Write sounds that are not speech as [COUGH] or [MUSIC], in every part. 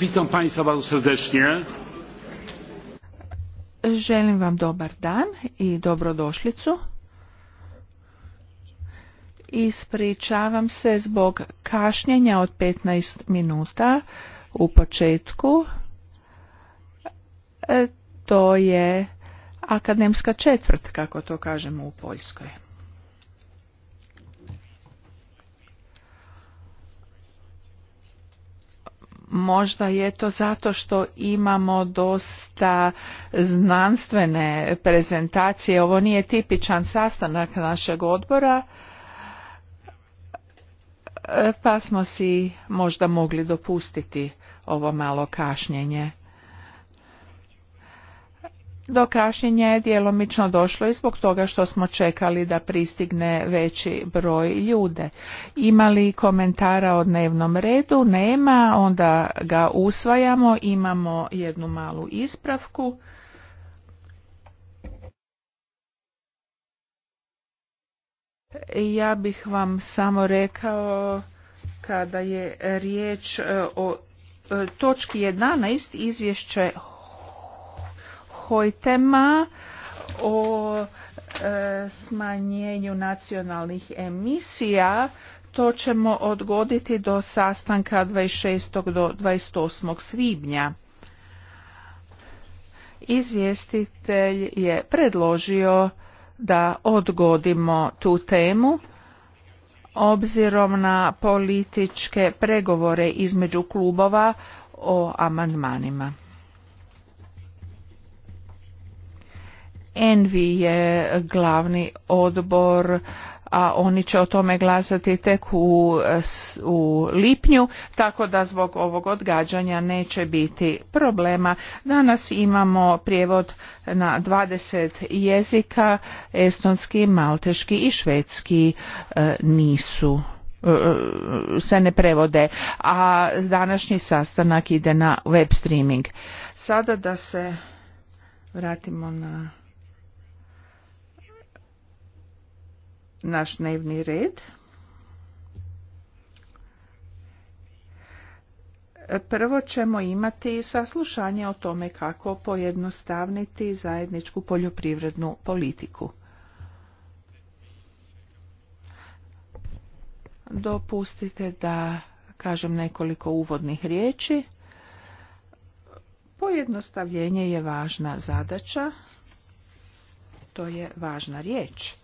Witam Państwa bardzo serdecznie. Želim vam dobar dan i dobrodošlicu. Ispričavam se zbog kašnjenja od 15 minuta u početku. E, to je akademska četvrt, kako to kažemo u Poljskoj. Možda je to zato što imamo dosta znanstvene prezentacije. Ovo nije tipičan sastanak našeg odbora, pa smo si možda mogli dopustiti ovo malo kašnjenje do kašnjenja je djelomično došlo i zbog toga što smo čekali da pristigne veći broj ljude. Ima li komentara o dnevnom redu? Nema, onda ga usvajamo, imamo jednu malu ispravku. Ja bih vam samo rekao kada je riječ e, o e, točki 11 izvješće tema o e, smanjenju nacionalnih emisija to ćemo odgoditi do sastanka 26. do 28. svibnja. Izvjestitelj je predložio da odgodimo tu temu obzirom na političke pregovore između klubova o amandmanima. Envi je glavni odbor a oni će o tome glasati tek u, u lipnju tako da zbog ovog odgađanja neće biti problema danas imamo prijevod na 20 jezika estonski malteški i švedski e, nisu e, e, se ne prevode a današnji sastanak ide na web streaming sada da se vratimo na naš dnevni red. Prvo ćemo imati saslušanje o tome kako pojednostavniti zajedničku poljoprivrednu politiku. Dopustite da kažem nekoliko uvodnih riječi. Pojednostavljenje je važna zadaća, to je važna riječ.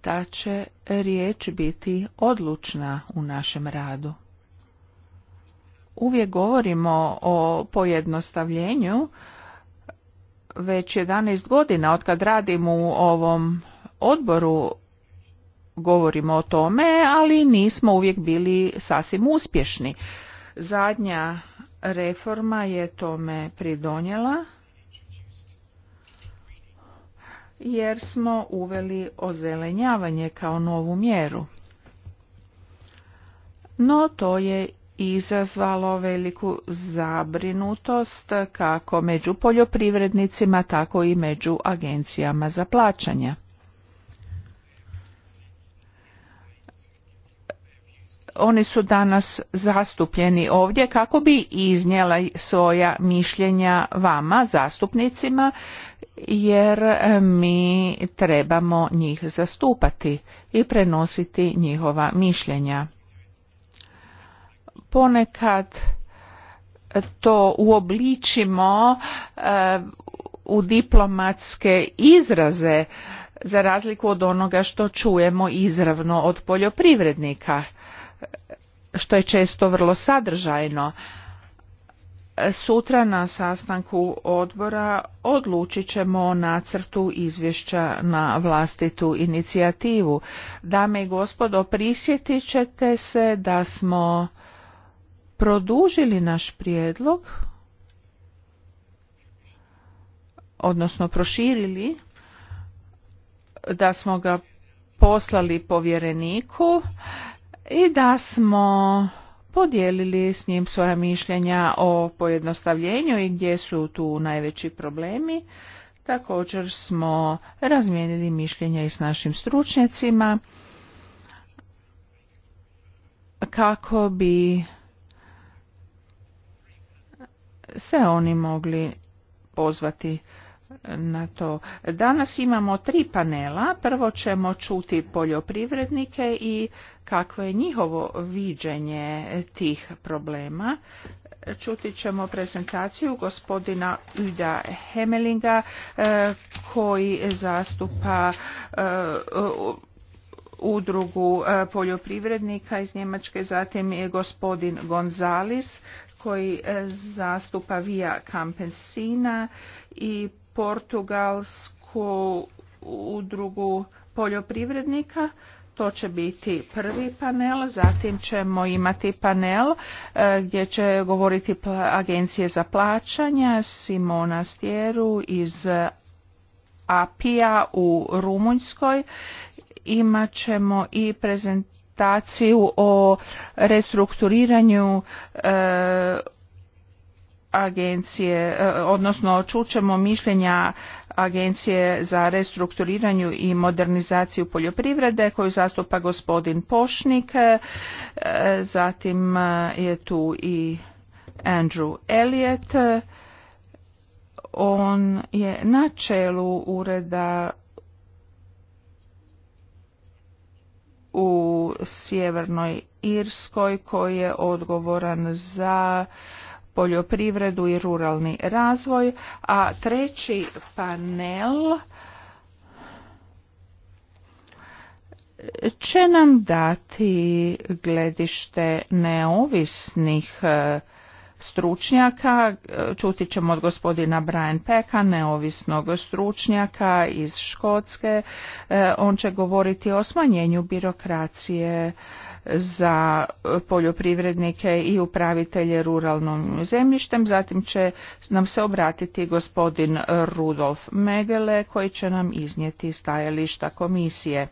ta će riječ biti odlučna u našem radu. Uvijek govorimo o pojednostavljenju već 11 godina od kad radim u ovom odboru govorimo o tome, ali nismo uvijek bili sasvim uspješni. Zadnja reforma je tome pridonjela jer smo uveli ozelenjavanje kao novu mjeru. No to je izazvalo veliku zabrinutost kako među poljoprivrednicima, tako i među agencijama za plaćanja. oni su danas zastupljeni ovdje kako bi iznijela svoja mišljenja vama, zastupnicima, jer e, mi trebamo njih zastupati i prenositi njihova mišljenja. Ponekad to uobličimo e, u diplomatske izraze za razliku od onoga što čujemo izravno od poljoprivrednika što je često vrlo sadržajno. Sutra na sastanku odbora odlučit ćemo o nacrtu izvješća na vlastitu inicijativu. Dame i gospodo, prisjetit ćete se da smo produžili naš prijedlog, odnosno proširili, da smo ga poslali povjereniku i da smo podijelili s njim svoja mišljenja o pojednostavljenju i gdje su tu najveći problemi. Također smo razmijenili mišljenja i s našim stručnjacima kako bi se oni mogli pozvati na to. Danas imamo tri panela. Prvo ćemo čuti poljoprivrednike i kakvo je njihovo viđenje tih problema. Čuti ćemo prezentaciju gospodina Uda Hemelinga e, koji zastupa e, udrugu e, poljoprivrednika iz Njemačke, zatim je gospodin Gonzalis koji zastupa Via Campesina i portugalsku udrugu poljoprivrednika. To će biti prvi panel, zatim ćemo imati panel e, gdje će govoriti agencije za plaćanja Simona Stjeru iz Apia u Rumunjskoj. Imat ćemo i prezentaciju o restrukturiranju e, agencije, e, odnosno čućemo mišljenja Agencije za restrukturiranju i modernizaciju poljoprivrede koju zastupa gospodin Pošnik, e, zatim e, je tu i Andrew Elliot, on je na čelu ureda u Sjevernoj Irskoj koji je odgovoran za poljoprivredu i ruralni razvoj, a treći panel će nam dati gledište neovisnih e, stručnjaka. Čuti ćemo od gospodina Brian Peka, neovisnog stručnjaka iz Škotske. E, on će govoriti o smanjenju birokracije za poljoprivrednike i upravitelje ruralnom zemljištem. Zatim će nam se obratiti gospodin Rudolf Megele koji će nam iznijeti stajališta komisije.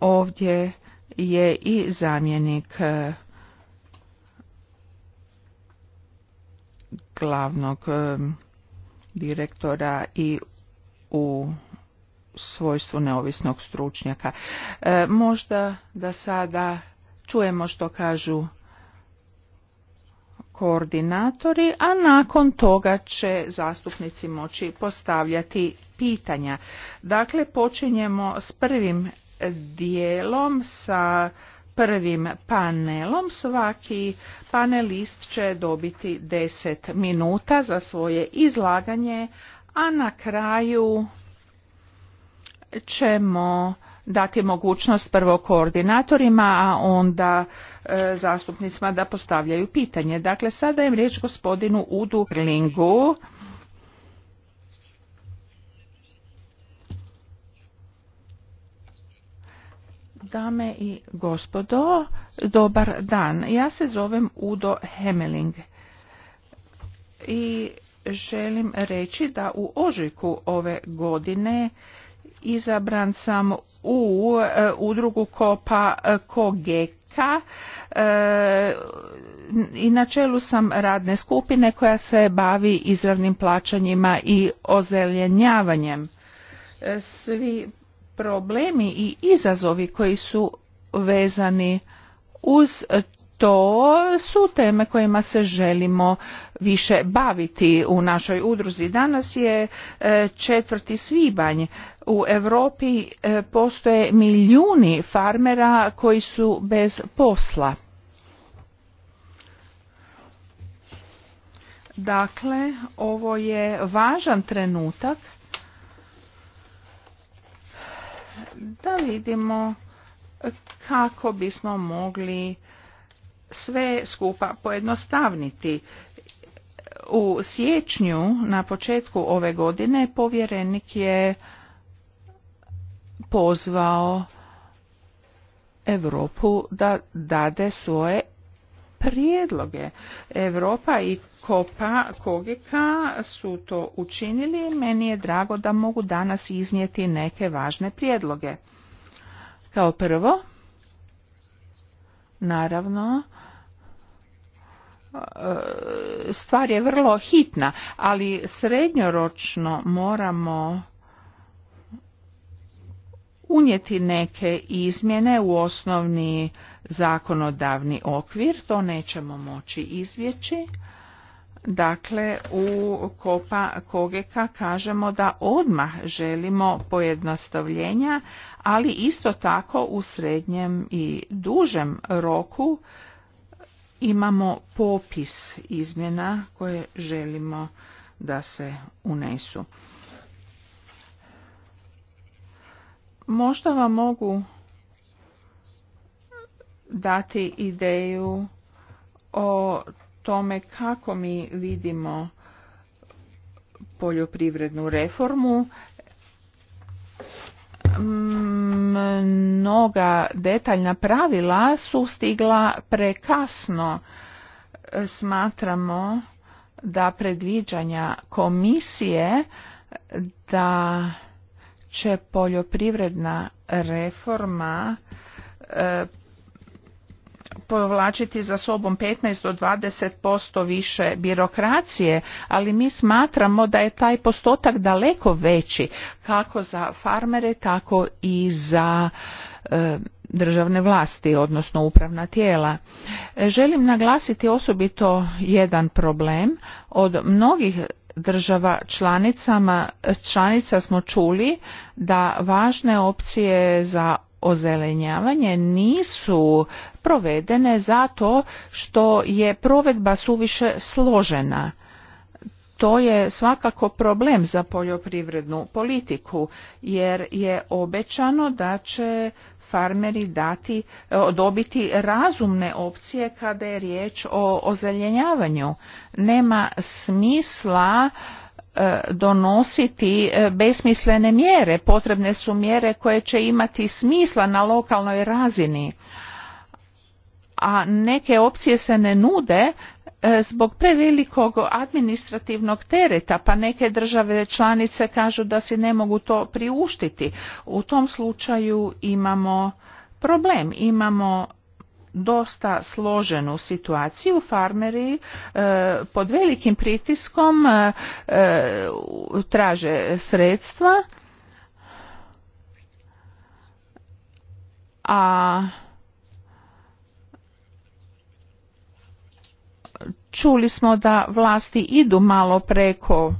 Ovdje je i zamjenik e, glavnog e, direktora i u svojstvu neovisnog stručnjaka. E, možda da sada čujemo što kažu koordinatori, a nakon toga će zastupnici moći postavljati pitanja. Dakle, počinjemo s prvim dijelom, sa prvim panelom. Svaki panelist će dobiti 10 minuta za svoje izlaganje, a na kraju ćemo dati mogućnost prvo koordinatorima, a onda e, zastupnicima da postavljaju pitanje. Dakle, sada je riječ gospodinu Udu Krlingu. Dame i gospodo, dobar dan. Ja se zovem Udo Hemeling i želim reći da u ožujku ove godine Izabran sam u e, udrugu Kopa e, Kogeka e, i na čelu sam radne skupine koja se bavi izravnim plaćanjima i ozeljenjavanjem Svi problemi i izazovi koji su vezani uz to su teme kojima se želimo više baviti u našoj udruzi. Danas je e, četvrti svibanj. U Europi e, postoje milijuni farmera koji su bez posla. Dakle, ovo je važan trenutak da vidimo kako bismo mogli sve skupa pojednostavniti. U siječnju na početku ove godine povjerenik je pozvao Europu da dade svoje prijedloge. Europa i Kopa kogika su to učinili meni je drago da mogu danas iznijeti neke važne prijedloge. Kao prvo, naravno, E, stvar je vrlo hitna, ali srednjoročno moramo unijeti neke izmjene u osnovni zakonodavni okvir, to nećemo moći izvjeći. Dakle, u Kopa Kogeka kažemo da odmah želimo pojednostavljenja, ali isto tako u srednjem i dužem roku imamo popis izmjena koje želimo da se unesu. Možda vam mogu dati ideju o tome kako mi vidimo poljoprivrednu reformu. Mm, mnoga detaljna pravila su stigla prekasno. Smatramo da predviđanja komisije da će poljoprivredna reforma e, povlačiti za sobom 15 do 20% više birokracije, ali mi smatramo da je taj postotak daleko veći kako za farmere, tako i za e, državne vlasti, odnosno upravna tijela. E, želim naglasiti osobito jedan problem. Od mnogih država članicama, članica smo čuli da važne opcije za ozelenjavanje nisu provedene zato što je provedba suviše složena to je svakako problem za poljoprivrednu politiku jer je obećano da će farmeri dati e, dobiti razumne opcije kada je riječ o ozelenjavanju. nema smisla E, donositi e, besmislene mjere potrebne su mjere koje će imati smisla na lokalnoj razini a neke opcije se ne nude e, zbog prevelikog administrativnog tereta pa neke države članice kažu da si ne mogu to priuštiti u tom slučaju imamo problem imamo dosta složenu situaciju. Farmeri e, pod velikim pritiskom e, e, traže sredstva, a čuli smo da vlasti idu malo preko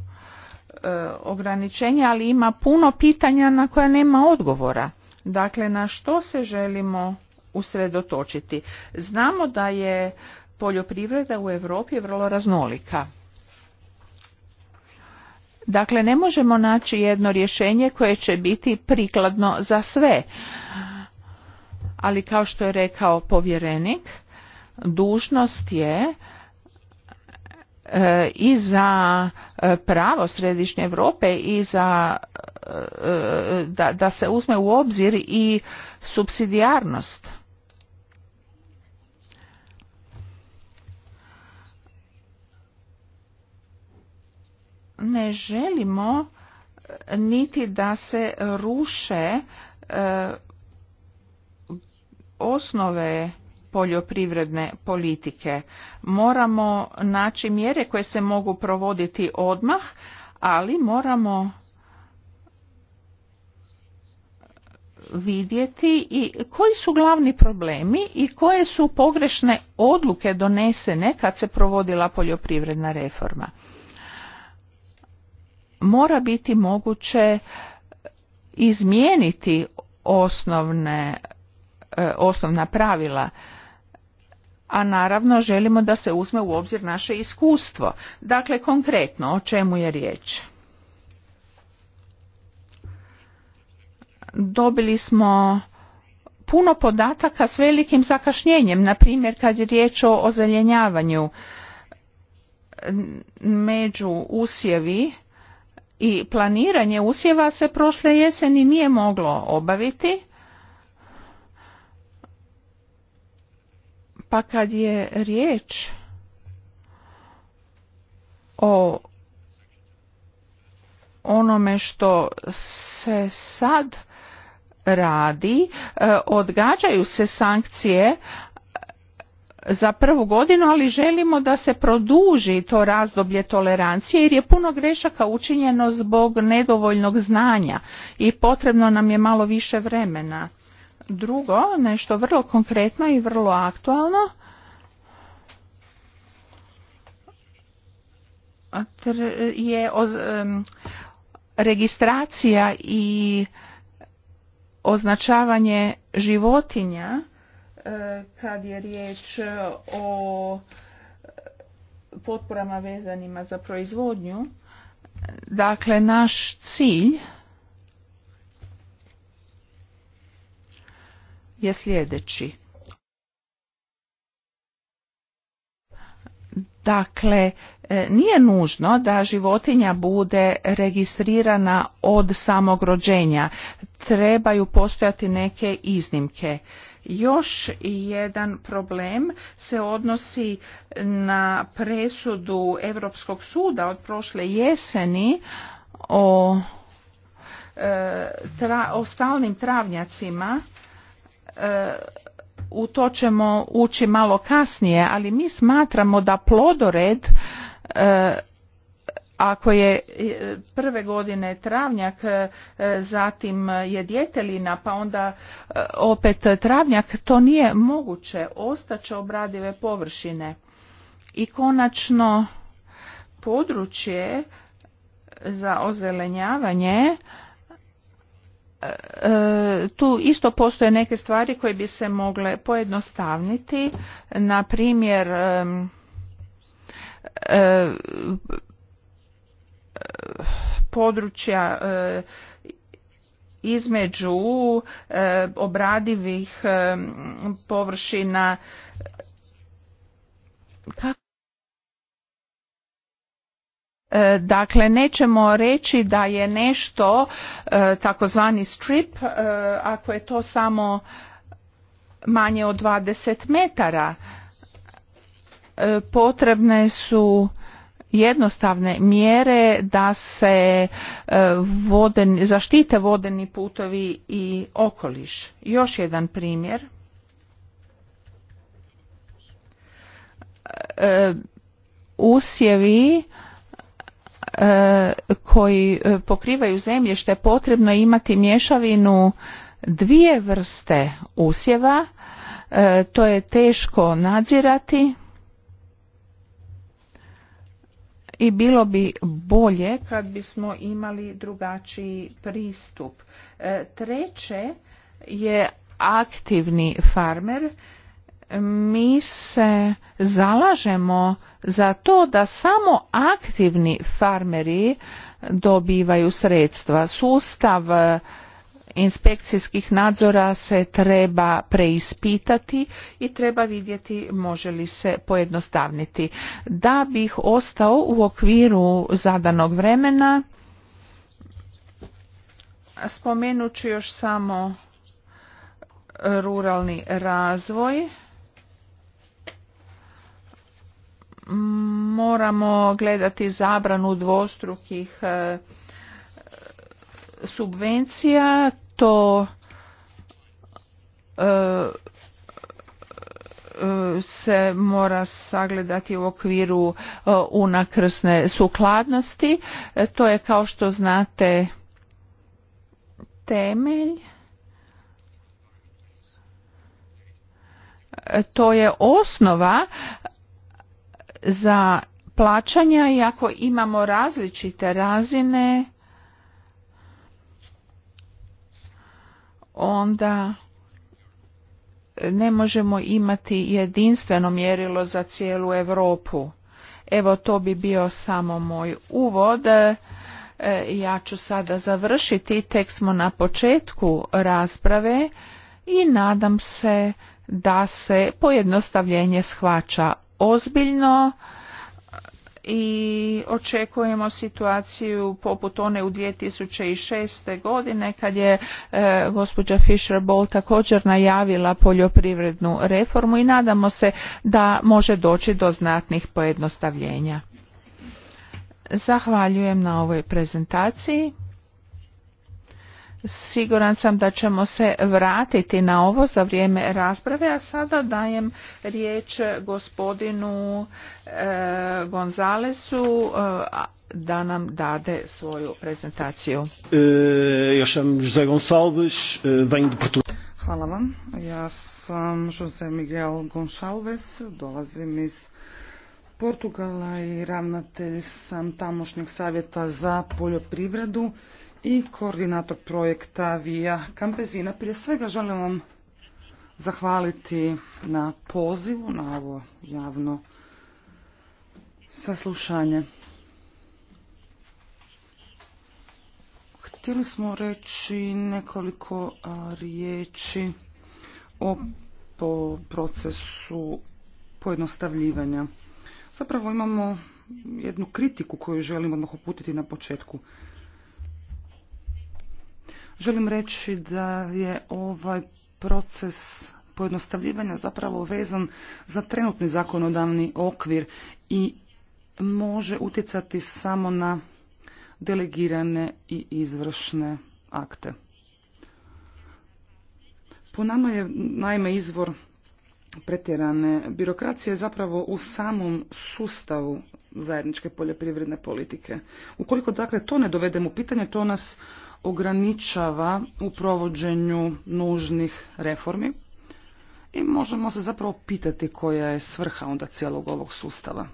ograničenja, ali ima puno pitanja na koja nema odgovora. Dakle, na što se želimo usredotočiti. Znamo da je poljoprivreda u Europi vrlo raznolika. Dakle, ne možemo naći jedno rješenje koje će biti prikladno za sve. Ali kao što je rekao povjerenik, dužnost je e, i za e, pravo središnje Europe i za e, da, da se uzme u obzir i subsidijarnost. ne želimo e, niti da se ruše e, osnove poljoprivredne politike. Moramo naći mjere koje se mogu provoditi odmah, ali moramo vidjeti i koji su glavni problemi i koje su pogrešne odluke donesene kad se provodila poljoprivredna reforma mora biti moguće e, izmijeniti osnovne, e, osnovna pravila a naravno želimo da se uzme u obzir naše iskustvo. Dakle, konkretno o čemu je riječ? Dobili smo puno podataka s velikim zakašnjenjem, na primjer kad je riječ o ozeljenjavanju među usjevi i planiranje usjeva se prošle jeseni nije moglo obaviti. Pa kad je riječ o onome što se sad radi, e, odgađaju se sankcije, za prvu godinu, ali želimo da se produži to razdoblje tolerancije jer je puno grešaka učinjeno zbog nedovoljnog znanja i potrebno nam je malo više vremena. Drugo, nešto vrlo konkretno i vrlo aktualno. je registracija i označavanje životinja kad je riječ o potporama vezanima za proizvodnju. Dakle, naš cilj je sljedeći. Dakle, e, nije nužno da životinja bude registrirana od samog rođenja. Trebaju postojati neke iznimke. Još jedan problem se odnosi na presudu Europskog suda od prošle jeseni o, e, tra, stalnim travnjacima. E, u to ćemo ući malo kasnije, ali mi smatramo da plodored e, ako je e, prve godine travnjak, e, zatim je djetelina, pa onda e, opet travnjak, to nije moguće. Ostaće obradive površine. I konačno područje za ozelenjavanje tu isto postoje neke stvari koje bi se mogle pojednostavniti na primjer područja e, između e, obradivih e, površina Dakle, nećemo reći da je nešto takozvani strip ako je to samo manje od 20 metara. Potrebne su jednostavne mjere da se e, zaštite vodeni putovi i okoliš. Još jedan primjer. E, usjevi e, koji pokrivaju zemljište potrebno imati mješavinu dvije vrste usjeva. To je teško nadzirati i bilo bi bolje kad bismo imali drugačiji pristup. E, treće je aktivni farmer. Mi se zalažemo za to da samo aktivni farmeri dobivaju sredstva. Sustav inspekcijskih nadzora se treba preispitati i treba vidjeti može li se pojednostavniti. Da bih ostao u okviru zadanog vremena, spomenut ću još samo ruralni razvoj. Moramo gledati zabranu dvostrukih eh, subvencija, to e, e, se mora sagledati u okviru e, unakrsne sukladnosti. To je kao što znate temelj. To je osnova za plaćanja i ako imamo različite razine onda ne možemo imati jedinstveno mjerilo za cijelu Europu. Evo to bi bio samo moj uvod. E, ja ću sada završiti, tek smo na početku rasprave i nadam se da se pojednostavljenje shvaća ozbiljno i očekujemo situaciju poput one u 2006. godine kad je e, gospođa Fisher bolt također najavila poljoprivrednu reformu i nadamo se da može doći do znatnih pojednostavljenja. Zahvaljujem na ovoj prezentaciji. Siguran sam da ćemo se vratiti na ovo za vrijeme rasprave, a sada dajem riječ gospodinu e, Gonzalesu e, da nam dade svoju prezentaciju. E, Hvala vam. Ja sam José Miguel Gonçalves, dolazim iz Portugala i ravnatelj sam tamošnjeg savjeta za poljoprivredu i koordinator projekta Via kampezina Prije svega želim vam zahvaliti na pozivu, na ovo javno saslušanje. Htjeli smo reći nekoliko riječi o po procesu pojednostavljivanja. Zapravo imamo jednu kritiku koju želim odmah uputiti na početku. Želim reći da je ovaj proces pojednostavljivanja zapravo vezan za trenutni zakonodavni okvir i može utjecati samo na delegirane i izvršne akte. Po nama je naime izvor pretjerane birokracije zapravo u samom sustavu zajedničke poljoprivredne politike. Ukoliko dakle to ne dovedemo u pitanje, to nas ograničava u provođenju nužnih reformi i možemo se zapravo pitati koja je svrha onda cijelog ovog sustava.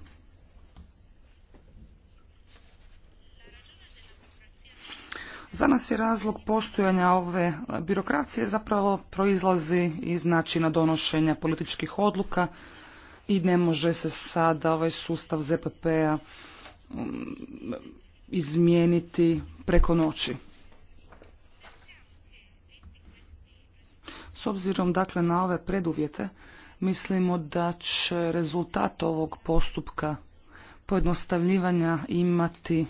Za nas je razlog postojanja ove birokracije zapravo proizlazi iz načina donošenja političkih odluka i ne može se sada ovaj sustav ZPP-a mm, izmijeniti preko noći. S obzirom dakle na ove preduvjete, mislimo da će rezultat ovog postupka pojednostavljivanja imati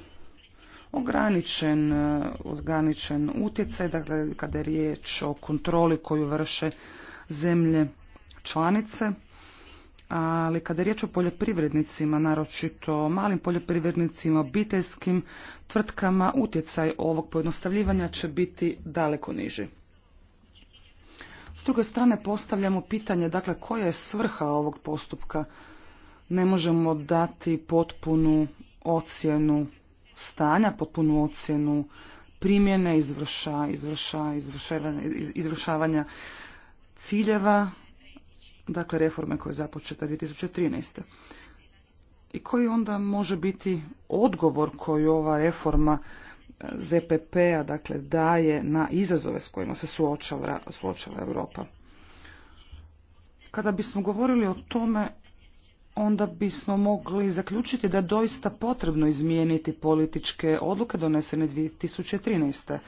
ograničen, e, ograničen utjecaj, dakle kada je riječ o kontroli koju vrše zemlje članice, ali kada je riječ o poljoprivrednicima, naročito malim poljoprivrednicima, obiteljskim tvrtkama, utjecaj ovog pojednostavljivanja će biti daleko niži. S druge strane postavljamo pitanje, dakle, koja je svrha ovog postupka? Ne možemo dati potpunu ocjenu stanja, potpunu ocjenu primjene, izvrša, izvrša, izvršavanja ciljeva, dakle reforme koje je započeta 2013. I koji onda može biti odgovor koji ova reforma ZPP-a dakle daje na izazove s kojima se suočava, suočava Europa. Kada bismo govorili o tome, onda bismo mogli zaključiti da je doista potrebno izmijeniti političke odluke donesene 2013.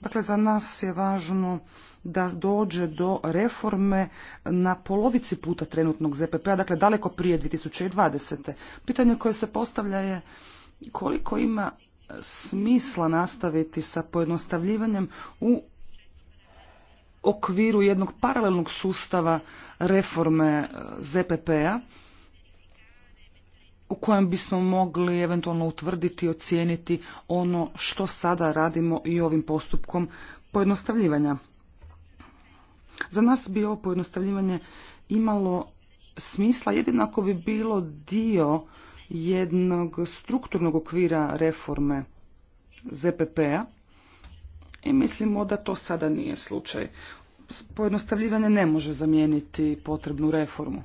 Dakle, za nas je važno da dođe do reforme na polovici puta trenutnog ZPP-a, dakle daleko prije 2020. Pitanje koje se postavlja je koliko ima smisla nastaviti sa pojednostavljivanjem u okviru jednog paralelnog sustava reforme e, ZPP-a u kojem bismo mogli eventualno utvrditi i ocijeniti ono što sada radimo i ovim postupkom pojednostavljivanja. Za nas bi ovo pojednostavljivanje imalo smisla jedino bi bilo dio jednog strukturnog okvira reforme ZPP-a i mislimo da to sada nije slučaj. Pojednostavljivanje ne može zamijeniti potrebnu reformu.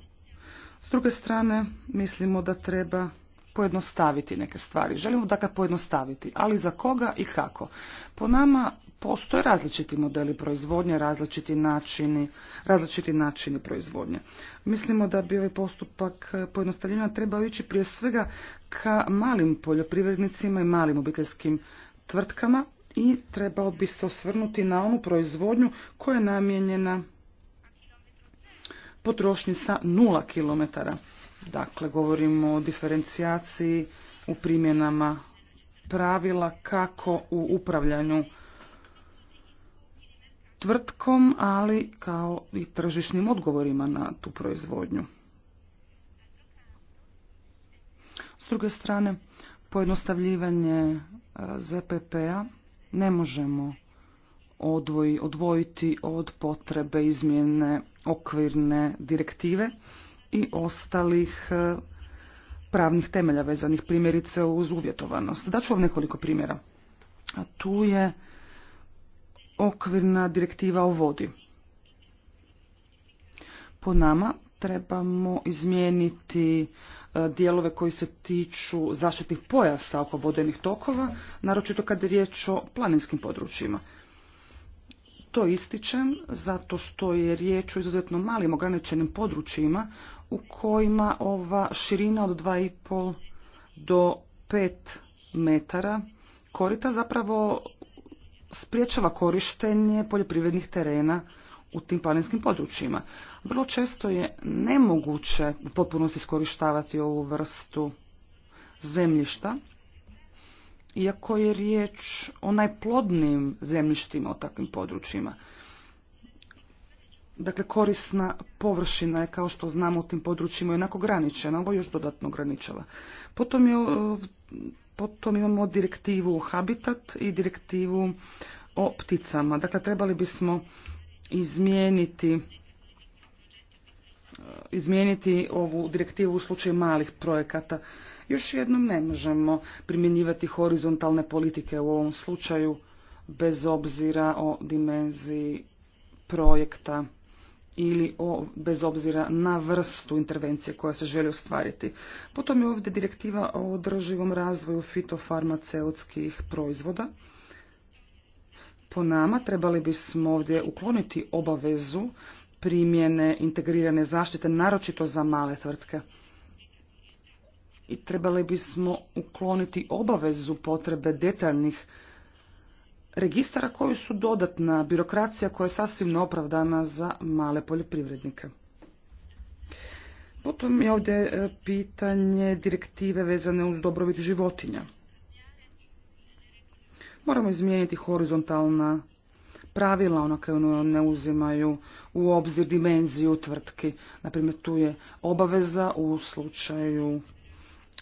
S druge strane, mislimo da treba pojednostaviti neke stvari. Želimo dakle pojednostaviti, ali za koga i kako. Po nama postoje različiti modeli proizvodnje, različiti načini, različiti načini proizvodnje. Mislimo da bi ovaj postupak pojednostavljenja trebao ići prije svega ka malim poljoprivrednicima i malim obiteljskim tvrtkama i trebao bi se osvrnuti na onu proizvodnju koja je namijenjena potrošnji sa nula kilometara. Dakle, govorimo o diferencijaciji u primjenama pravila kako u upravljanju tvrtkom, ali kao i tržišnim odgovorima na tu proizvodnju. S druge strane, pojednostavljivanje e, ZPP-a ne možemo odvojiti od potrebe izmjene okvirne direktive i ostalih e, pravnih temelja vezanih primjerice uz uvjetovanost. Daću vam nekoliko primjera. A tu je okvirna direktiva o vodi. Po nama trebamo izmijeniti e, dijelove koji se tiču zaštitnih pojasa oko vodenih tokova, naročito kad je riječ o planinskim područjima. To ističem zato što je riječ o izuzetno malim ograničenim područjima u kojima ova širina od 2,5 do 5 metara korita zapravo spriječava korištenje poljoprivrednih terena u tim planinskim područjima. Vrlo često je nemoguće u potpunosti iskorištavati ovu vrstu zemljišta, iako je riječ o najplodnijim zemljištima u takvim područjima. Dakle, korisna površina je, kao što znamo, u tim područjima onako ograničena. Ovo još dodatno ograničava. Potom je Potom imamo direktivu Habitat i direktivu o pticama. Dakle, trebali bismo izmijeniti e, izmijeniti ovu direktivu u slučaju malih projekata. Još jednom ne možemo primjenjivati horizontalne politike u ovom slučaju bez obzira o dimenziji projekta ili bez obzira na vrstu intervencije koja se želi ostvariti. Potom je ovdje direktiva o održivom razvoju fitofarmaceutskih proizvoda. Po nama trebali bismo ovdje ukloniti obavezu primjene integrirane zaštite, naročito za male tvrtke. I trebali bismo ukloniti obavezu potrebe detaljnih registara koji su dodatna birokracija koja je sasvim neopravdana za male poljoprivrednike. Potom je ovdje e, pitanje direktive vezane uz dobrobit životinja. Moramo izmijeniti horizontalna pravila, ona kao ne uzimaju u obzir dimenziju tvrtki. Naprimjer, tu je obaveza u slučaju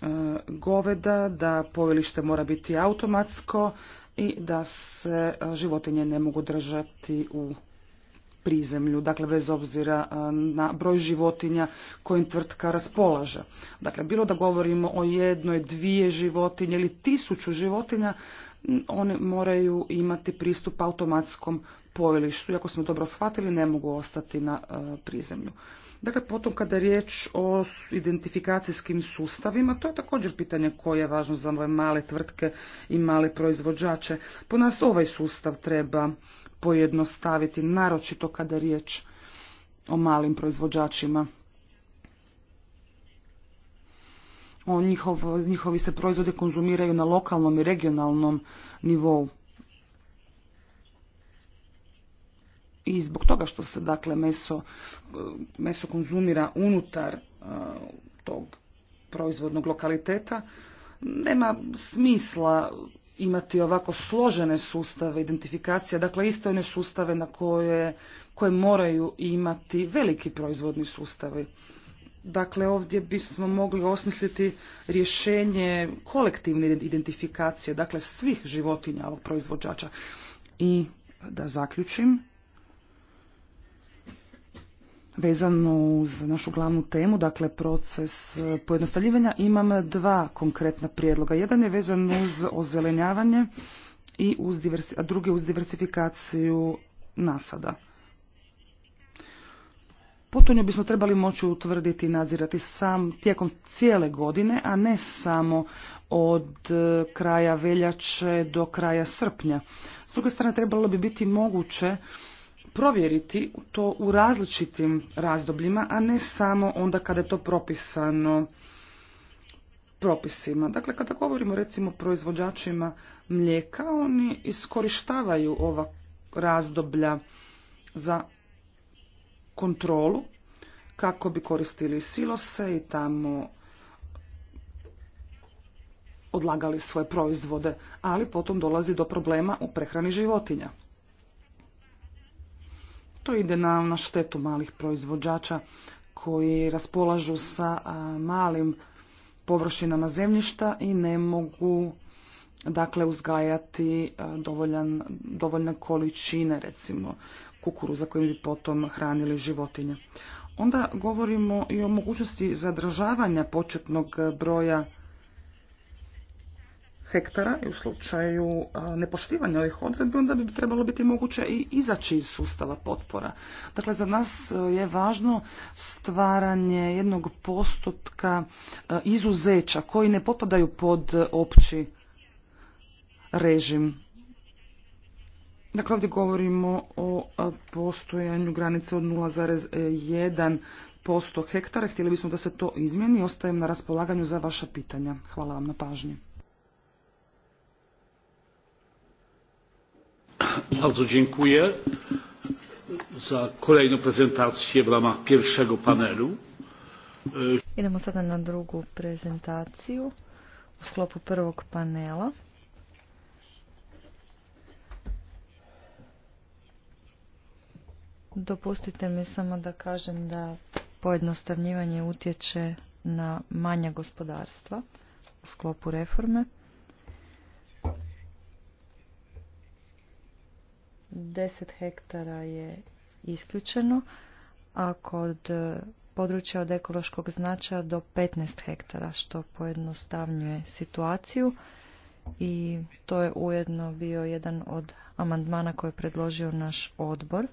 e, goveda da povilište mora biti automatsko, i da se e, životinje ne mogu držati u prizemlju, dakle bez obzira e, na broj životinja kojim tvrtka raspolaže. Dakle, bilo da govorimo o jednoj, dvije životinje ili tisuću životinja, one moraju imati pristup automatskom pojelištu. Iako smo dobro shvatili, ne mogu ostati na e, prizemlju. Dakle, potom kada je riječ o identifikacijskim sustavima, to je također pitanje koje je važno za ove male tvrtke i male proizvođače. Po nas ovaj sustav treba pojednostaviti, naročito kada je riječ o malim proizvođačima. njihovi se proizvode konzumiraju na lokalnom i regionalnom nivou. i zbog toga što se dakle meso, e, meso konzumira unutar e, tog proizvodnog lokaliteta, nema smisla imati ovako složene sustave identifikacija, dakle one sustave na koje, koje moraju imati veliki proizvodni sustavi. Dakle, ovdje bismo mogli osmisliti rješenje kolektivne identifikacije, dakle svih životinja ovog proizvođača. I da zaključim, vezano uz našu glavnu temu, dakle proces e, pojednostavljivanja, imam dva konkretna prijedloga. Jedan je vezan uz ozelenjavanje, i uz a drugi uz diversifikaciju nasada. Potonju bismo trebali moći utvrditi i nadzirati sam tijekom cijele godine, a ne samo od e, kraja veljače do kraja srpnja. S druge strane trebalo bi biti moguće provjeriti to u različitim razdobljima, a ne samo onda kada je to propisano propisima. Dakle, kada govorimo recimo o proizvođačima mlijeka, oni iskorištavaju ova razdoblja za kontrolu kako bi koristili silose i tamo odlagali svoje proizvode, ali potom dolazi do problema u prehrani životinja. To ide na, na štetu malih proizvođača koji raspolažu sa malim površinama zemljišta i ne mogu dakle uzgajati dovoljan, dovoljne količine recimo kukuruza kojim bi potom hranili životinje. Onda govorimo i o mogućnosti zadržavanja početnog broja hektara i u slučaju nepoštivanja ovih odredbi onda bi trebalo biti moguće i izaći iz sustava potpora. Dakle, za nas e, je važno stvaranje jednog postotka e, izuzeća koji ne potpadaju pod opći režim. Dakle, ovdje govorimo o postojanju granice od 0,1 posto hektara. Htjeli bismo da se to izmjeni. Ostajem na raspolaganju za vaša pitanja. Hvala vam na pažnji. Bardzo dziękuję za kolejną prezentację w ramach pierwszego panelu. Idemo sada na drugu prezentaciju u sklopu prvog panela. Dopustite mi samo da kažem da pojednostavljivanje utječe na manja gospodarstva u sklopu reforme. 10 hektara je isključeno, a kod e, područja od ekološkog značaja do 15 hektara, što pojednostavnjuje situaciju i to je ujedno bio jedan od amandmana koje je predložio naš odbor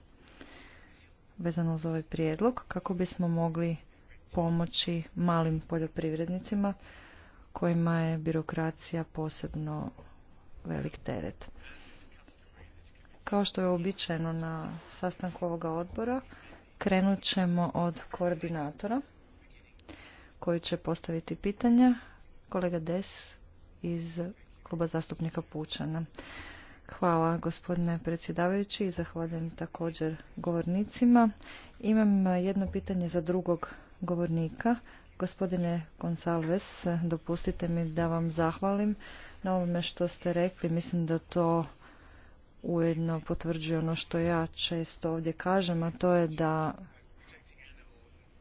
vezano uz ovaj prijedlog kako bismo mogli pomoći malim poljoprivrednicima kojima je birokracija posebno velik teret. Kao što je uobičajeno na sastanku ovoga odbora, krenut ćemo od koordinatora koji će postaviti pitanja. Kolega Des iz kluba zastupnika Pučana. Hvala gospodine predsjedavajući i zahvaljujem također govornicima. Imam jedno pitanje za drugog govornika. Gospodine Gonsalves, dopustite mi da vam zahvalim na ovome što ste rekli. Mislim da to ujedno potvrđuje ono što ja često ovdje kažem, a to je da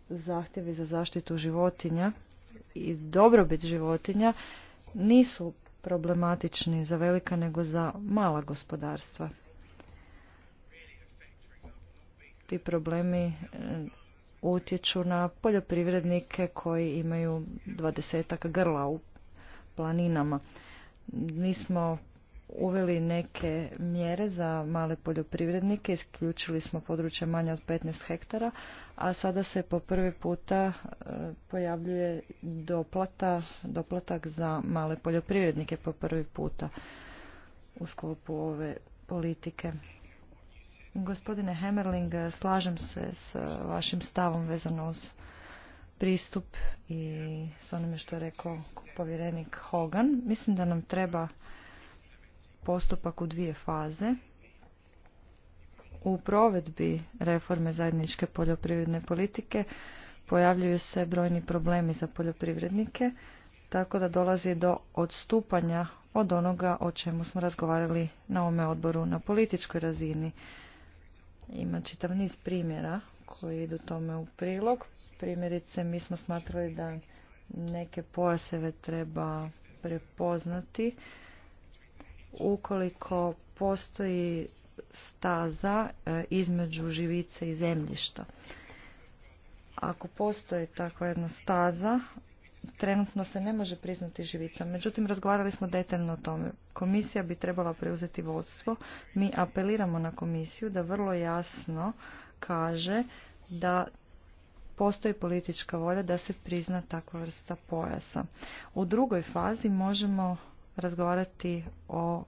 zahtjevi za zaštitu životinja i dobrobit životinja nisu problematični za velika nego za mala gospodarstva. Ti problemi eh, utječu na poljoprivrednike koji imaju dvadesetak grla u planinama. Nismo uveli neke mjere za male poljoprivrednike, isključili smo područje manje od 15 hektara, a sada se po prvi puta e, pojavljuje doplata, doplatak za male poljoprivrednike po prvi puta u sklopu ove politike. Gospodine Hemerling, slažem se s vašim stavom vezano uz pristup i s onime što je rekao povjerenik Hogan. Mislim da nam treba postupak u dvije faze. U provedbi reforme zajedničke poljoprivredne politike pojavljuju se brojni problemi za poljoprivrednike, tako da dolazi do odstupanja od onoga o čemu smo razgovarali na ovome odboru na političkoj razini. Ima čitav niz primjera koji idu tome u prilog. Primjerice, mi smo smatrali da neke pojaseve treba prepoznati ukoliko postoji staza e, između živice i zemljišta. Ako postoji takva jedna staza, trenutno se ne može priznati živica. Međutim, razgovarali smo detaljno o tome. Komisija bi trebala preuzeti vodstvo. Mi apeliramo na komisiju da vrlo jasno kaže da postoji politička volja da se prizna takva vrsta pojasa. U drugoj fazi možemo razgovarati o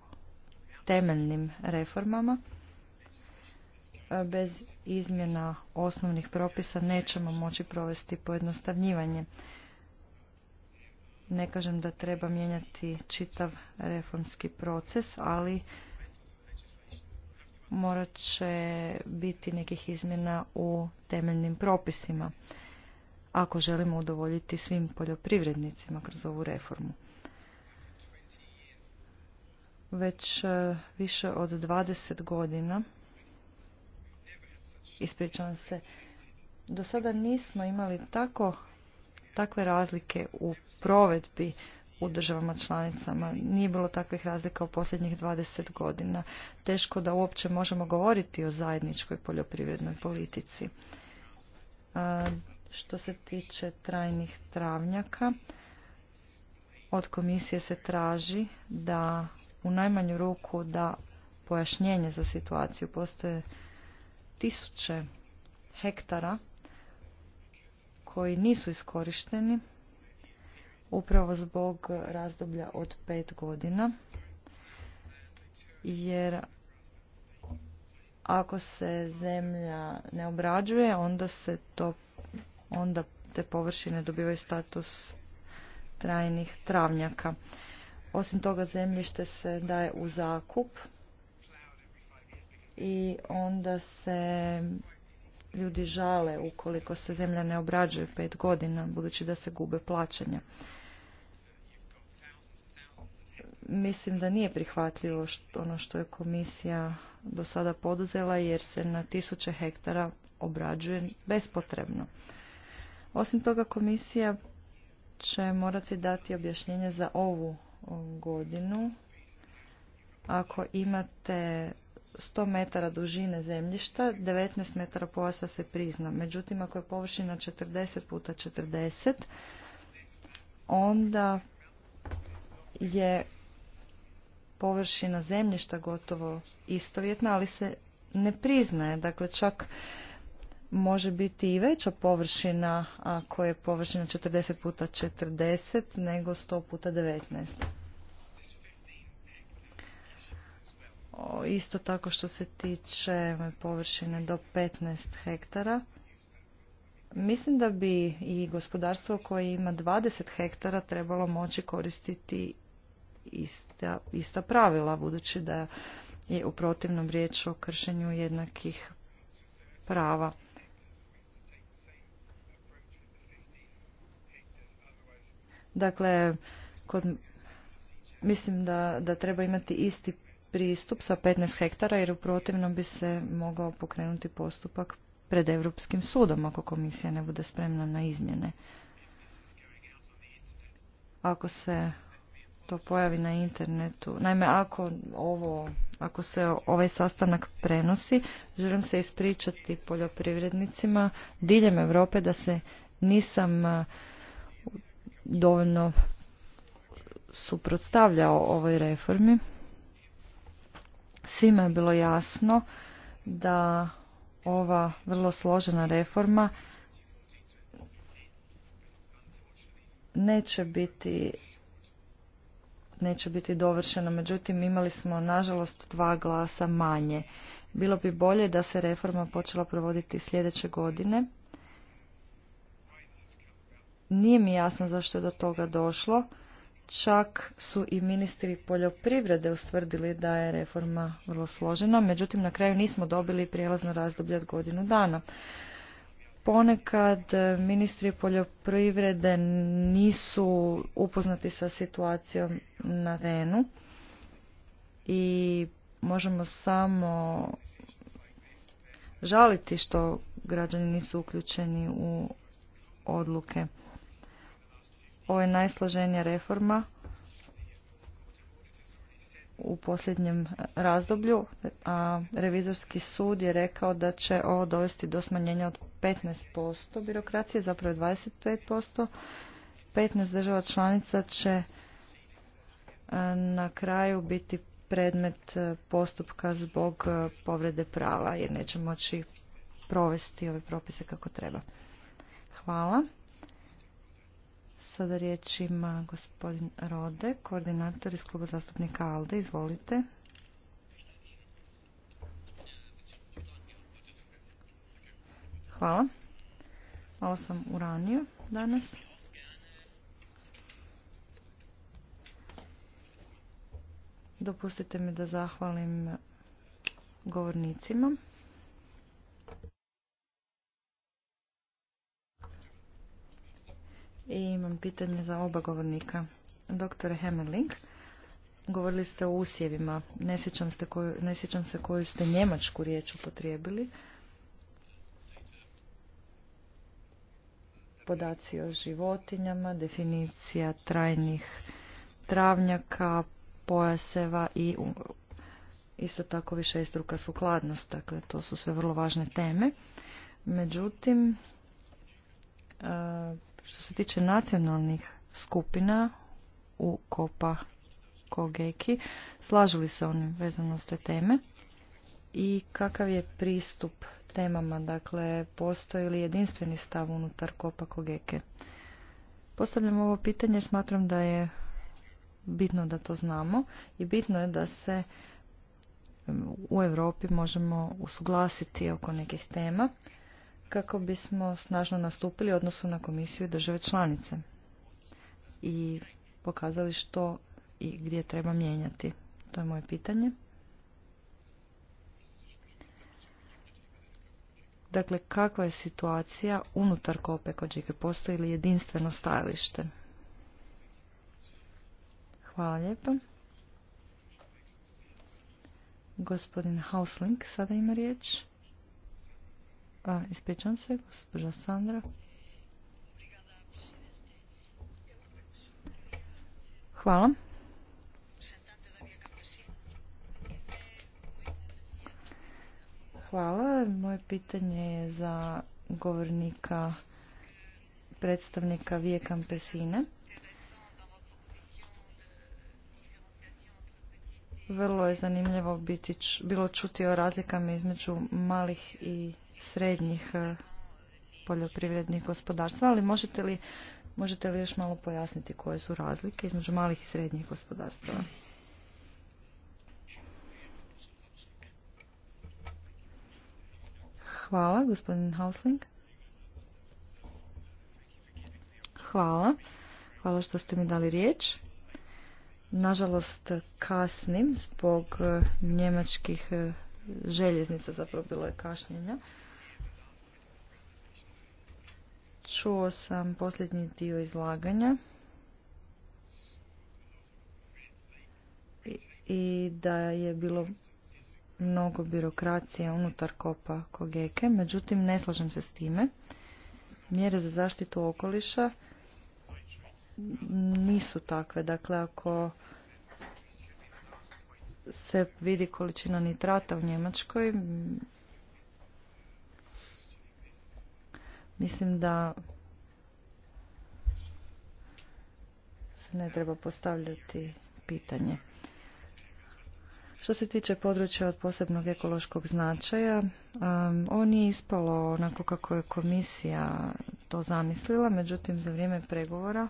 temeljnim reformama. E, bez izmjena osnovnih propisa nećemo moći provesti pojednostavnjivanje. Ne kažem da treba mijenjati čitav reformski proces, ali morat će biti nekih izmjena u temeljnim propisima ako želimo udovoljiti svim poljoprivrednicima kroz ovu reformu već e, više od 20 godina. Ispričavam se. Do sada nismo imali tako takve razlike u provedbi u državama članicama. Nije bilo takvih razlika u posljednjih 20 godina. Teško da uopće možemo govoriti o zajedničkoj poljoprivrednoj politici. A, e, što se tiče trajnih travnjaka, od komisije se traži da u najmanju ruku da pojašnjenje za situaciju. Postoje tisuće hektara koji nisu iskorišteni upravo zbog razdoblja od pet godina jer ako se zemlja ne obrađuje onda se to onda te površine dobivaju status trajnih travnjaka. Osim toga zemljište se daje u zakup i onda se ljudi žale ukoliko se zemlja ne obrađuje pet godina, budući da se gube plaćanja. Mislim da nije prihvatljivo ono što je komisija do sada poduzela, jer se na tisuće hektara obrađuje bespotrebno. Osim toga, komisija će morati dati objašnjenje za ovu godinu ako imate 100 metara dužine zemljišta, 19 metara pojasa se prizna. Međutim, ako je površina 40 puta 40, onda je površina zemljišta gotovo istovjetna, ali se ne priznaje. Dakle, čak može biti i veća površina ako je površina 40 puta 40 nego 100 puta 19. Isto tako što se tiče površine do 15 hektara. Mislim da bi i gospodarstvo koje ima 20 hektara trebalo moći koristiti ista, ista pravila, budući da je u protivnom riječ o kršenju jednakih prava. Dakle, kod, mislim da, da treba imati isti pristup sa 15 hektara jer u protivnom bi se mogao pokrenuti postupak pred Europskim sudom ako komisija ne bude spremna na izmjene. Ako se to pojavi na internetu. Naime, ako ovo, ako se ovaj sastanak prenosi, želim se ispričati poljoprivrednicima diljem Europe da se nisam dovoljno suprotstavljao ovoj reformi. Svima je bilo jasno da ova vrlo složena reforma neće biti neće biti dovršena. Međutim, imali smo, nažalost, dva glasa manje. Bilo bi bolje da se reforma počela provoditi sljedeće godine, nije mi jasno zašto je do toga došlo. Čak su i ministri poljoprivrede ustvrdili da je reforma vrlo složena, međutim na kraju nismo dobili prijelazno razdoblje od godinu dana. Ponekad eh, ministri poljoprivrede nisu upoznati sa situacijom na terenu i možemo samo žaliti što građani nisu uključeni u odluke. Ovo je najsloženija reforma u posljednjem razdoblju, a revizorski sud je rekao da će ovo dovesti do smanjenja od 15% birokracije, zapravo 25%. 15 država članica će e, na kraju biti predmet e, postupka zbog e, povrede prava jer neće moći provesti ove propise kako treba. Hvala. Sada riječ ima gospodin Rode, koordinator iz kluba zastupnika ALDE. Izvolite. Hvala. Malo sam uranio danas. Dopustite mi da zahvalim govornicima. I imam pitanje za oba govornika. Doktore Hemmerling, govorili ste o usjevima. Ne sjećam, ne sjećam se koju ste njemačku riječ upotrijebili. Podaci o životinjama, definicija trajnih travnjaka, pojaseva i isto tako više istruka sukladnost. Dakle, to su sve vrlo važne teme. Međutim, e, što se tiče nacionalnih skupina u Kopa Kogeki, li se oni vezano s te teme i kakav je pristup temama, dakle postoji li jedinstveni stav unutar Kopa Kogeke. Postavljam ovo pitanje, smatram da je bitno da to znamo i bitno je da se um, u Europi možemo usuglasiti oko nekih tema kako bismo snažno nastupili odnosu na komisiju i države članice i pokazali što i gdje treba mijenjati. To je moje pitanje. Dakle, kakva je situacija unutar kod Žike? Postoji li jedinstveno stajalište? Hvala lijepa. Gospodin Hausling sada ima riječ. A, ispričam se, gospođa Sandra. Hvala. Hvala. Moje pitanje je za govornika predstavnika Vije Kampesine. Vrlo je zanimljivo biti, bilo čuti o razlikama između malih i srednjih e, poljoprivrednih gospodarstva, ali možete li, možete li još malo pojasniti koje su razlike između malih i srednjih gospodarstava? Hvala, gospodin Hausling. Hvala. Hvala što ste mi dali riječ. Nažalost, kasnim zbog e, njemačkih e, željeznica, zapravo bilo je kašnjenja čuo sam posljednji dio izlaganja i da je bilo mnogo birokracije unutar kopa kogeke, međutim ne slažem se s time. Mjere za zaštitu okoliša nisu takve. Dakle, ako se vidi količina nitrata u Njemačkoj, Mislim da se ne treba postavljati pitanje. Što se tiče područja od posebnog ekološkog značaja, um, ovo nije ispalo onako kako je komisija to zamislila, međutim za vrijeme pregovora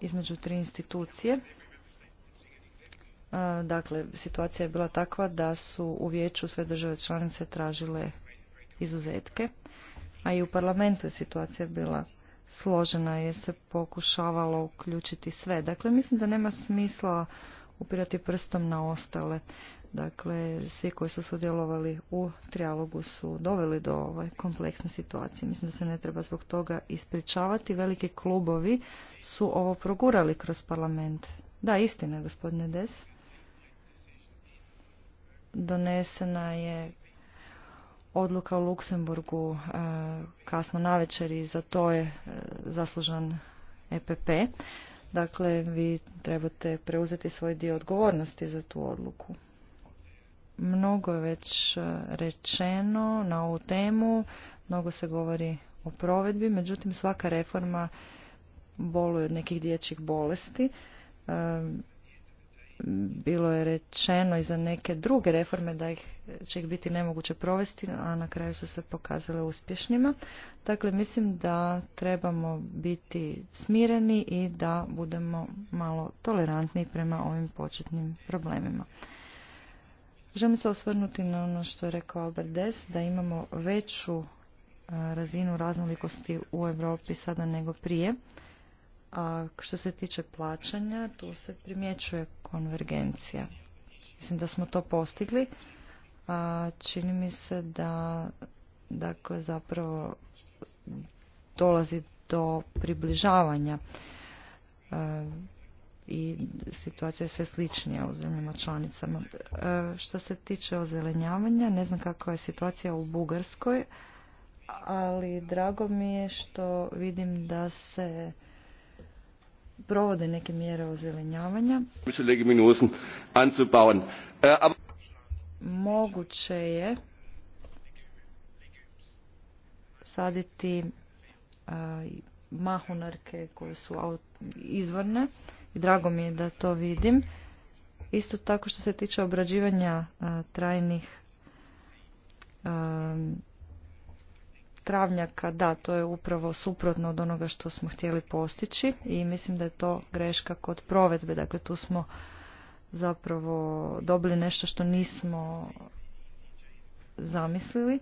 između tri institucije, uh, dakle situacija je bila takva da su u vijeću sve države članice tražile izuzetke a i u parlamentu je situacija bila složena jer se pokušavalo uključiti sve. Dakle, mislim da nema smisla upirati prstom na ostale. Dakle, svi koji su sudjelovali u trijalogu su doveli do ove kompleksne situacije. Mislim da se ne treba zbog toga ispričavati. Veliki klubovi su ovo progurali kroz parlament. Da, istina, gospodine Des. Donesena je odluka u Luksemburgu e, kasno navečer i za to je e, zaslužan EPP. Dakle, vi trebate preuzeti svoj dio odgovornosti za tu odluku. Mnogo je već e, rečeno na ovu temu, mnogo se govori o provedbi, međutim svaka reforma boluje od nekih dječjih bolesti bilo je rečeno i za neke druge reforme da ih će ih biti nemoguće provesti, a na kraju su se pokazale uspješnima. Dakle, mislim da trebamo biti smireni i da budemo malo tolerantni prema ovim početnim problemima. Želim se osvrnuti na ono što je rekao Albert Des, da imamo veću razinu raznolikosti u Europi sada nego prije a što se tiče plaćanja, tu se primjećuje konvergencija. Mislim da smo to postigli. čini mi se da dakle zapravo dolazi do približavanja e, i situacija je sve sličnija u zemljama članicama. E, što se tiče ozelenjavanja, ne znam kakva je situacija u Bugarskoj, ali drago mi je što vidim da se provode neke mjere ozelenjavanja. Äh, Moguće je saditi mahunarke koje su izvorne i drago mi je da to vidim. Isto tako što se tiče obrađivanja trajnih travnjaka, da, to je upravo suprotno od onoga što smo htjeli postići i mislim da je to greška kod provedbe. Dakle, tu smo zapravo dobili nešto što nismo zamislili.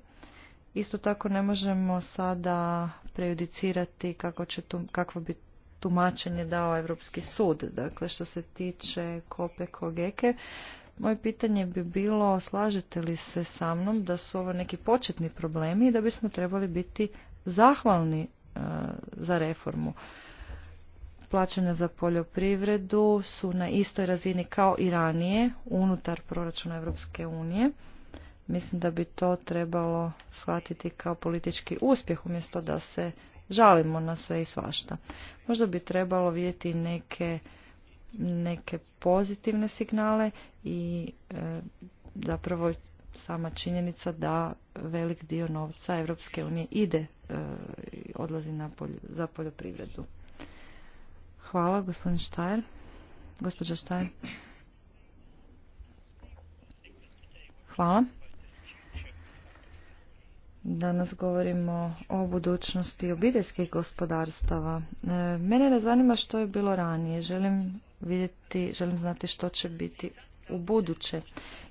Isto tako ne možemo sada prejudicirati kako će tu, kakvo bi tumačenje dao Europski sud. Dakle, što se tiče Kope Kogeke, moje pitanje bi bilo, slažete li se sa mnom da su ovo neki početni problemi i da bismo trebali biti zahvalni e, za reformu? Plaćanja za poljoprivredu su na istoj razini kao i ranije unutar proračuna Europske unije. Mislim da bi to trebalo shvatiti kao politički uspjeh umjesto da se žalimo na sve i svašta. Možda bi trebalo vidjeti neke neke pozitivne signale i e, zapravo sama činjenica da velik dio novca Europske unije ide e, odlazi na za poljoprivredu. Hvala, gospodin Štajer. Gospođa Štajer. Hvala. Danas govorimo o budućnosti obiteljskih gospodarstava. E, mene ne zanima što je bilo ranije. Želim vidjeti, želim znati što će biti u buduće.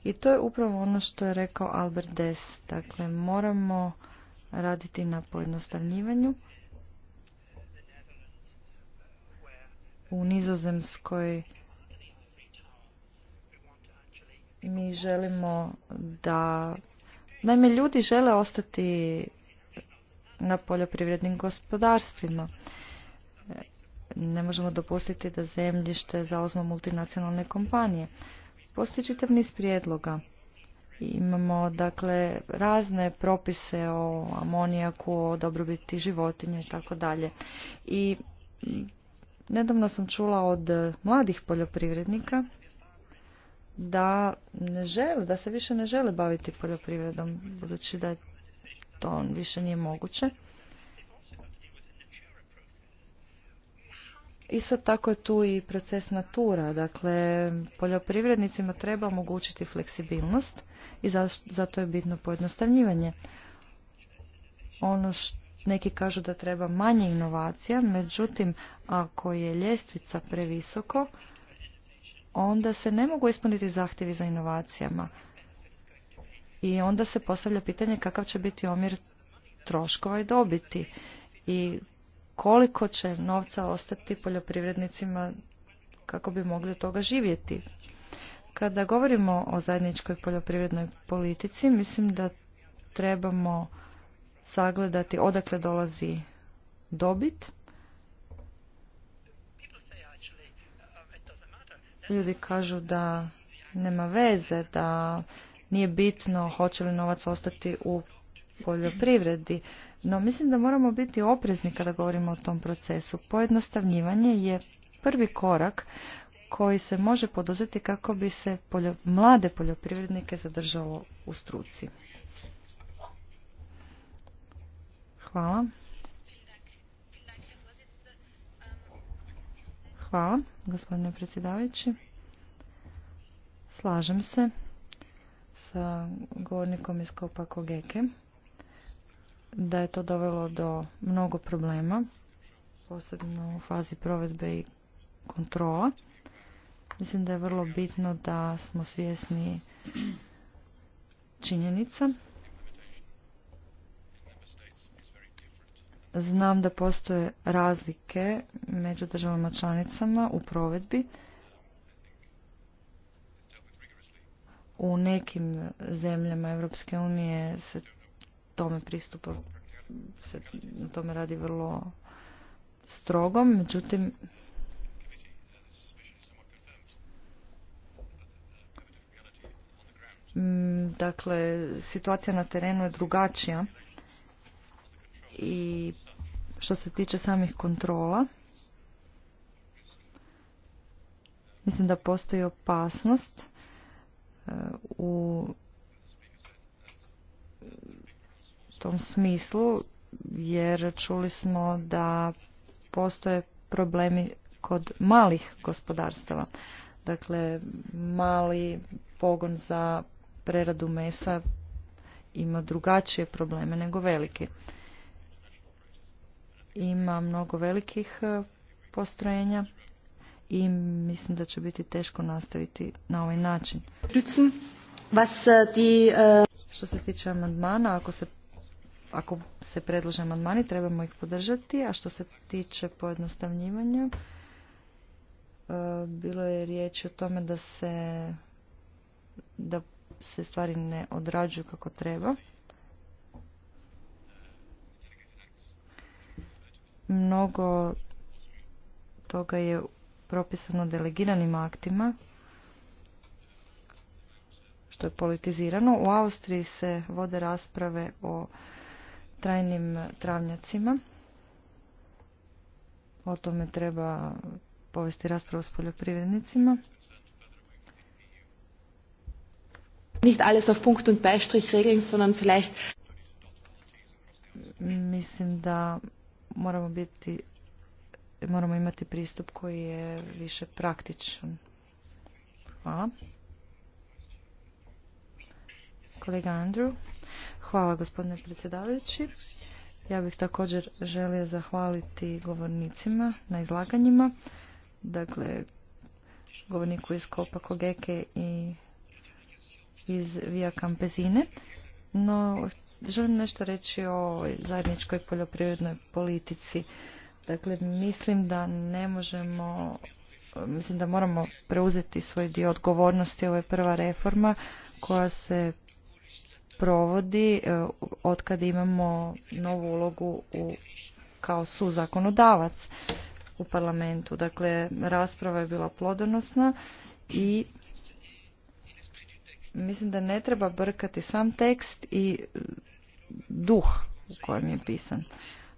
I to je upravo ono što je rekao Albert Des. Dakle, moramo raditi na pojednostavljivanju. U Nizozemskoj mi želimo da... Naime, ljudi žele ostati na poljoprivrednim gospodarstvima. Ne možemo dopustiti da zemljište zauzmu multinacionalne kompanije. Postoji čitav niz prijedloga. Imamo dakle razne propise o amonijaku, o dobrobiti životinja i tako dalje. I nedavno sam čula od mladih poljoprivrednika da ne žele, da se više ne žele baviti poljoprivredom, budući da to više nije moguće. Isto tako je tu i proces natura, dakle poljoprivrednicima treba omogućiti fleksibilnost i zato je bitno pojednostavljivanje. Ono što neki kažu da treba manje inovacija, međutim ako je ljestvica previsoko, onda se ne mogu ispuniti zahtjevi za inovacijama. I onda se postavlja pitanje kakav će biti omjer troškova i dobiti i koliko će novca ostati poljoprivrednicima kako bi mogli od toga živjeti. Kada govorimo o zajedničkoj poljoprivrednoj politici, mislim da trebamo sagledati odakle dolazi dobit. Ljudi kažu da nema veze, da nije bitno hoće li novac ostati u poljoprivredi. No mislim da moramo biti oprezni kada govorimo o tom procesu. Pojednostavnjivanje je prvi korak koji se može poduzeti kako bi se poljo, mlade poljoprivrednike zadržalo u struci. Hvala. Hvala, gospodine predsjedavajući. Slažem se sa govornikom iz Kopa Kogeke da je to dovelo do mnogo problema, posebno u fazi provedbe i kontrola. Mislim da je vrlo bitno da smo svjesni činjenica. Znam da postoje razlike među državama članicama u provedbi. U nekim zemljama Europske unije se tome pristupa se na tome radi vrlo strogo, međutim mm, dakle situacija na terenu je drugačija i što se tiče samih kontrola mislim da postoji opasnost e, u tom smislu jer čuli smo da postoje problemi kod malih gospodarstava. Dakle, mali pogon za preradu mesa ima drugačije probleme nego velike. Ima mnogo velikih e, postrojenja i mislim da će biti teško nastaviti na ovaj način. E, e, Što se tiče amandmana, ako se ako se predlože amandmani trebamo ih podržati, a što se tiče pojednostavnjivanja, e, bilo je riječ o tome da se da se stvari ne odrađuju kako treba. Mnogo toga je propisano delegiranim aktima, što je politizirano. U Austriji se vode rasprave o trajnim travnjacima. O tome treba povesti raspravu s poljoprivrednicima. Nicht alles auf Punkt und Beistrich regeln, sondern vielleicht mislim da moramo biti moramo imati pristup koji je više praktičan. Hvala. Kolega Andrew. Hvala gospodine predsjedavajući. Ja bih također želio zahvaliti govornicima na izlaganjima. Dakle, govorniku iz Kopa Kogeke i iz Via Campesine. No, želim nešto reći o zajedničkoj poljoprivrednoj politici. Dakle, mislim da ne možemo, mislim da moramo preuzeti svoj dio odgovornosti. Ovo je prva reforma koja se provodi e, od kada imamo novu ulogu u, kao suzakonodavac u parlamentu. Dakle, rasprava je bila plodonosna i mislim da ne treba brkati sam tekst i duh u kojem je pisan.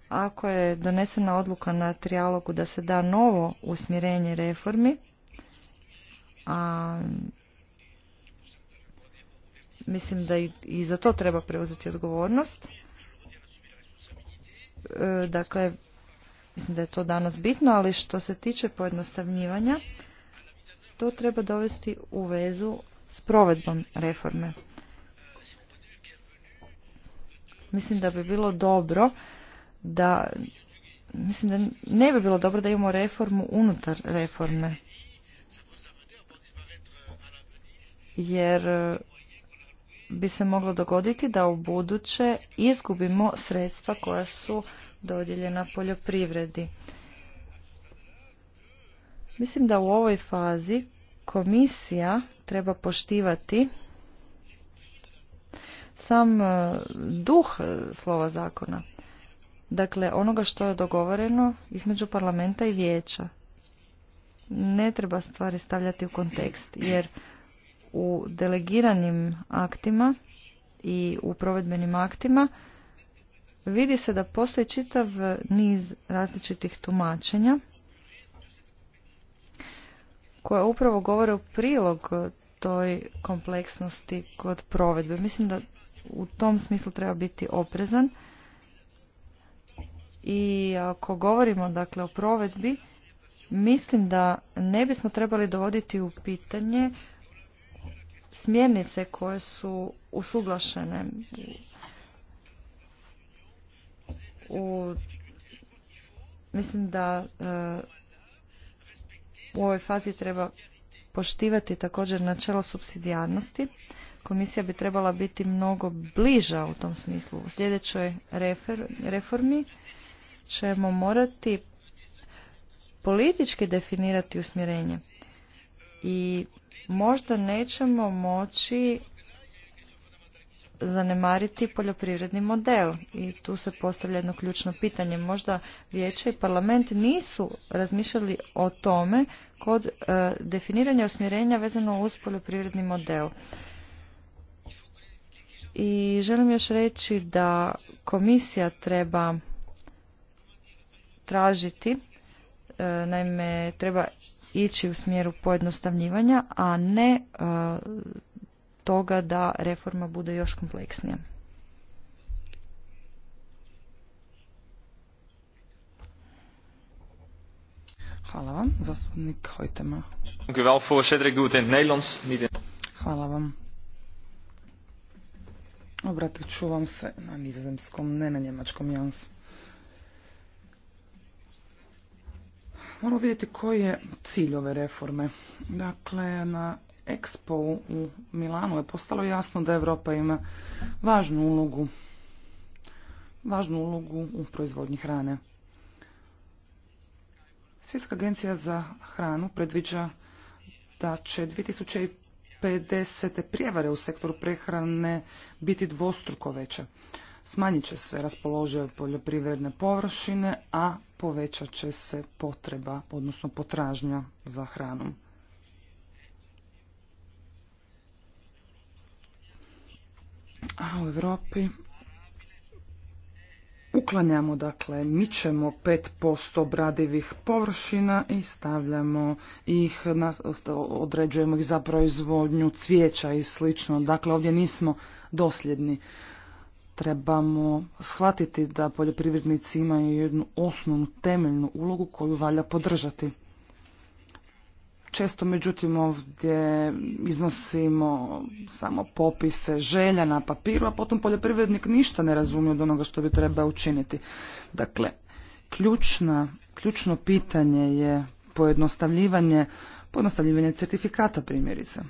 Ako je donesena odluka na trijalogu da se da novo usmjerenje reformi, a Mislim da i za to treba preuzeti odgovornost. E, dakle, mislim da je to danas bitno, ali što se tiče pojednostavnjivanja, to treba dovesti u vezu s provedbom reforme. Mislim da bi bilo dobro da mislim da ne bi bilo dobro da imamo reformu unutar reforme. Jer bi se moglo dogoditi da u buduće izgubimo sredstva koja su dodjeljena poljoprivredi. Mislim da u ovoj fazi komisija treba poštivati sam e, duh e, slova zakona. Dakle, onoga što je dogovoreno između parlamenta i vijeća. Ne treba stvari stavljati u kontekst, jer u delegiranim aktima i u provedbenim aktima vidi se da postoji čitav niz različitih tumačenja koja upravo govore u prilog toj kompleksnosti kod provedbe. Mislim da u tom smislu treba biti oprezan. I ako govorimo dakle o provedbi, mislim da ne bismo trebali dovoditi u pitanje smjernice koje su usuglašene u mislim da e, u ovoj fazi treba poštivati također načelo subsidijarnosti. Komisija bi trebala biti mnogo bliža u tom smislu. U sljedećoj reformi ćemo morati politički definirati usmjerenje i možda nećemo moći zanemariti poljoprivredni model i tu se postavlja jedno ključno pitanje. Možda vijeće i parlament nisu razmišljali o tome kod e, definiranja usmjerenja vezano uz poljoprivredni model. I želim još reći da komisija treba tražiti, e, naime treba ići u smjeru pojednostavljivanja, a ne e, toga da reforma bude još kompleksnija. Hvala vam. Zastupnik Hojtema. Dank u wel, voorzitter. Ik doe het in het Nederlands, niet in... Hvala vam. Obratit ću vam se na nizozemskom, ne na njemačkom, Jans. Moramo vidjeti koji je cilj ove reforme. Dakle, na Expo u Milanu je postalo jasno da Europa ima važnu ulogu, važnu ulogu u proizvodnji hrane. Svjetska agencija za hranu predviđa da će 2050. prijevare u sektoru prehrane biti dvostruko veće. Smanjit će se raspoložive poljoprivredne površine, a povećat će se potreba, odnosno potražnja za hranom. A u Europi uklanjamo, dakle, mičemo 5% bradivih površina i stavljamo ih, određujemo ih za proizvodnju cvijeća i slično. Dakle, ovdje nismo dosljedni trebamo shvatiti da poljoprivrednici imaju jednu osnovnu temeljnu ulogu koju valja podržati. Često, međutim, ovdje iznosimo samo popise želja na papiru, a potom poljoprivrednik ništa ne razumije od onoga što bi trebao učiniti. Dakle, ključna, ključno pitanje je pojednostavljivanje, pojednostavljivanje certifikata primjerice.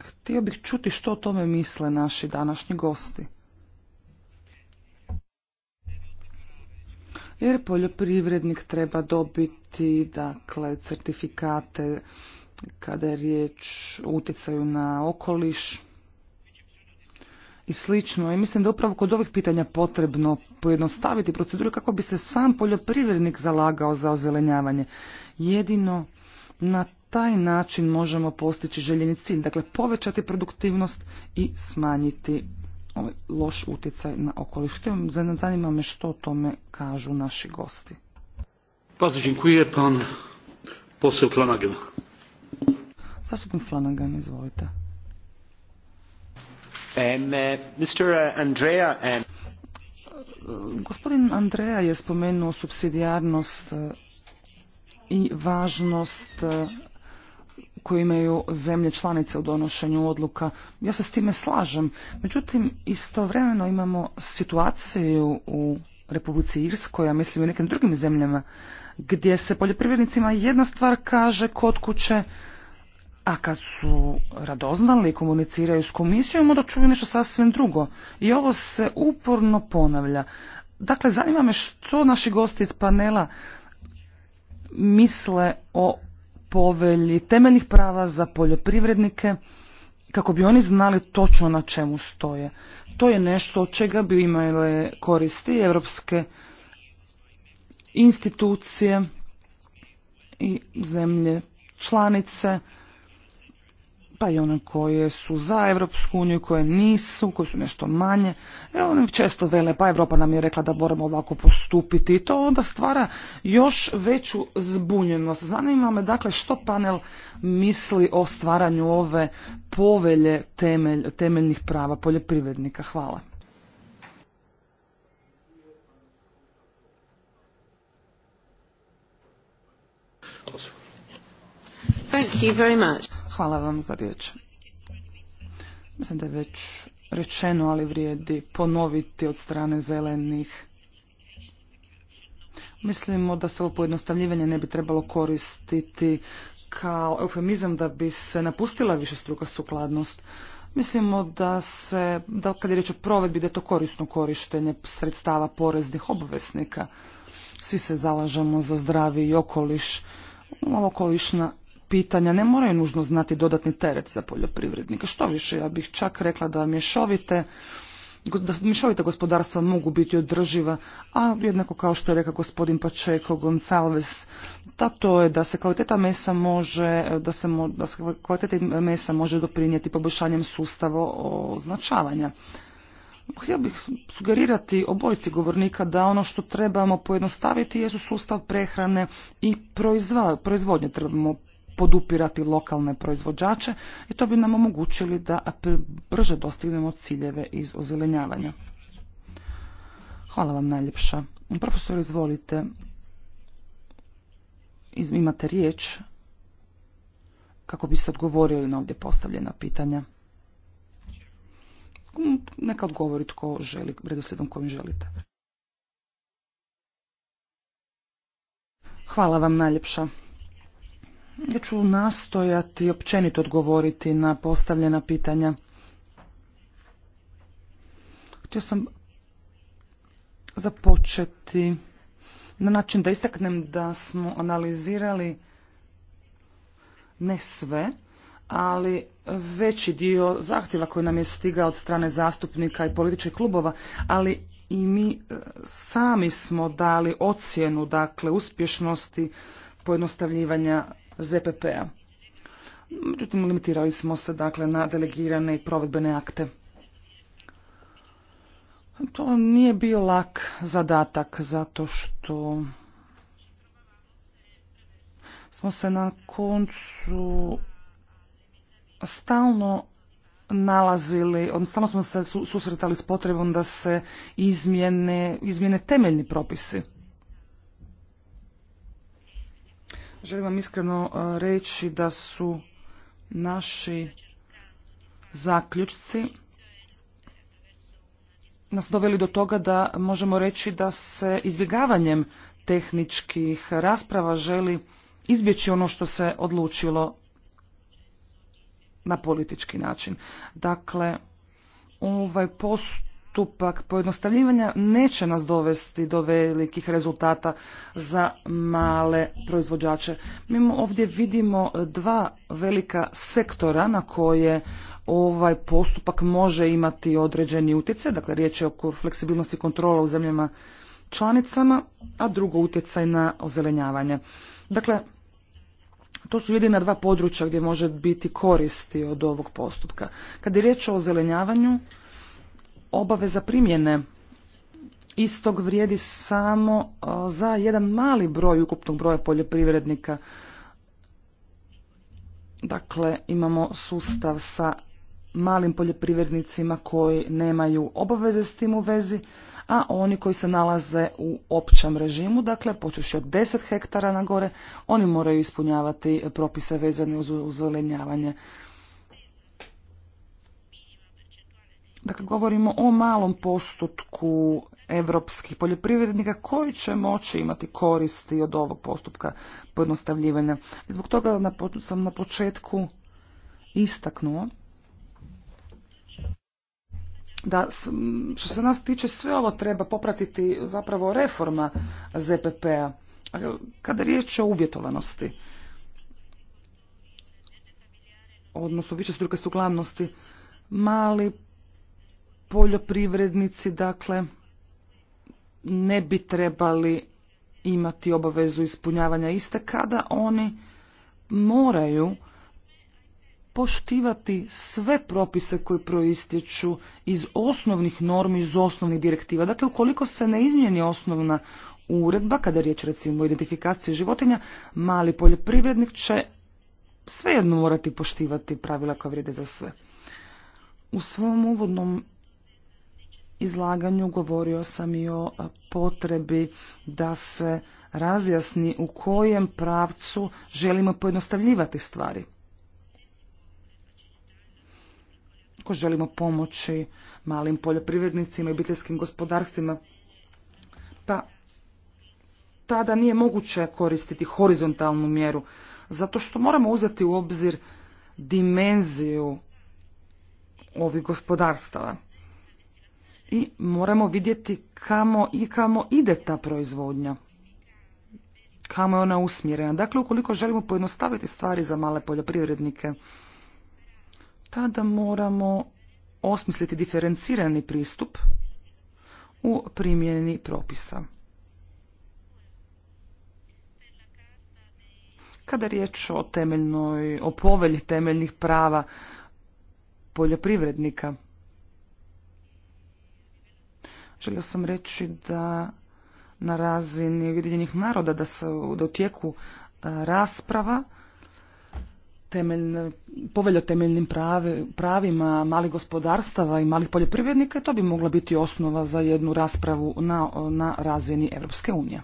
Htio bih čuti što o tome misle naši današnji gosti. Jer poljoprivrednik treba dobiti dakle, certifikate kada je riječ o utjecaju na okoliš i slično. I mislim da upravo kod ovih pitanja potrebno pojednostaviti proceduru kako bi se sam poljoprivrednik zalagao za ozelenjavanje. Jedino na taj način možemo postići željeni cilj, dakle povećati produktivnost i smanjiti ovaj loš utjecaj na okoliš. Zanima me što o tome kažu naši gosti. Bardzo pan Flanagan. Flanagan, izvolite. Um, uh, uh, Andrea, um, Gospodin Andreja je spomenuo subsidijarnost uh, i važnost koji imaju zemlje članice u donošenju odluka. Ja se s time slažem. Međutim, istovremeno imamo situaciju u Republici Irskoj, a mislim i nekim drugim zemljama, gdje se poljoprivrednicima jedna stvar kaže kod kuće, a kad su radoznali i komuniciraju s komisijom, onda čuju nešto sasvim drugo. I ovo se uporno ponavlja. Dakle, zanima me što naši gosti iz panela misle o povelji temeljnih prava za poljoprivrednike kako bi oni znali točno na čemu stoje. To je nešto od čega bi imale koristi evropske institucije i zemlje članice pa i one koje su za Europsku uniju, koje nisu, koje su nešto manje. E, oni često vele, pa Evropa nam je rekla da moramo ovako postupiti i to onda stvara još veću zbunjenost. Zanima me dakle što panel misli o stvaranju ove povelje temelj, temeljnih prava poljoprivrednika. Hvala. Thank you very much. Hvala vam za riječ. Mislim da je već rečeno, ali vrijedi ponoviti od strane zelenih. Mislimo da se ovo pojednostavljivanje ne bi trebalo koristiti kao eufemizam da bi se napustila višestruka sukladnost. Mislimo da se, da kad je riječ o provedbi, da je to korisno korištenje sredstava poreznih obveznika. Svi se zalažemo za zdravi i okoliš. Okolišna pitanja ne moraju nužno znati dodatni teret za poljoprivrednika. Što više, ja bih čak rekla da mješovite da mješovita gospodarstva mogu biti održiva, a jednako kao što je rekao gospodin Pačeko Gonsalves, da to je da se kvaliteta mesa može, da se, mo, da kvaliteta mesa može doprinijeti poboljšanjem sustava označavanja. Htio bih sugerirati obojci govornika da ono što trebamo pojednostaviti jesu sustav prehrane i proizvodnje. Trebamo podupirati lokalne proizvođače i to bi nam omogućili da brže dostignemo ciljeve iz ozelenjavanja. Hvala vam najljepša. Profesor, izvolite. Imate riječ kako biste odgovorili na ovdje postavljena pitanja. Neka odgovori tko želi, redoslijedom kojim želite. Hvala vam najljepša. Ja ću nastojati općenito odgovoriti na postavljena pitanja. Htio sam započeti na način da istaknem da smo analizirali ne sve, ali veći dio zahtjeva koji nam je stigao od strane zastupnika i političkih klubova, ali i mi e, sami smo dali ocjenu dakle uspješnosti pojednostavljivanja ZPP-a. Međutim, limitirali smo se dakle na delegirane i provedbene akte. To nije bio lak zadatak zato što smo se na koncu stalno nalazili, odnosno smo se susretali s potrebom da se izmjene, izmjene temeljni propisi. Želim vam iskreno e, reći da su naši zaključci nas doveli do toga da možemo reći da se izbjegavanjem tehničkih rasprava želi izbjeći ono što se odlučilo na politički način. Dakle, ovaj post postupak pojednostavljivanja neće nas dovesti do velikih rezultata za male proizvođače. Mi ovdje vidimo dva velika sektora na koje ovaj postupak može imati određeni utjecaj, dakle riječ je oko fleksibilnosti kontrola u zemljama članicama, a drugo utjecaj na ozelenjavanje. Dakle, to su jedina dva područja gdje može biti koristi od ovog postupka. Kad je riječ o ozelenjavanju, obaveza primjene istog vrijedi samo e, za jedan mali broj ukupnog broja poljoprivrednika. Dakle, imamo sustav sa malim poljoprivrednicima koji nemaju obaveze s tim u vezi, a oni koji se nalaze u općem režimu, dakle počeši od 10 hektara na gore, oni moraju ispunjavati propise vezane uz uzvoljenjavanje Dakle, govorimo o malom postotku evropskih poljoprivrednika koji će moći imati koristi od ovog postupka pojednostavljivanja. zbog toga sam na početku istaknuo da što se nas tiče sve ovo treba popratiti zapravo reforma ZPP-a. Kada je riječ o uvjetovanosti, odnosno više struke sukladnosti, mali poljoprivrednici dakle ne bi trebali imati obavezu ispunjavanja iste kada oni moraju poštivati sve propise koji proistječu iz osnovnih normi, iz osnovnih direktiva. Dakle, ukoliko se ne izmjeni osnovna uredba, kada je riječ recimo o identifikaciji životinja, mali poljoprivrednik će svejedno morati poštivati pravila koja vrijede za sve. U svom uvodnom izlaganju govorio sam i o potrebi da se razjasni u kojem pravcu želimo pojednostavljivati stvari. Ako želimo pomoći malim poljoprivrednicima i obiteljskim gospodarstvima, pa tada nije moguće koristiti horizontalnu mjeru, zato što moramo uzeti u obzir dimenziju ovih gospodarstava i moramo vidjeti kamo i kamo ide ta proizvodnja, kamo je ona usmjerena. Dakle, ukoliko želimo pojednostaviti stvari za male poljoprivrednike, tada moramo osmisliti diferencirani pristup u primjeni propisa. Kada je riječ o, temeljnoj, o povelji temeljnih prava poljoprivrednika, Želio sam reći da na razini Ujedinjenih naroda da se da u tijeku e, rasprava temeljne, povelja temeljnim pravi, pravima malih gospodarstava i malih poljoprivrednika to bi mogla biti osnova za jednu raspravu na, na razini Europske unije.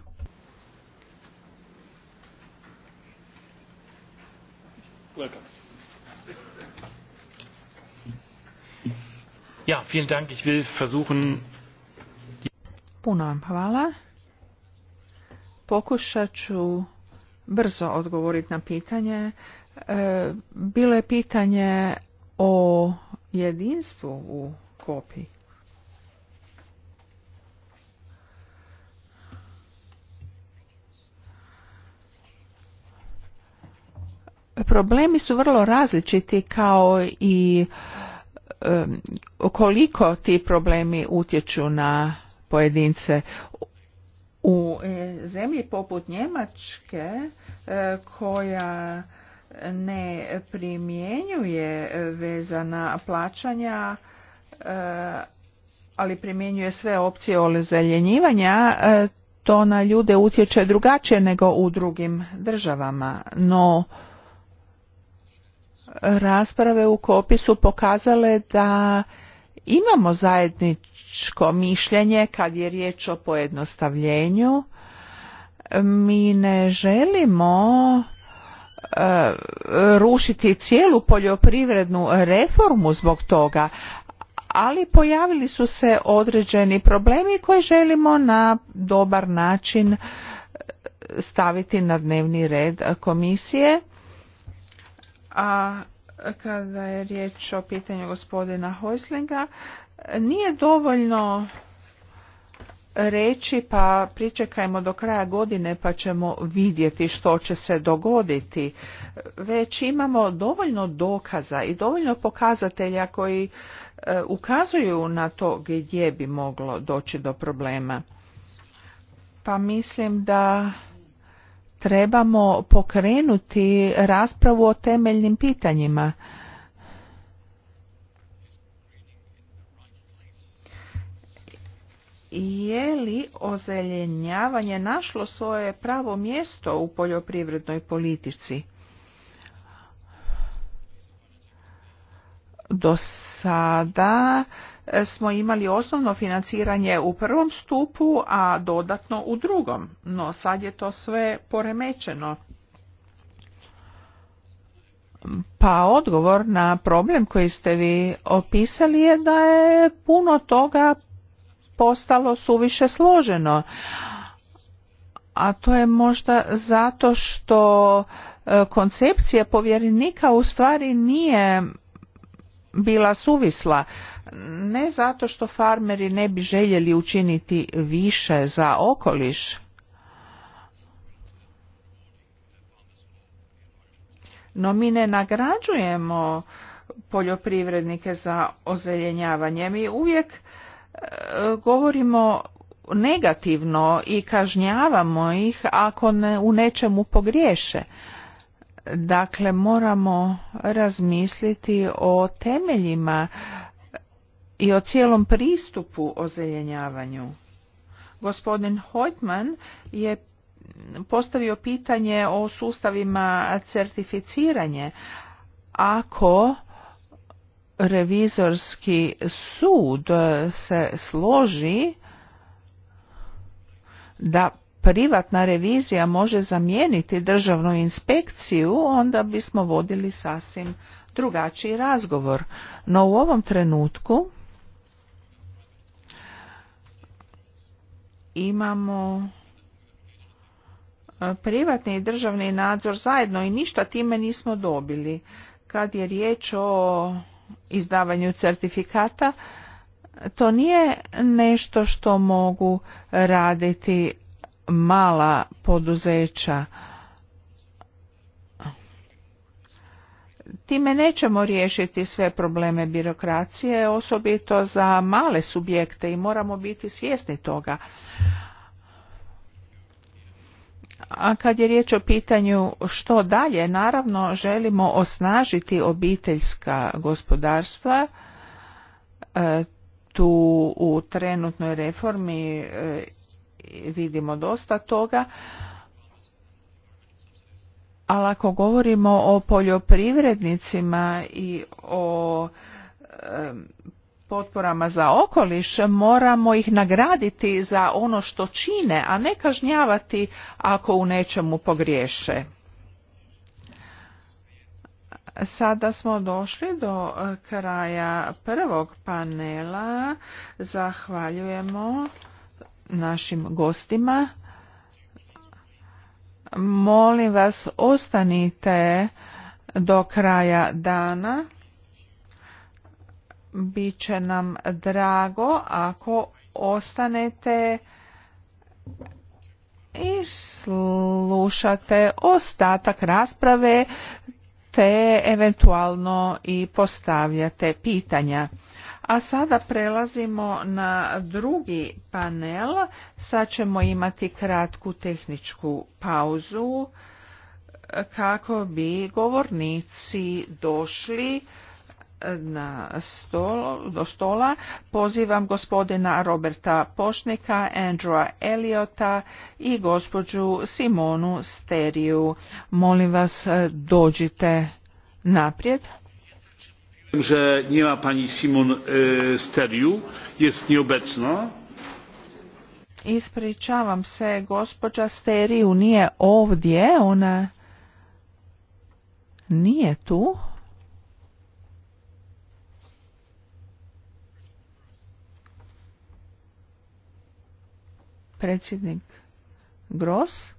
Ja, vielen Dank. Ich will versuchen, Puno vam hvala. Pokušat ću brzo odgovoriti na pitanje. E, bilo je pitanje o jedinstvu u kopiji. Problemi su vrlo različiti kao i e, koliko ti problemi utječu na pojedince. U e, zemlji poput Njemačke e, koja ne primjenjuje vezana plaćanja, e, ali primjenjuje sve opcije ozeljenjivanja, to na ljude utječe drugačije nego u drugim državama. No, rasprave u kopisu pokazale da imamo zajedničko mišljenje kad je riječ o pojednostavljenju mi ne želimo e, rušiti cijelu poljoprivrednu reformu zbog toga ali pojavili su se određeni problemi koje želimo na dobar način e, staviti na dnevni red komisije a kada je riječ o pitanju gospodina Hojslinga, nije dovoljno reći pa pričekajmo do kraja godine pa ćemo vidjeti što će se dogoditi. Već imamo dovoljno dokaza i dovoljno pokazatelja koji e, ukazuju na to gdje bi moglo doći do problema. Pa mislim da trebamo pokrenuti raspravu o temeljnim pitanjima. je li ozeljenjavanje našlo svoje pravo mjesto u poljoprivrednoj politici? Do sada smo imali osnovno financiranje u prvom stupu, a dodatno u drugom. No sad je to sve poremećeno. Pa odgovor na problem koji ste vi opisali je da je puno toga postalo suviše složeno. A to je možda zato što e, koncepcija povjerenika u stvari nije bila suvisla ne zato što farmeri ne bi željeli učiniti više za okoliš no mi ne nagrađujemo poljoprivrednike za ozeljenjavanje mi uvijek e, govorimo negativno i kažnjavamo ih ako ne, u nečemu pogriješe Dakle, moramo razmisliti o temeljima i o cijelom pristupu ozeljenjavanju. Gospodin Hojtman je postavio pitanje o sustavima certificiranje. Ako revizorski sud se složi da privatna revizija može zamijeniti državnu inspekciju, onda bismo vodili sasvim drugačiji razgovor. No u ovom trenutku imamo e, privatni i državni nadzor zajedno i ništa time nismo dobili. Kad je riječ o izdavanju certifikata, to nije nešto što mogu raditi mala poduzeća. Time nećemo riješiti sve probleme birokracije, osobito za male subjekte i moramo biti svjesni toga. A kad je riječ o pitanju što dalje, naravno želimo osnažiti obiteljska gospodarstva. E, tu u trenutnoj reformi e, vidimo dosta toga. Ali ako govorimo o poljoprivrednicima i o potporama za okoliš moramo ih nagraditi za ono što čine, a ne kažnjavati ako u nečemu pogriješe. Sada smo došli do eh, kraja prvog panela. Zahvaljujemo našim gostima. Molim vas, ostanite do kraja dana. će nam drago ako ostanete i slušate ostatak rasprave te eventualno i postavljate pitanja. A sada prelazimo na drugi panel. Sad ćemo imati kratku tehničku pauzu kako bi govornici došli e, na stol, do stola. Pozivam gospodina Roberta Pošnika, Andrewa Eliota i gospođu Simonu Steriju. Molim vas e, dođite naprijed że nie ma pani Simon e, Steriu, jest nieobecna. Ispričavam se, gospođa Steriju nije ovdje, ona nije tu. Predsjednik Gross.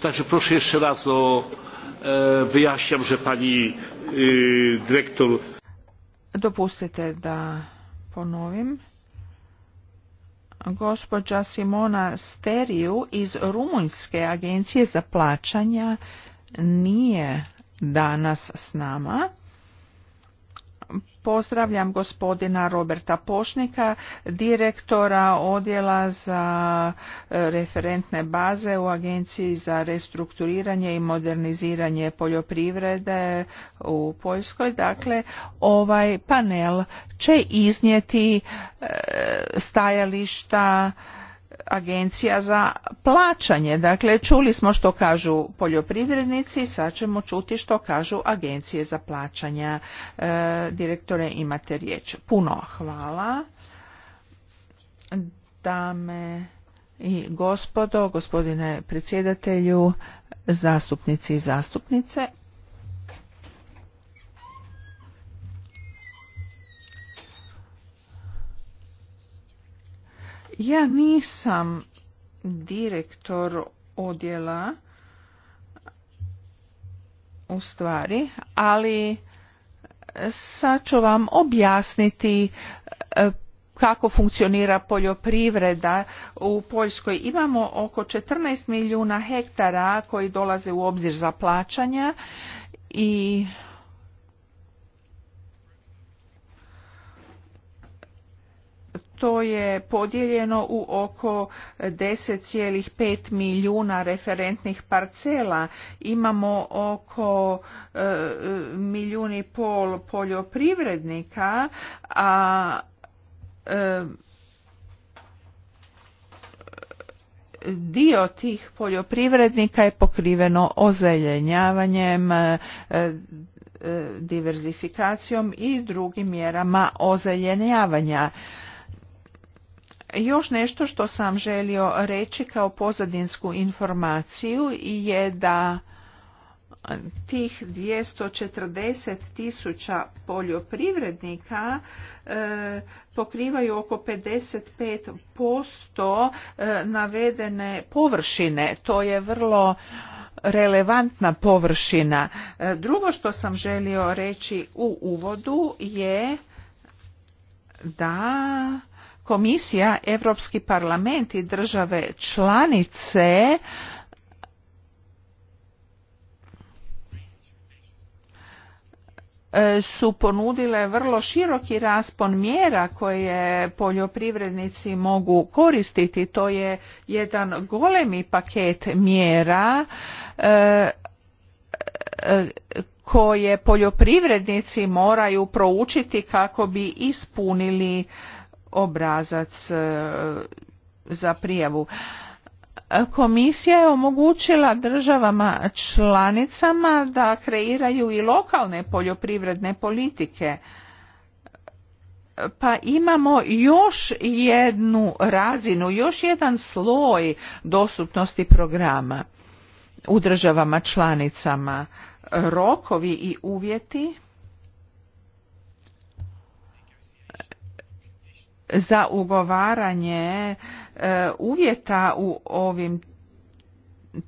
także proszę jeszcze raz o e, wyjaśniam że pani dyrektor dopustite da ponovim gospođa Simona Steriju iz Rumunjske agencije za plaćanja nije danas s nama Pozdravljam gospodina Roberta Pošnika, direktora odjela za e, referentne baze u Agenciji za restrukturiranje i moderniziranje poljoprivrede u Poljskoj. Dakle, ovaj panel će iznijeti e, stajališta agencija za plaćanje. Dakle, čuli smo što kažu poljoprivrednici, sad ćemo čuti što kažu agencije za plaćanja. E, direktore, imate riječ. Puno hvala. Dame i gospodo, gospodine predsjedatelju, zastupnici i zastupnice, Ja nisam direktor odjela u stvari, ali sad ću vam objasniti e, kako funkcionira poljoprivreda u Poljskoj. Imamo oko 14 milijuna hektara koji dolaze u obzir za plaćanja i to je podijeljeno u oko 10,5 milijuna referentnih parcela. Imamo oko e, milijun i pol poljoprivrednika, a e, dio tih poljoprivrednika je pokriveno ozeljenjavanjem, diversifikacijom e, diverzifikacijom i drugim mjerama ozeljenjavanja. Još nešto što sam želio reći kao pozadinsku informaciju je da tih 240 tisuća poljoprivrednika e, pokrivaju oko 55% e, navedene površine. To je vrlo relevantna površina. E, drugo što sam želio reći u uvodu je da komisija, Europski parlament i države članice e, su ponudile vrlo široki raspon mjera koje poljoprivrednici mogu koristiti. To je jedan golemi paket mjera e, e, koje poljoprivrednici moraju proučiti kako bi ispunili obrazac e, za prijavu. Komisija je omogućila državama članicama da kreiraju i lokalne poljoprivredne politike. Pa imamo još jednu razinu, još jedan sloj dostupnosti programa u državama članicama. Rokovi i uvjeti za ugovaranje e, uvjeta u ovim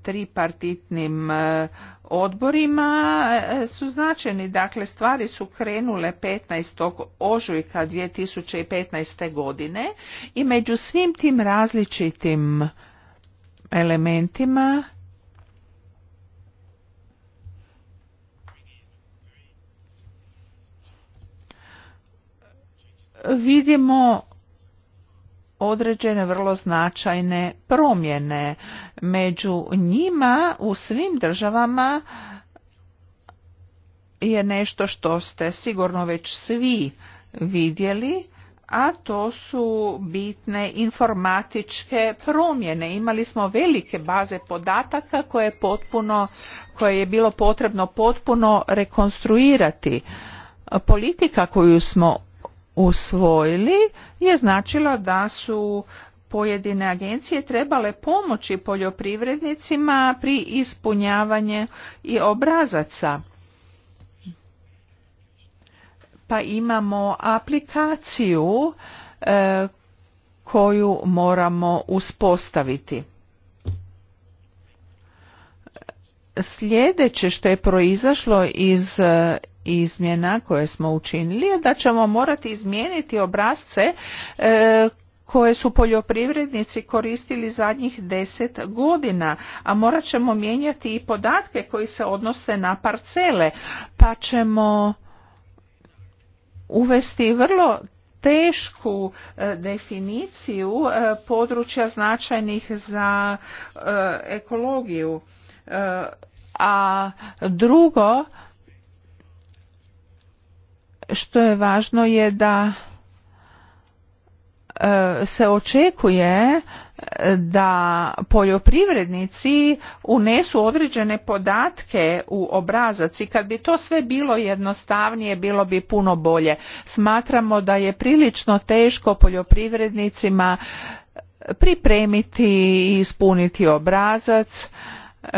tripartitnim e, odborima e, su značeni. Dakle, stvari su krenule 15. ožujka 2015. godine i među svim tim različitim elementima vidimo određene vrlo značajne promjene. Među njima u svim državama je nešto što ste sigurno već svi vidjeli, a to su bitne informatičke promjene. Imali smo velike baze podataka koje je, potpuno, koje je bilo potrebno potpuno rekonstruirati. Politika koju smo usvojili je značila da su pojedine agencije trebale pomoći poljoprivrednicima pri ispunjavanju i obrazaca. Pa imamo aplikaciju e, koju moramo uspostaviti. Sljedeće što je proizašlo iz e, izmjena koje smo učinili je da ćemo morati izmijeniti obrazce e, koje su poljoprivrednici koristili zadnjih deset godina, a morat ćemo mijenjati i podatke koji se odnose na parcele, pa ćemo uvesti vrlo tešku e, definiciju e, područja značajnih za ekologiju. A drugo, što je važno je da e, se očekuje e, da poljoprivrednici unesu određene podatke u obrazac i kad bi to sve bilo jednostavnije bilo bi puno bolje smatramo da je prilično teško poljoprivrednicima pripremiti i ispuniti obrazac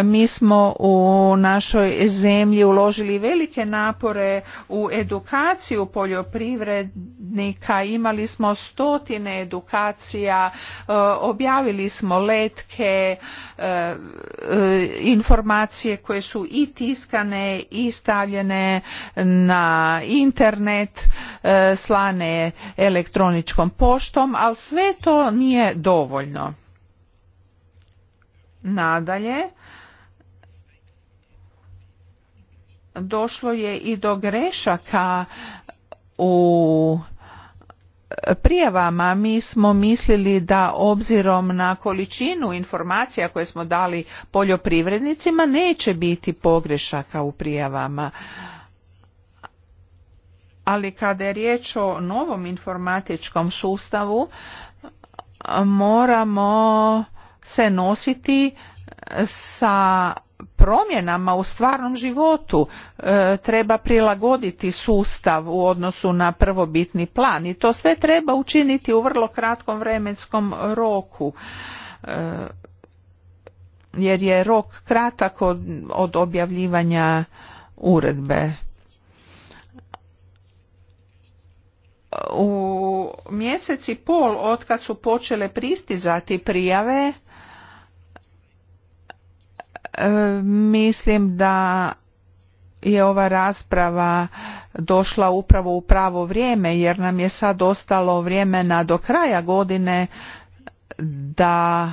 mi smo u našoj zemlji uložili velike napore u edukaciju poljoprivrednika imali smo stotine edukacija e, objavili smo letke e, e, informacije koje su i tiskane i stavljene na internet slane elektroničkom poštom ali sve to nije dovoljno nadalje došlo je i do grešaka u prijavama mi smo mislili da obzirom na količinu informacija koje smo dali poljoprivrednicima neće biti pogrešaka u prijavama ali kada je riječ o novom informatičkom sustavu moramo se nositi sa promjenama u stvarnom životu e, treba prilagoditi sustav u odnosu na prvobitni plan i to sve treba učiniti u vrlo kratkom vremenskom roku e, jer je rok kratak od, objavljivanja uredbe u mjesec i pol kad su počele pristizati prijave E, mislim da je ova rasprava došla upravo u pravo vrijeme jer nam je sad ostalo vremena do kraja godine da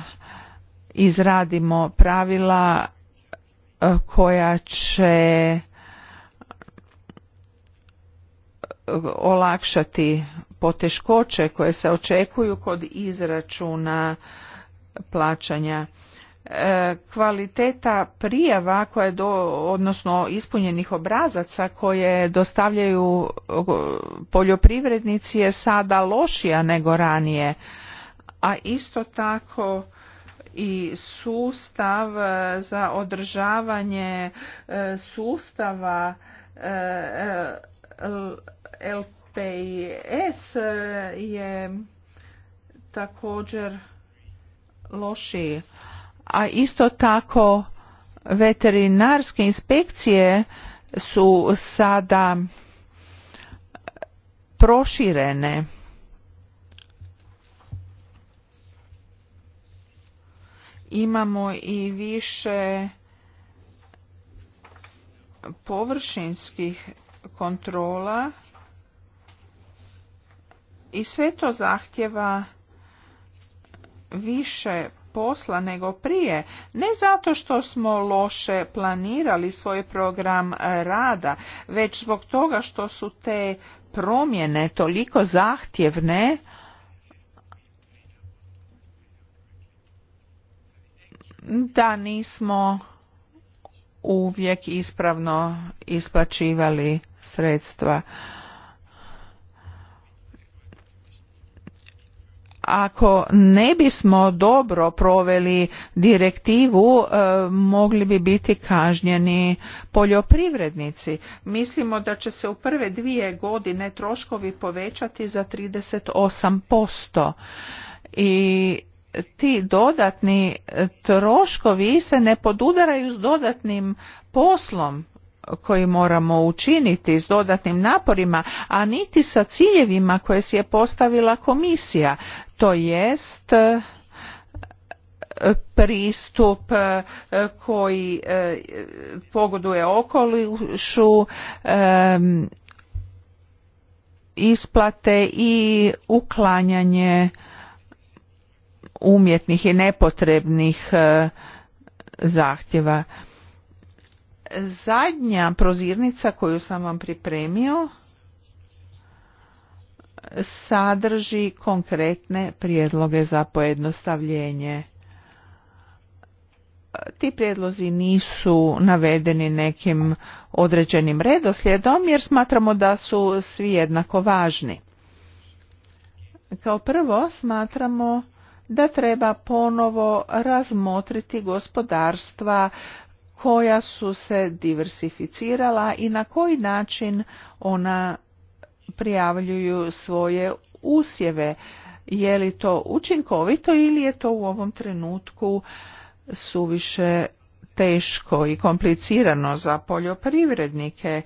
izradimo pravila e, koja će e, olakšati poteškoće koje se očekuju kod izračuna plaćanja kvaliteta prijava koje do, odnosno ispunjenih obrazaca koje dostavljaju uh, poljoprivrednici je sada lošija nego ranije a isto tako i sustav uh, za održavanje uh, sustava LPIS je također lošiji a isto tako veterinarske inspekcije su sada e, proširene imamo i više površinskih kontrola i sve to zahtjeva više posla nego prije. Ne zato što smo loše planirali svoj program rada, već zbog toga što su te promjene toliko zahtjevne da nismo uvijek ispravno isplaćivali sredstva. ako ne bismo dobro proveli direktivu e, mogli bi biti kažnjeni poljoprivrednici. Mislimo da će se u prve dvije godine troškovi povećati za 38% i ti dodatni troškovi se ne podudaraju s dodatnim poslom koji moramo učiniti s dodatnim naporima, a niti sa ciljevima koje si je postavila komisija, to jest e, pristup e, koji e, pogoduje okolišu, isplate i uklanjanje umjetnih i nepotrebnih zahtjeva zadnja prozirnica koju sam vam pripremio sadrži konkretne prijedloge za pojednostavljenje. Ti prijedlozi nisu navedeni nekim određenim redoslijedom jer smatramo da su svi jednako važni. Kao prvo smatramo da treba ponovo razmotriti gospodarstva koja su se diversificirala i na koji način ona prijavljuju svoje usjeve. Je li to učinkovito ili je to u ovom trenutku suviše teško i komplicirano za poljoprivrednike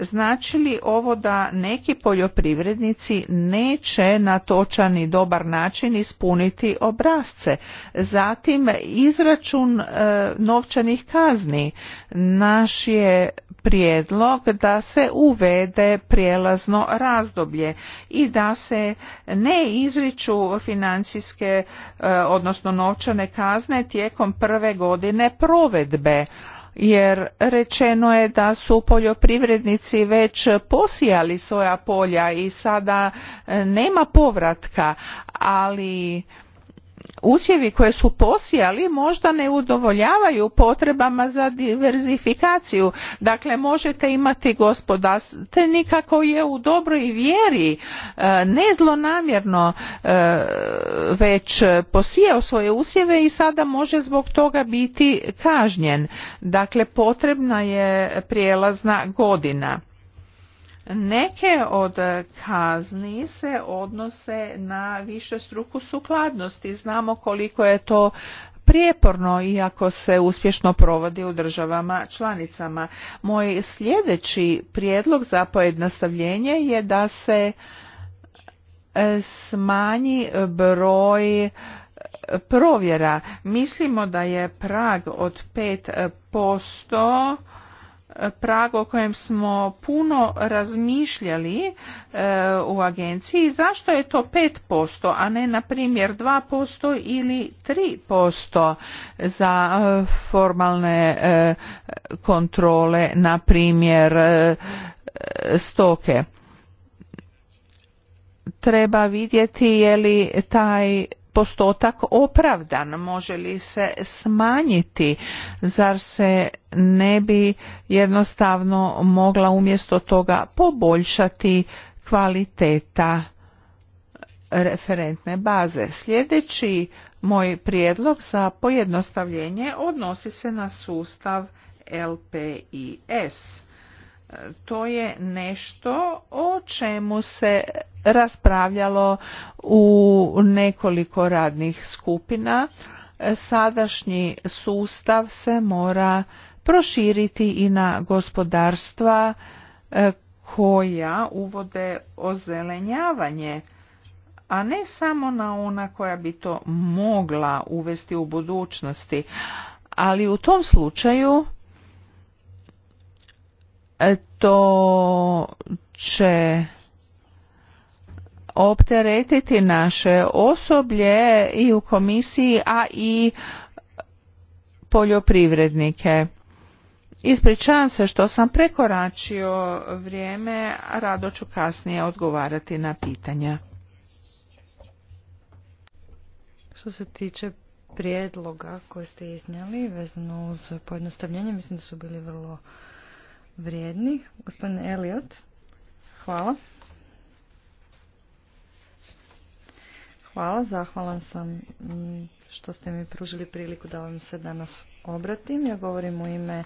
Znači li ovo da neki poljoprivrednici neće na točan i dobar način ispuniti obrazce? Zatim izračun e, novčanih kazni. Naš je prijedlog da se uvede prijelazno razdoblje i da se ne izriču financijske e, odnosno novčane kazne tijekom prve godine provedbe jer rečeno je da su poljoprivrednici već posijali svoja polja i sada e, nema povratka ali usjevi koje su posijali možda ne udovoljavaju potrebama za diverzifikaciju. Dakle, možete imati gospodarstvenika koji je u dobroj vjeri, e, ne zlonamjerno e, već posijao svoje usjeve i sada može zbog toga biti kažnjen. Dakle, potrebna je prijelazna godina. Neke od kazni se odnose na više struku sukladnosti. Znamo koliko je to prijeporno iako se uspješno provodi u državama članicama. Moj sljedeći prijedlog za pojednostavljenje je da se e, smanji broj e, provjera. Mislimo da je prag od 5% prag o kojem smo puno razmišljali e, u agenciji zašto je to 5% a ne na primjer 2% ili 3% za e, formalne e, kontrole na primjer stoke treba vidjeti je li taj postotak opravdan? Može li se smanjiti? Zar se ne bi jednostavno mogla umjesto toga poboljšati kvaliteta referentne baze? Sljedeći moj prijedlog za pojednostavljenje odnosi se na sustav LPIS to je nešto o čemu se raspravljalo u nekoliko radnih skupina. Sadašnji sustav se mora proširiti i na gospodarstva e, koja uvode ozelenjavanje, a ne samo na ona koja bi to mogla uvesti u budućnosti. Ali u tom slučaju E, to će opteretiti naše osoblje i u komisiji, a i poljoprivrednike. Ispričavam se što sam prekoračio vrijeme, rado ću kasnije odgovarati na pitanja. Što se tiče prijedloga koje ste iznijeli vezano uz pojednostavljenje, mislim da su bili vrlo vrijedni. Gospodin Eliot, hvala. Hvala, zahvalan sam mm, što ste mi pružili priliku da vam se danas obratim. Ja govorim u ime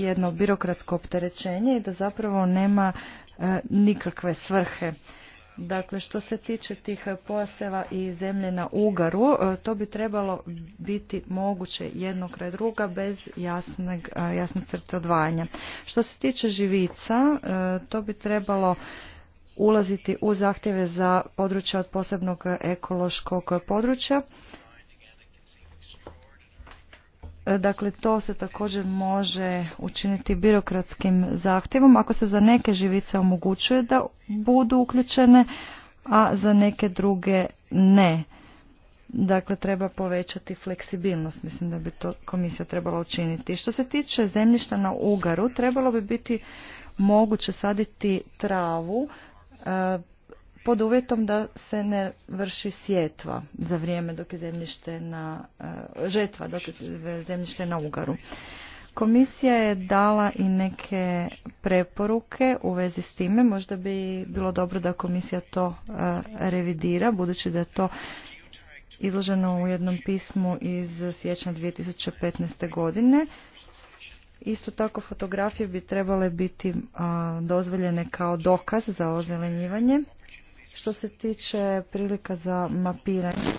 jedno birokratsko opterećenje i da zapravo nema e, nikakve svrhe. Dakle, što se tiče tih poseva i zemlje na ugaru, e, to bi trebalo biti moguće jedno kraj druga bez jasnog, e, jasne crte odvajanja. Što se tiče živica, to bi trebalo ulaziti u zahtjeve za područja od posebnog ekološkog područja Dakle, to se također može učiniti birokratskim zahtjevom ako se za neke živice omogućuje da budu uključene, a za neke druge ne. Dakle, treba povećati fleksibilnost, mislim da bi to komisija trebala učiniti. Što se tiče zemljišta na Ugaru, trebalo bi biti moguće saditi travu e, pod uvjetom da se ne vrši sjetva za vrijeme dok je zemljište na e, žetva dok je zemljište na ugaru. Komisija je dala i neke preporuke u vezi s time. Možda bi bilo dobro da komisija to e, revidira, budući da je to izloženo u jednom pismu iz siječnja 2015. godine. Isto tako fotografije bi trebale biti e, dozvoljene kao dokaz za ozelenjivanje. Što se tiče prilika za mapiranje,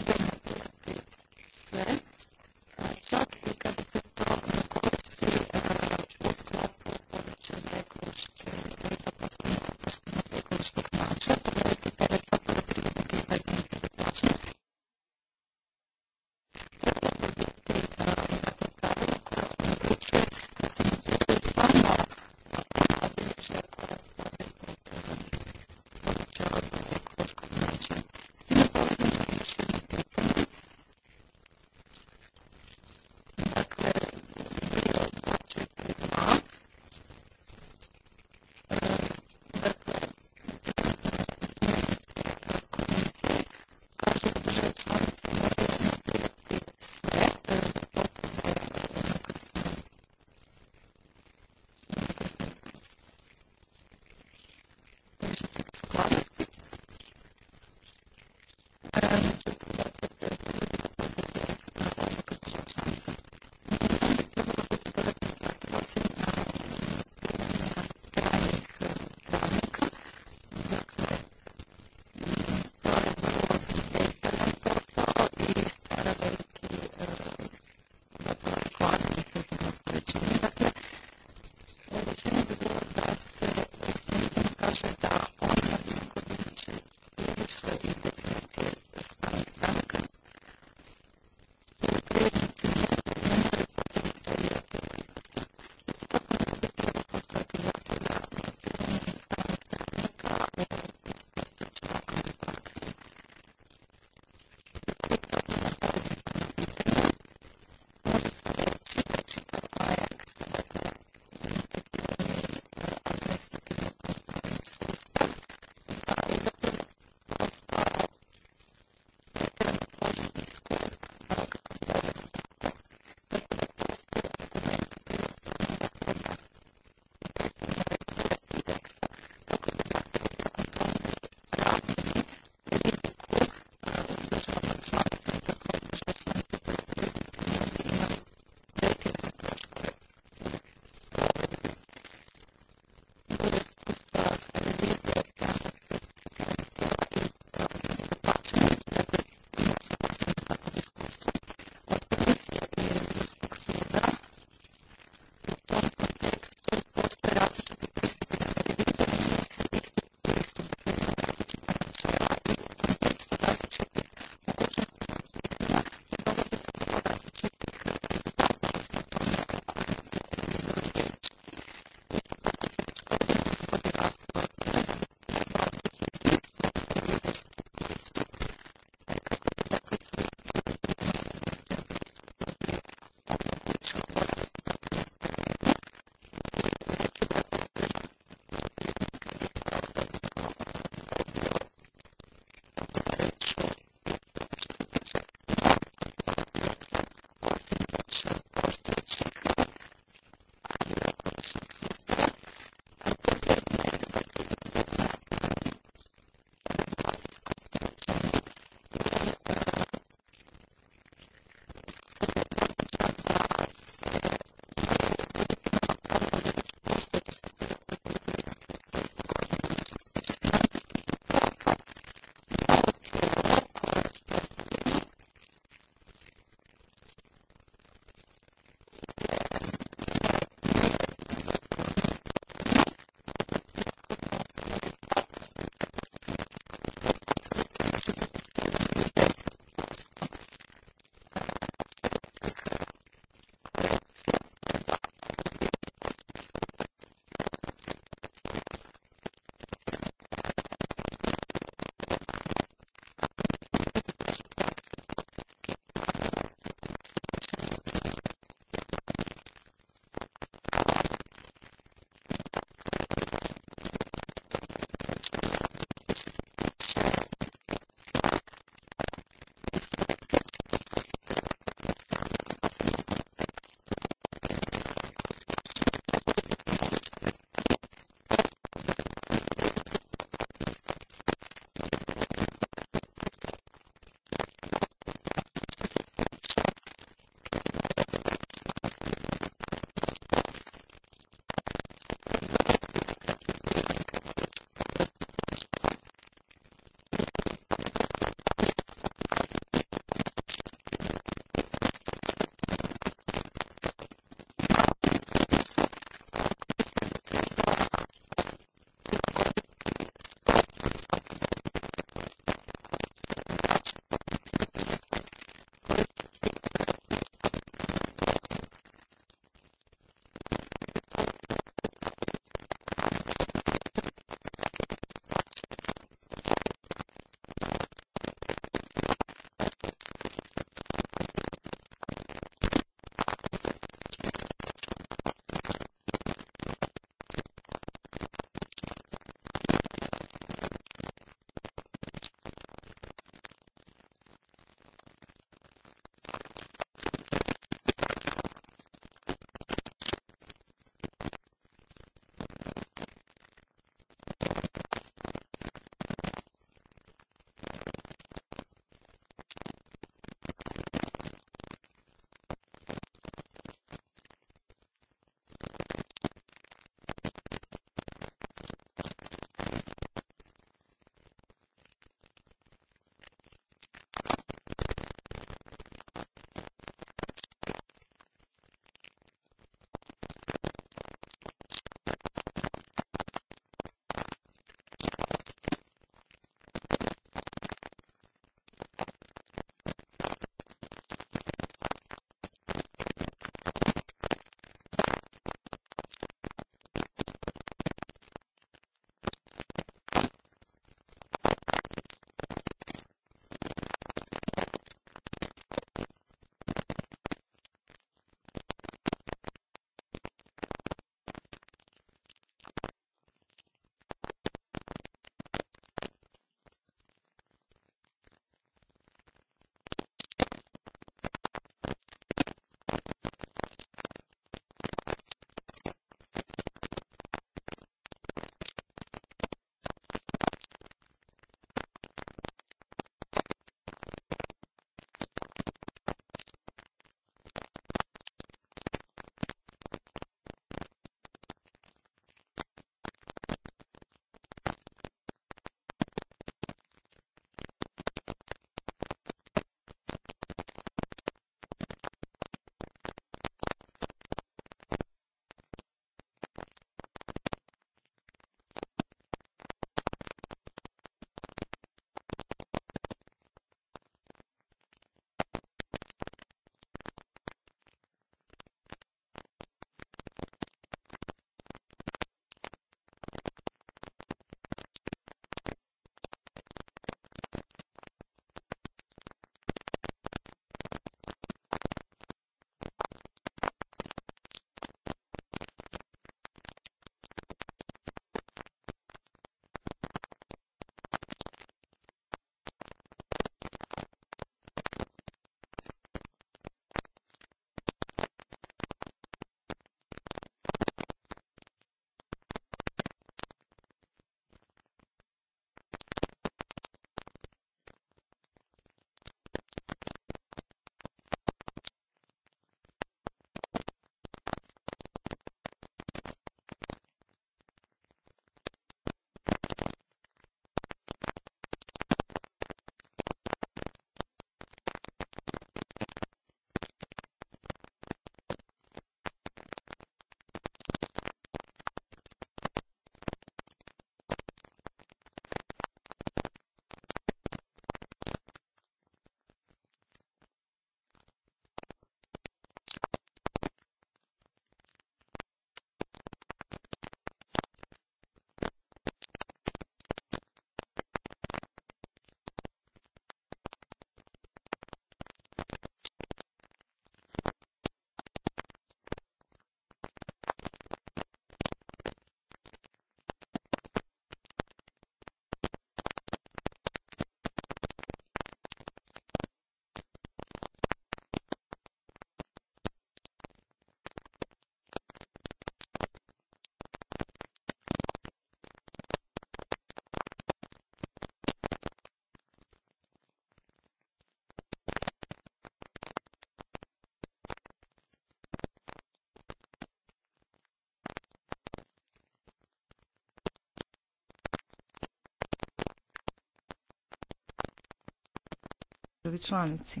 državi članici.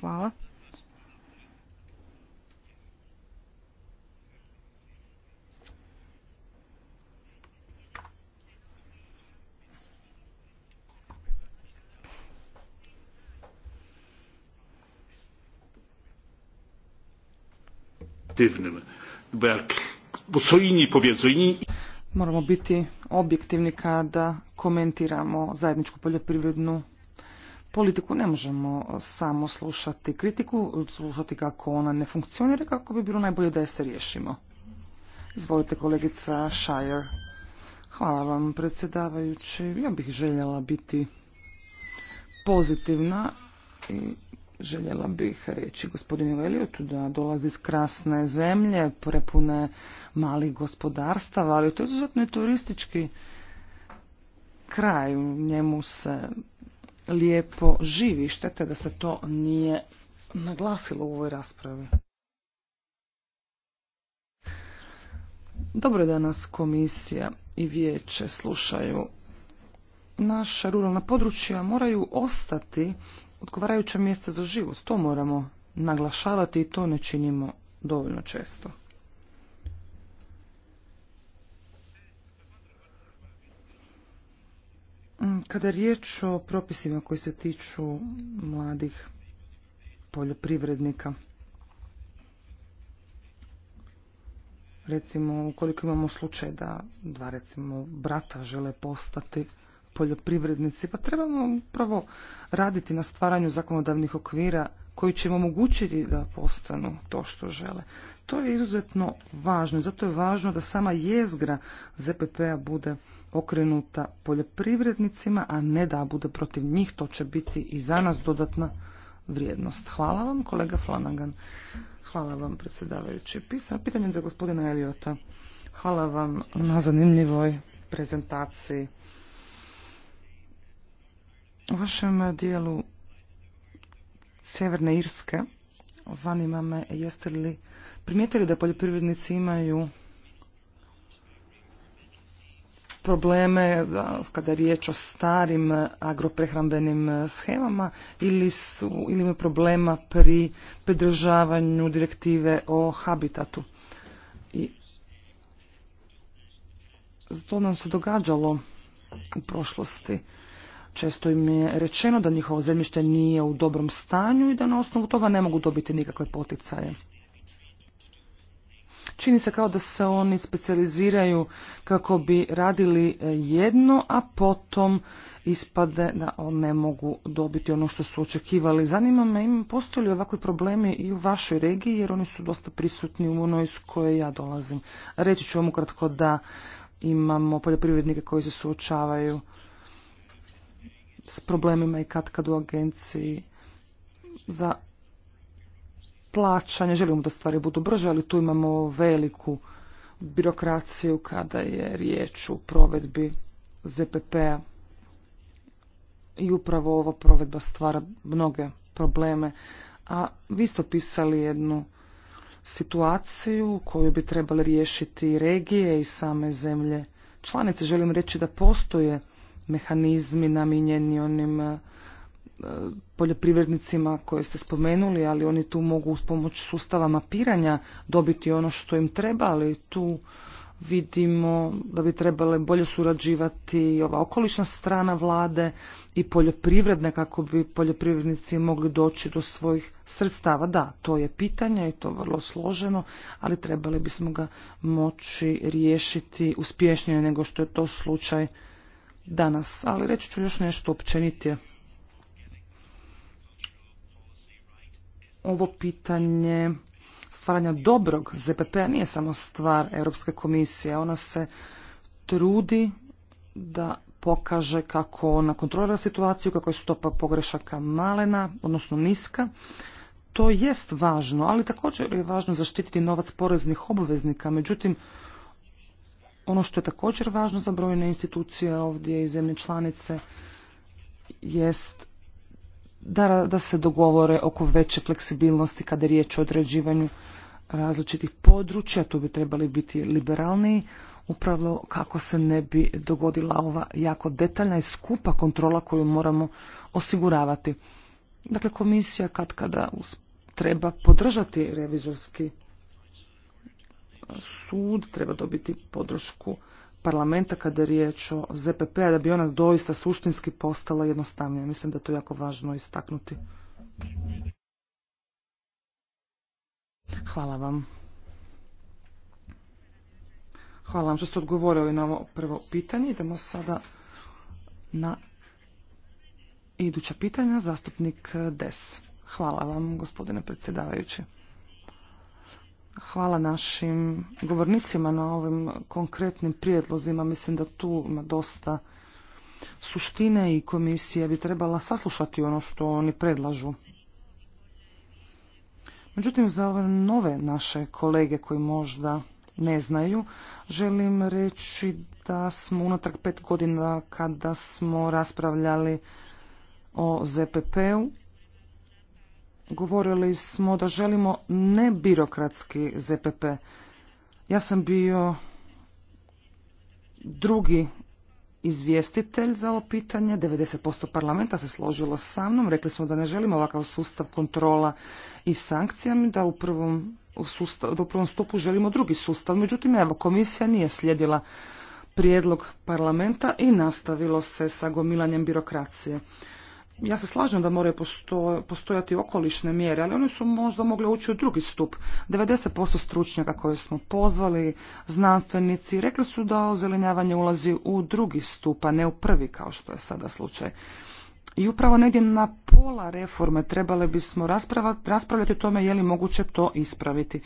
Hvala. Moramo biti objektivni kada komentiramo zajedničku poljoprivrednu politiku ne možemo samo slušati kritiku, slušati kako ona ne funkcionira, kako bi bilo najbolje da je se riješimo. Izvolite kolegica Shire. Hvala vam predsjedavajući. Ja bih željela biti pozitivna i željela bih reći gospodinu Eliotu da dolazi iz krasne zemlje, prepune malih gospodarstava, ali to je izuzetno i turistički kraj. U njemu se lijepo živi. štete da se to nije naglasilo u ovoj raspravi. Dobro je da nas komisija i vijeće slušaju. Naša ruralna područja moraju ostati odgovarajuće mjesta za život. To moramo naglašavati i to ne činimo dovoljno često. Mm, kada je riječ o propisima koji se tiču mladih poljoprivrednika, recimo ukoliko imamo slučaj da dva recimo brata žele postati poljoprivrednici, pa trebamo upravo raditi na stvaranju zakonodavnih okvira koji će im omogućiti da postanu to što žele. To je izuzetno važno i zato je važno da sama jezgra ZPP-a bude okrenuta poljoprivrednicima, a ne da bude protiv njih. To će biti i za nas dodatna vrijednost. Hvala vam, kolega Flanagan. Hvala vam, predsjedavajući. Pisa, pitanje za gospodina Eliota. Hvala vam na zanimljivoj prezentaciji. U vašem dijelu Sjeverne Irske. Zanima me jeste li primijetili da poljoprivrednici imaju probleme kada je riječ o starim eh, agroprehrambenim eh, schemama ili, su, ili imaju problema pri pridržavanju direktive o habitatu. I to nam se događalo u prošlosti. Često im je rečeno da njihovo zemljište nije u dobrom stanju i da na osnovu toga ne mogu dobiti nikakve poticaje. Čini se kao da se oni specijaliziraju kako bi radili e, jedno, a potom ispade da ne mogu dobiti ono što su očekivali. Zanima me im li ovakvi problemi i u vašoj regiji jer oni su dosta prisutni u onoj iz koje ja dolazim. Reći ću vam ukratko da imamo poljoprivrednike koji se suočavaju s problemima i kad kad u agenciji za plaćanje. Želimo da stvari budu brže, ali tu imamo veliku birokraciju kada je riječ u provedbi ZPP-a. I upravo ova provedba stvara mnoge probleme. A vi ste opisali jednu situaciju koju bi trebali riješiti regije i same zemlje članice. Želim reći da postoje mehanizmi namijenjeni onim e, poljoprivrednicima koje ste spomenuli, ali oni tu mogu uz pomoć sustava mapiranja dobiti ono što im treba, ali tu vidimo da bi trebale bolje surađivati ova okolišna strana vlade i poljoprivredne kako bi poljoprivrednici mogli doći do svojih sredstava. Da, to je pitanje i to je vrlo složeno, ali trebali bismo ga moći riješiti uspješnije nego što je to slučaj danas, ali reći ću još nešto općenitije. Ovo pitanje stvaranja dobrog ZPP-a nije samo stvar Europske komisije. Ona se trudi da pokaže kako ona kontrolira situaciju, kako je stopa pogrešaka malena, odnosno niska. To jest važno, ali također je važno zaštititi novac poreznih obveznika. Međutim, ono što je također važno za brojne institucije ovdje i zemlje članice jest da, da se dogovore oko veće fleksibilnosti kada je riječ o određivanju različitih područja, tu bi trebali biti liberalniji, upravo kako se ne bi dogodila ova jako detaljna i skupa kontrola koju moramo osiguravati. Dakle, komisija kad kada treba podržati revizorski sud treba dobiti podršku parlamenta kada je riječ o ZPP, a p-a, da bi ona doista suštinski postala jednostavnija. Mislim da je to jako važno istaknuti. Hvala vam. Hvala vam što ste odgovorili na ovo prvo pitanje. Idemo sada na iduća pitanja. Zastupnik Des. Hvala vam, gospodine predsjedavajući. Hvala našim govornicima na ovim konkretnim prijedlozima. Mislim da tu ima dosta suštine i komisija bi trebala saslušati ono što oni predlažu. Međutim, za ove nove naše kolege koji možda ne znaju, želim reći da smo unatrag pet godina kada smo raspravljali o ZPP-u, govorili smo da želimo nebirokratski ZPP. Ja sam bio drugi izvjestitelj za ovo pitanje, 90% parlamenta se složilo sa mnom, rekli smo da ne želimo ovakav sustav kontrola i sankcijama, da u prvom, sustav, da u prvom stupu želimo drugi sustav. Međutim, evo, komisija nije slijedila prijedlog parlamenta i nastavilo se sa gomilanjem birokracije ja se slažem da moraju postojati okolišne mjere, ali oni su možda mogle ući u drugi stup. 90% stručnjaka koje smo pozvali, znanstvenici, rekli su da ozelenjavanje ulazi u drugi stup, a ne u prvi, kao što je sada slučaj. I upravo negdje na pola reforme trebali bismo raspravljati o tome je li moguće to ispraviti.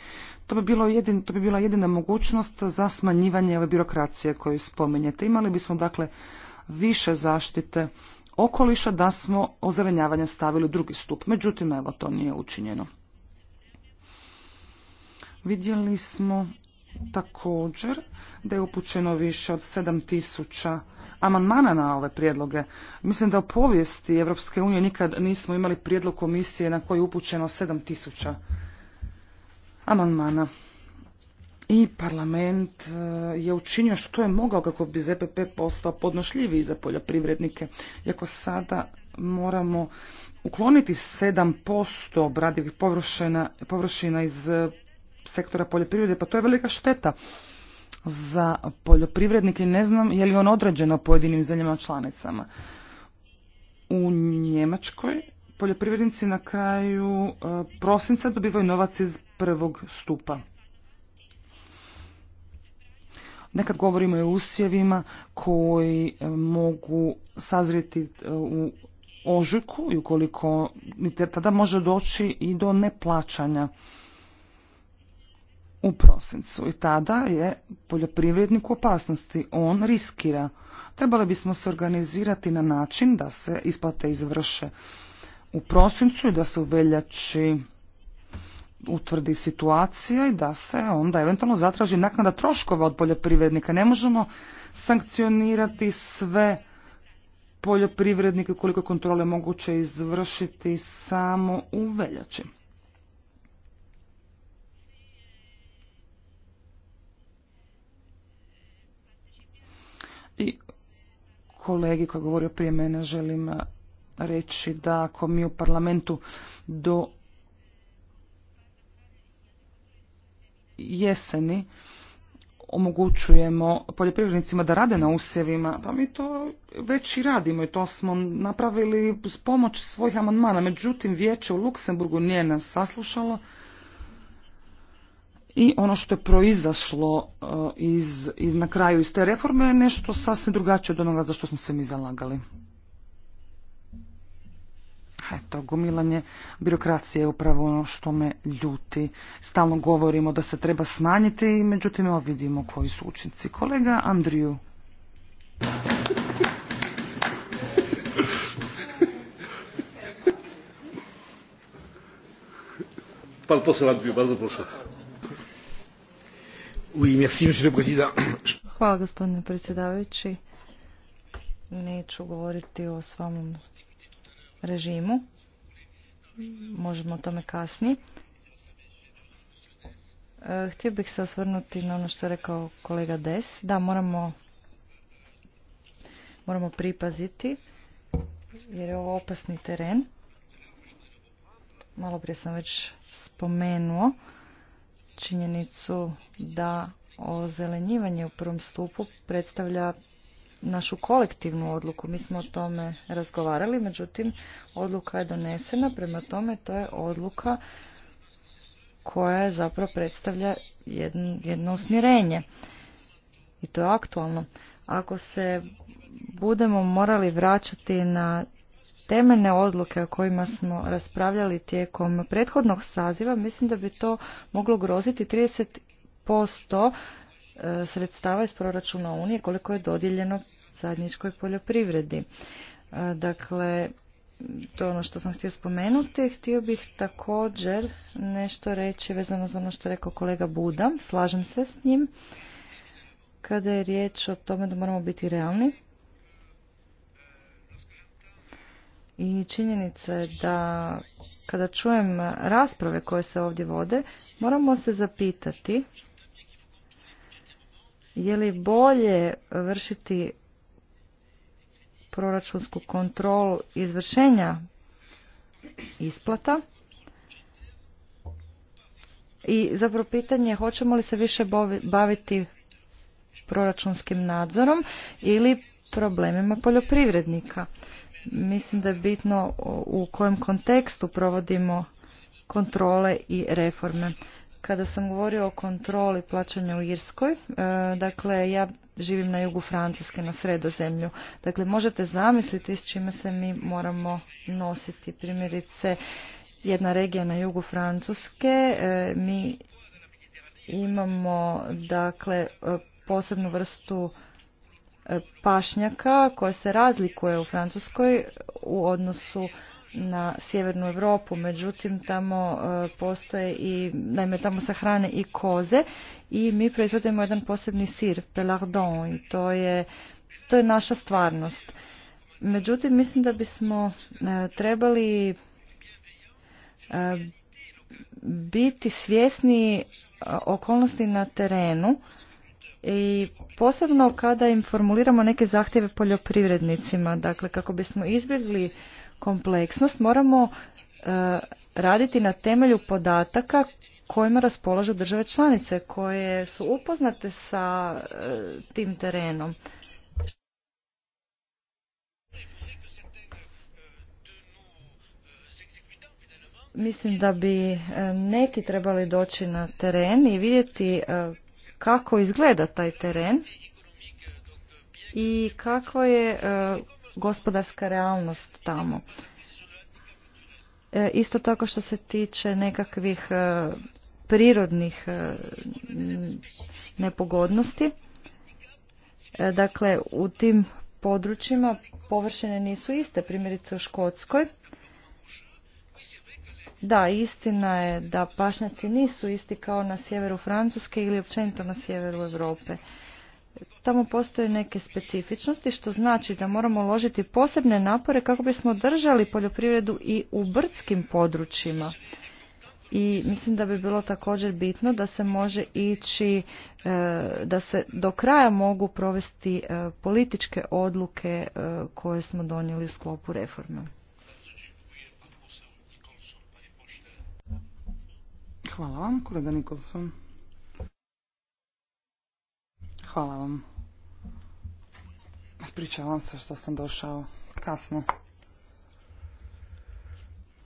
To bi, bilo jedin, to bi bila jedina mogućnost za smanjivanje ove birokracije koju spominjete. Imali bismo dakle više zaštite okoliša da smo ozelenjavanje stavili u drugi stup. Međutim, evo, to nije učinjeno. Vidjeli smo također da je upućeno više od 7000 amandmana na ove prijedloge. Mislim da u povijesti EU unije nikad nismo imali prijedlog komisije na koji je upućeno 7000 amandmana i parlament e, je učinio što je mogao kako bi ZPP postao podnošljiviji za poljoprivrednike. Iako sada moramo ukloniti 7% obradivih površina, površina iz e, sektora poljoprivrede, pa to je velika šteta za poljoprivrednike. Ne znam je li on određeno pojedinim zemljama članicama. U Njemačkoj poljoprivrednici na kraju e, prosinca dobivaju novac iz prvog stupa. Nekad govorimo i o usjevima koji e, mogu sazrijeti e, u ožujku i ukoliko tada može doći i do neplaćanja u prosincu i tada je poljoprivrednik u opasnosti, on riskira. Trebali bismo se organizirati na način da se isplate izvrše u prosincu i da se u veljači utvrdi situacija i da se onda eventualno zatraži naknada troškova od poljoprivrednika. Ne možemo sankcionirati sve poljoprivrednike koliko kontrole moguće izvršiti samo u veljači. I kolegi koji govorio prije mene želim reći da ako mi u parlamentu do jeseni omogućujemo poljoprivrednicima da rade na usjevima, pa mi to već i radimo i to smo napravili s pomoć svojih amandmana. Međutim, vijeće u Luksemburgu nije nas saslušalo i ono što je proizašlo eh, iz, iz na kraju iz te reforme je nešto sasvim drugačije od onoga za što smo se mi zalagali. Eto, gomilanje birokracije je upravo ono što me ljuti. Stalno govorimo da se treba smanjiti i međutim evo vidimo koji su učinci. Kolega Andriju. Pa bardzo Oui, merci, monsieur président. Hvala gospodine predsjedavajući. Neću govoriti o svom režimu. Možemo o tome kasnije. E, htio bih se osvrnuti na ono što je rekao kolega Des. Da, moramo, moramo pripaziti jer je ovo opasni teren. Malo prije sam već spomenuo činjenicu da ozelenjivanje u prvom stupu predstavlja našu kolektivnu odluku. Mi smo o tome razgovarali, međutim odluka je donesena, prema tome to je odluka koja zapravo predstavlja jedno, usmjerenje. I to je aktualno. Ako se budemo morali vraćati na temeljne odluke o kojima smo raspravljali tijekom prethodnog saziva, mislim da bi to moglo groziti 30% sredstava iz proračuna Unije koliko je dodijeljeno zajedničkoj poljoprivredi. E, dakle, to je ono što sam htio spomenuti. Htio bih također nešto reći vezano za ono što je rekao kolega Buda. Slažem se s njim. Kada je riječ o tome da moramo biti realni. I činjenica je da kada čujem rasprave koje se ovdje vode, moramo se zapitati je li bolje vršiti proračunsku kontrolu izvršenja isplata i zapravo pitanje hoćemo li se više baviti proračunskim nadzorom ili problemima poljoprivrednika. Mislim da je bitno u kojem kontekstu provodimo kontrole i reforme kada sam govorio o kontroli plaćanja u Irskoj, e, dakle ja živim na jugu Francuske, na sredozemlju. Dakle, možete zamisliti s čime se mi moramo nositi. Primjerice, jedna regija na jugu Francuske, e, mi imamo dakle e, posebnu vrstu pašnjaka koja se razlikuje u Francuskoj u odnosu na sjevernu Europu, međutim tamo e, postoje i, naime tamo se hrane i koze i mi proizvodimo jedan posebni sir, pelardon i to je, to je naša stvarnost. Međutim, mislim da bismo e, trebali e, biti svjesni okolnosti na terenu i posebno kada im formuliramo neke zahtjeve poljoprivrednicima, dakle kako bismo izbjegli kompleksnost moramo e, raditi na temelju podataka kojima raspolažu države članice koje su upoznate sa e, tim terenom. Mislim da bi e, neki trebali doći na teren i vidjeti kako izgleda taj teren i kako je gospodarska realnost tamo. E, isto tako što se tiče nekakvih e, prirodnih e, nepogodnosti, dakle u tim područjima površine nisu iste, primjerice u Škotskoj. Da, istina je da pašnjaci nisu isti kao na sjeveru Francuske ili općenito na sjeveru Europe tamo postoje neke specifičnosti što znači da moramo uložiti posebne napore kako bismo držali poljoprivredu i u brdskim područjima. I mislim da bi bilo također bitno da se može ići, e, da se do kraja mogu provesti e, političke odluke e, koje smo donijeli u sklopu reforme. Hvala vam, kolega Nikolson. Hvala vam. Ispričavam se što sam došao kasno.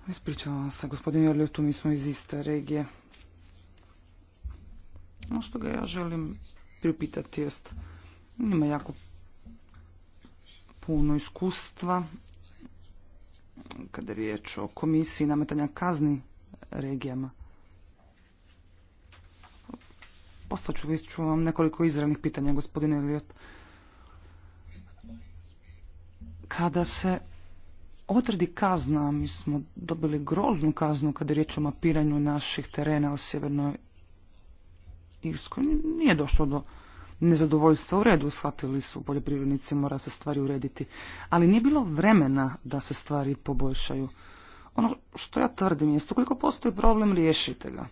Ispričavam se, gospodin tu mi smo iz iste regije. Ono što ga ja želim pripitati, jest, ima jako puno iskustva kada je riječ o komisiji nametanja kazni regijama. Postaću ću vam nekoliko izravnih pitanja, gospodine Eliot. Kada se odredi kazna, mi smo dobili groznu kaznu kada je riječ o mapiranju naših terena u Sjevernoj Irskoj. Nije došlo do nezadovoljstva u redu, shvatili su poljoprivrednici, mora se stvari urediti. Ali nije bilo vremena da se stvari poboljšaju. Ono što ja tvrdim je, koliko postoji problem, riješite ga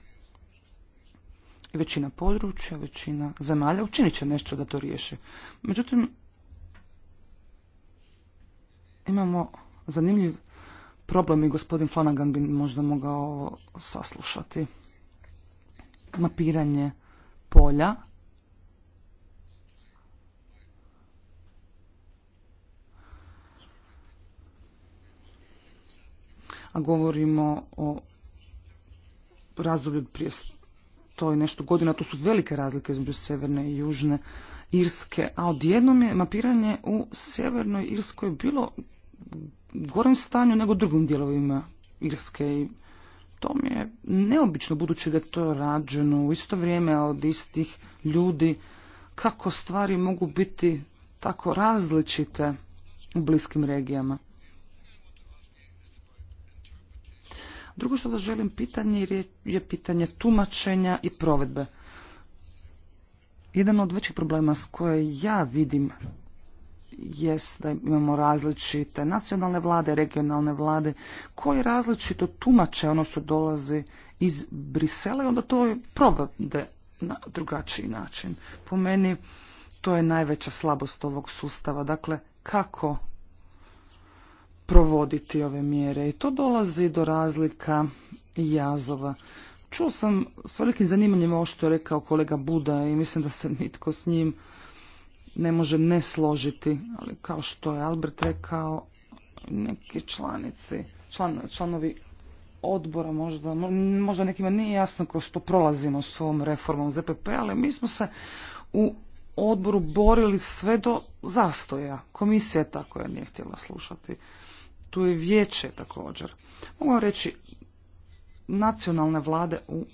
većina područja, većina zemalja učinit će nešto da to riješi. Međutim, imamo zanimljiv problem i gospodin Flanagan bi možda mogao saslušati. Mapiranje polja. A govorimo o razdoblju prije to i nešto godina, to su velike razlike između Severne i južne Irske, a odjednom je mapiranje u Severnoj Irskoj bilo gorem stanju nego drugim dijelovima Irske i to mi je neobično budući da je to rađeno u isto vrijeme od istih ljudi kako stvari mogu biti tako različite u bliskim regijama. Drugo što da želim pitanje je pitanje tumačenja i provedbe. Jedan od većih problema s koje ja vidim jest da imamo različite nacionalne vlade, regionalne vlade koje različito tumače ono što dolazi iz Brisela i onda to provode na drugačiji način. Po meni to je najveća slabost ovog sustava. Dakle, kako provoditi ove mjere i to dolazi do razlika i jazova. Čuo sam s velikim zanimanjem ovo što je rekao kolega Buda i mislim da se nitko s njim ne može ne složiti, ali kao što je Albert rekao, neki članici, članovi odbora možda, možda nekima nije jasno kroz što prolazimo s ovom reformom ZPP, ali mi smo se u odboru borili sve do zastoja. Komisija tako je nije htjela slušati tu je vijeće također. Mogu reći, nacionalne vlade u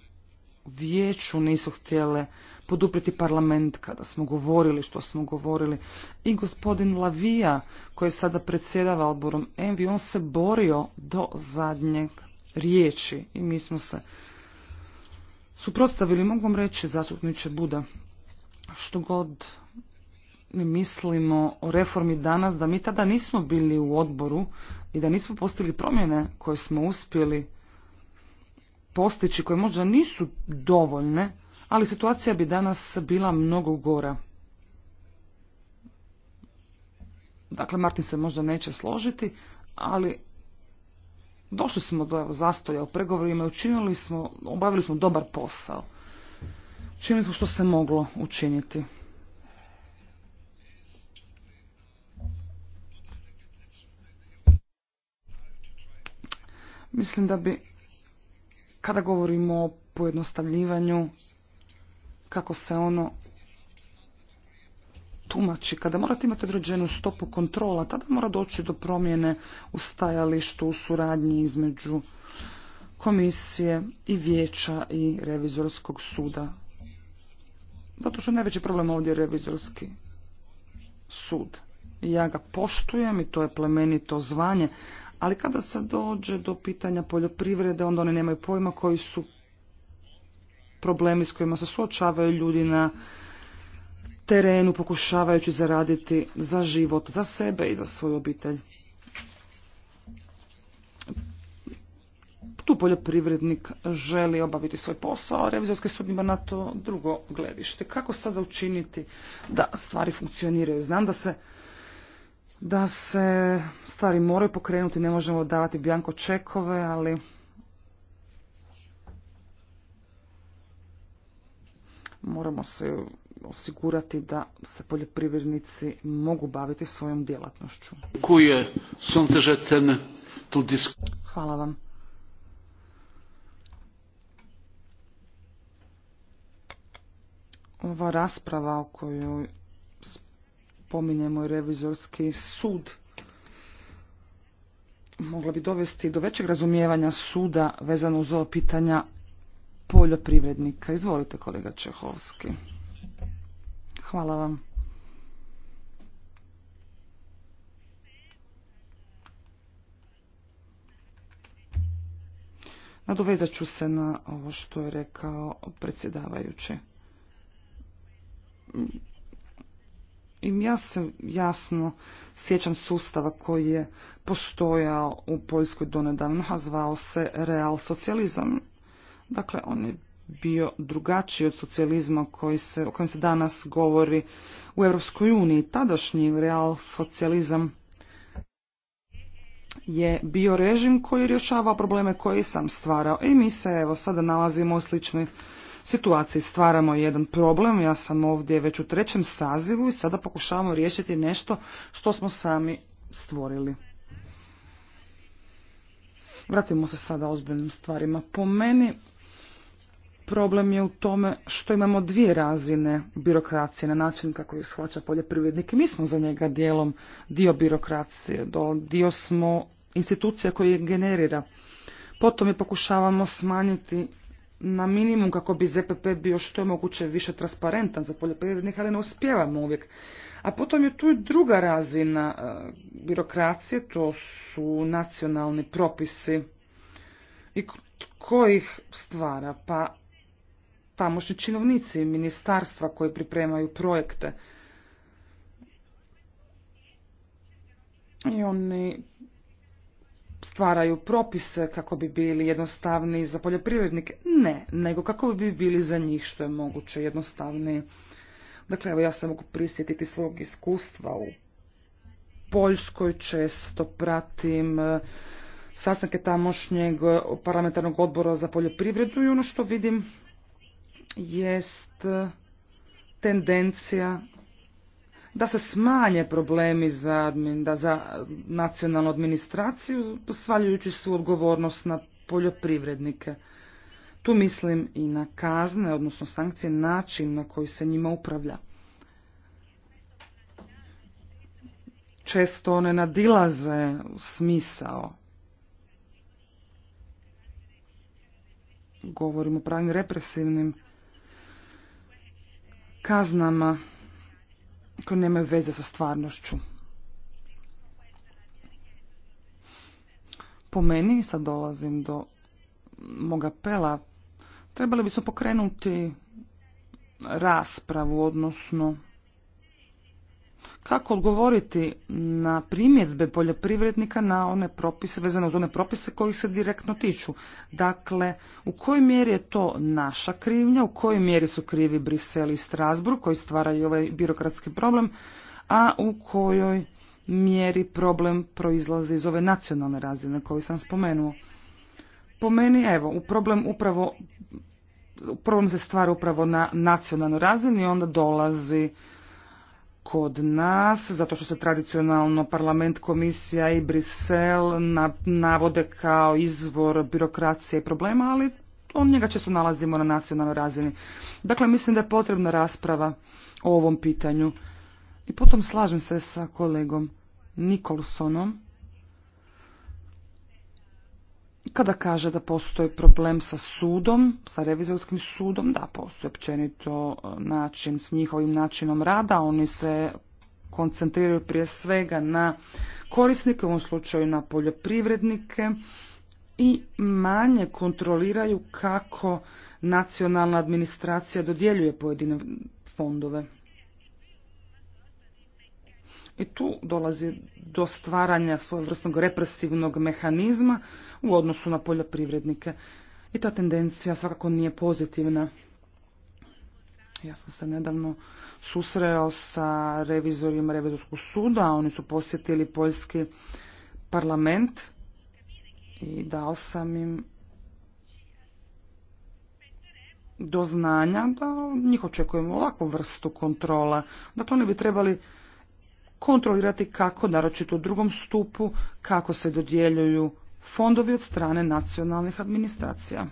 vijeću nisu htjele podupriti parlament kada smo govorili što smo govorili. I gospodin Lavija koji sada predsjedava odborom Envi, on se borio do zadnjeg riječi i mi smo se suprotstavili, mogu vam reći zastupniče Buda, što god mislimo o reformi danas, da mi tada nismo bili u odboru i da nismo postigli promjene koje smo uspjeli postići, koje možda nisu dovoljne, ali situacija bi danas bila mnogo gora. Dakle, Martin se možda neće složiti, ali došli smo do evo, zastoja u pregovorima i učinili smo, obavili smo dobar posao. Učinili smo što se moglo učiniti. Mislim da bi, kada govorimo o pojednostavljivanju, kako se ono tumači, kada morate imati određenu stopu kontrola, tada mora doći do promjene u stajalištu, u suradnji između komisije i vijeća i revizorskog suda. Zato što je najveći problem ovdje revizorski sud. Ja ga poštujem i to je plemenito zvanje, ali kada se dođe do pitanja poljoprivrede, onda oni nemaju pojma koji su problemi s kojima se suočavaju ljudi na terenu pokušavajući zaraditi za život, za sebe i za svoju obitelj. Tu poljoprivrednik želi obaviti svoj posao, a revizorski sud ima na to drugo gledište. Kako sada učiniti da stvari funkcioniraju? Znam da se da se stvari moraju pokrenuti, ne možemo davati bjanko čekove, ali moramo se osigurati da se poljoprivrednici mogu baviti svojom djelatnošću. Hvala vam. Ova rasprava o kojoj spominjemo i revizorski sud, mogla bi dovesti do većeg razumijevanja suda vezano uz ovo pitanja poljoprivrednika. Izvolite kolega Čehovski. Hvala vam. Nadovezat ću se na ovo što je rekao predsjedavajući. I ja se jasno sjećam sustava koji je postojao u Poljskoj donedavno, a zvao se real socijalizam. Dakle, on je bio drugačiji od socijalizma koji se, o kojem se danas govori u Europskoj uniji. Tadašnji real socijalizam je bio režim koji rješava probleme koje sam stvarao. I mi se evo sada nalazimo u sličnoj situaciji. Stvaramo jedan problem, ja sam ovdje već u trećem sazivu i sada pokušavamo riješiti nešto što smo sami stvorili. Vratimo se sada ozbiljnim stvarima. Po meni problem je u tome što imamo dvije razine birokracije na način kako ih shvaća poljoprivrednik. Mi smo za njega dijelom dio birokracije, dio smo institucija koji generira. Potom je pokušavamo smanjiti na minimum kako bi ZPP bio što je moguće više transparentan za poljoprivrednike, ali ne uspjevamo uvijek. A potom je tu i druga razina e, birokracije, to su nacionalni propisi i kojih stvara pa tamošnji činovnici ministarstva koji pripremaju projekte. I oni stvaraju propise kako bi bili jednostavniji za poljoprivrednike. Ne, nego kako bi bili za njih što je moguće jednostavniji. Dakle, evo ja se mogu prisjetiti svog iskustva u Poljskoj, često pratim e, sastanke tamošnjeg parlamentarnog odbora za poljoprivredu i ono što vidim jest e, tendencija da se smanje problemi za, da za nacionalnu administraciju, svaljujući su odgovornost na poljoprivrednike. Tu mislim i na kazne, odnosno sankcije, način na koji se njima upravlja. Često one nadilaze smisao. Govorimo o pravim represivnim kaznama koje nemaju veze sa stvarnošću. Po meni, sad dolazim do moga apela, trebali bi se pokrenuti raspravu, odnosno kako odgovoriti na primjedbe poljoprivrednika na one propise, vezano uz one propise koji se direktno tiču. Dakle, u kojoj mjeri je to naša krivnja, u kojoj mjeri su krivi Brisel i Strasburg koji stvaraju ovaj birokratski problem, a u kojoj mjeri problem proizlazi iz ove nacionalne razine koju sam spomenuo. Po meni, evo, u problem upravo, problem se stvara upravo na nacionalnoj razini i onda dolazi kod nas, zato što se tradicionalno parlament, komisija i Brisel navode kao izvor birokracije i problema, ali on njega često nalazimo na nacionalnoj razini. Dakle, mislim da je potrebna rasprava o ovom pitanju. I potom slažem se sa kolegom Nikolsonom Kada kaže da postoji problem sa sudom, sa revizorskim sudom, da postoji općenito e, način s njihovim načinom rada, oni se koncentriraju prije svega na korisnike, u ovom slučaju na poljoprivrednike i manje kontroliraju kako nacionalna administracija dodjeljuje pojedine fondove. I tu dolazi do stvaranja svojevrsnog represivnog mehanizma u odnosu na poljoprivrednike. I ta tendencija svakako nije pozitivna. Ja sam se nedavno susreo sa revizorima Revizorskog suda, oni su posjetili poljski parlament i dao sam im do znanja da njih očekujemo ovakvu vrstu kontrola. Dakle, oni bi trebali kontrolirati kako, naročito u drugom stupu, kako se dodjeljuju fondovi od strane nacionalnih administracija.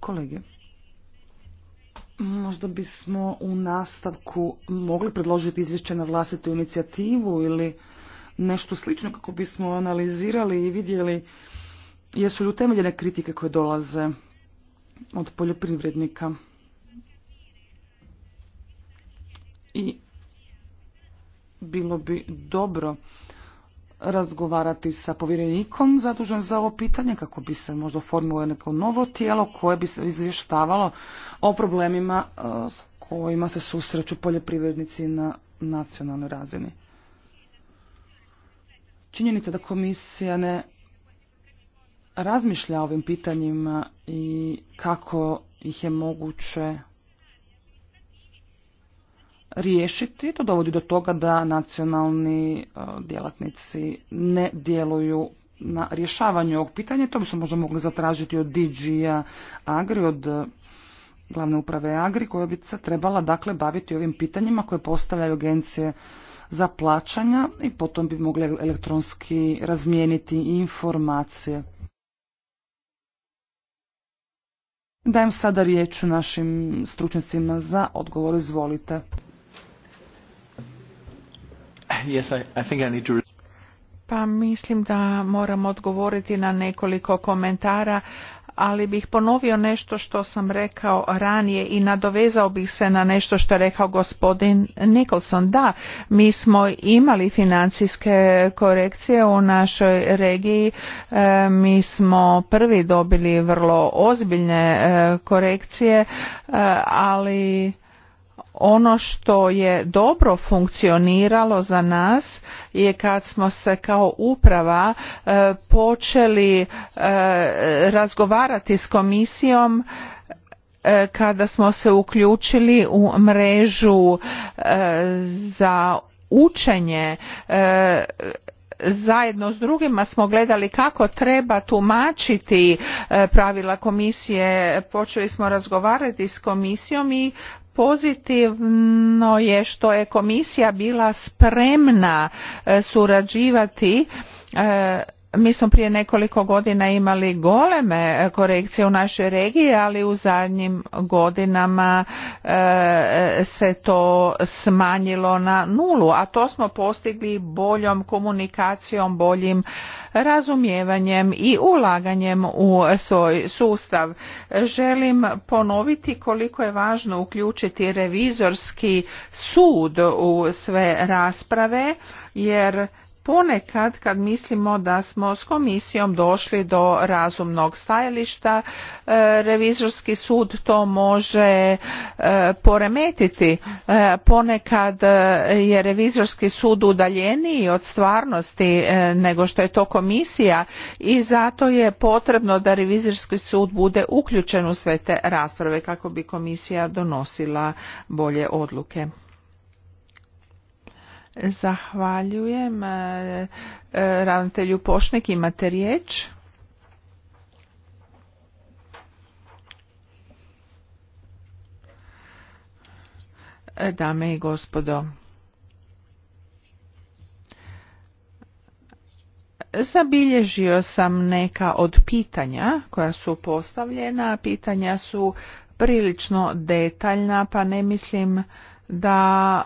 Kolege, možda bismo u nastavku mogli predložiti izvješće na vlastitu inicijativu ili nešto slično kako bismo analizirali i vidjeli jesu li utemeljene kritike koje dolaze od poljoprivrednika. i bilo bi dobro razgovarati sa povjerenikom zadužen za ovo pitanje kako bi se možda formilo neko novo tijelo koje bi se izvještavalo o problemima e, s kojima se susreću poljoprivrednici na nacionalnoj razini. Činjenica da komisija ne razmišlja o ovim pitanjima i kako ih je moguće riješiti. To dovodi do toga da nacionalni e, djelatnici ne djeluju na rješavanju ovog pitanja. To bi se možda mogli zatražiti od dg Agri, od e, glavne uprave Agri, koja bi se trebala dakle baviti ovim pitanjima koje postavljaju agencije za plaćanja i potom bi mogli elektronski razmijeniti informacije. Dajem sada riječ našim stručnicima za odgovor. Izvolite. Pa mislim da moram odgovoriti na nekoliko komentara, ali bih ponovio nešto što sam rekao ranije i nadovezao bih se na nešto što je rekao gospodin Nicholson. Da, mi smo imali financijske korekcije u našoj regiji, e, mi smo prvi dobili vrlo ozbiljne e, korekcije, e, ali ono što je dobro funkcioniralo za nas je kad smo se kao uprava e, počeli e, razgovarati s komisijom e, kada smo se uključili u mrežu za učenje zajedno s drugima smo gledali kako treba tumačiti pravila komisije počeli smo razgovarati s komisijom i Pozitivno je što je komisija bila spremna e, surađivati e, mi smo prije nekoliko godina imali goleme e, korekcije u našoj regiji, ali u zadnjim godinama e, se to smanjilo na nulu, a to smo postigli boljom komunikacijom, boljim razumijevanjem i ulaganjem u svoj sustav. Želim ponoviti koliko je važno uključiti revizorski sud u sve rasprave, jer ponekad kad mislimo da smo s komisijom došli do razumnog stajališta e, revizorski sud to može e, poremetiti e, ponekad je revizorski sud udaljeniji od stvarnosti nego što je to komisija i zato je potrebno da revizorski sud bude uključen u sve te rasprave kako bi komisija donosila bolje odluke Zahvaljujem e, e, ravnatelju Pošnik, imate riječ. E, dame i gospodo, zabilježio sam neka od pitanja koja su postavljena. Pitanja su prilično detaljna, pa ne mislim da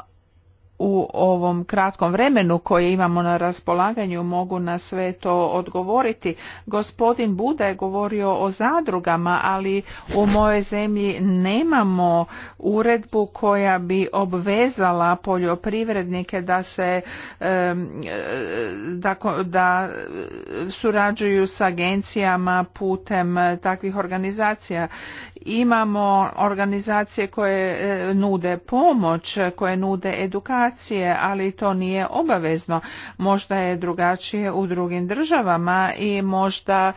u ovom kratkom vremenu koje imamo na raspolaganju mogu na sve to odgovoriti. Gospodin Buda je govorio o zadrugama, ali u mojoj zemlji nemamo uredbu koja bi obvezala poljoprivrednike da se da, da surađuju s agencijama putem takvih organizacija. Imamo organizacije koje eh, nude pomoć, koje nude edukaciju ali to nije obavezno. Možda je drugačije u drugim državama i možda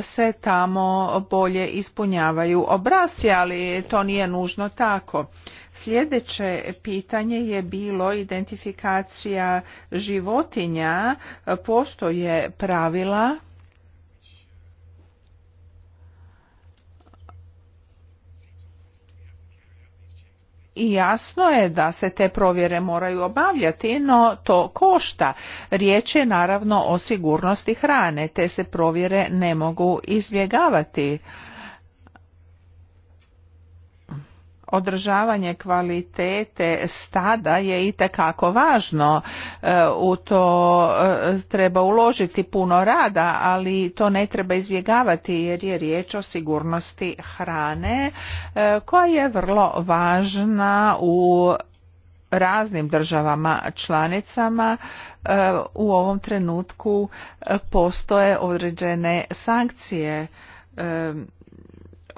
se tamo bolje ispunjavaju obrazci, ali to nije nužno tako. Sljedeće pitanje je bilo identifikacija životinja. Postoje pravila i jasno je da se te provjere moraju obavljati, no to košta. Riječ je naravno o sigurnosti hrane, te se provjere ne mogu izbjegavati. održavanje kvalitete stada je itekako važno. E, u to e, treba uložiti puno rada, ali to ne treba izbjegavati jer je riječ o sigurnosti hrane e, koja je vrlo važna u raznim državama članicama u ovom trenutku postoje određene sankcije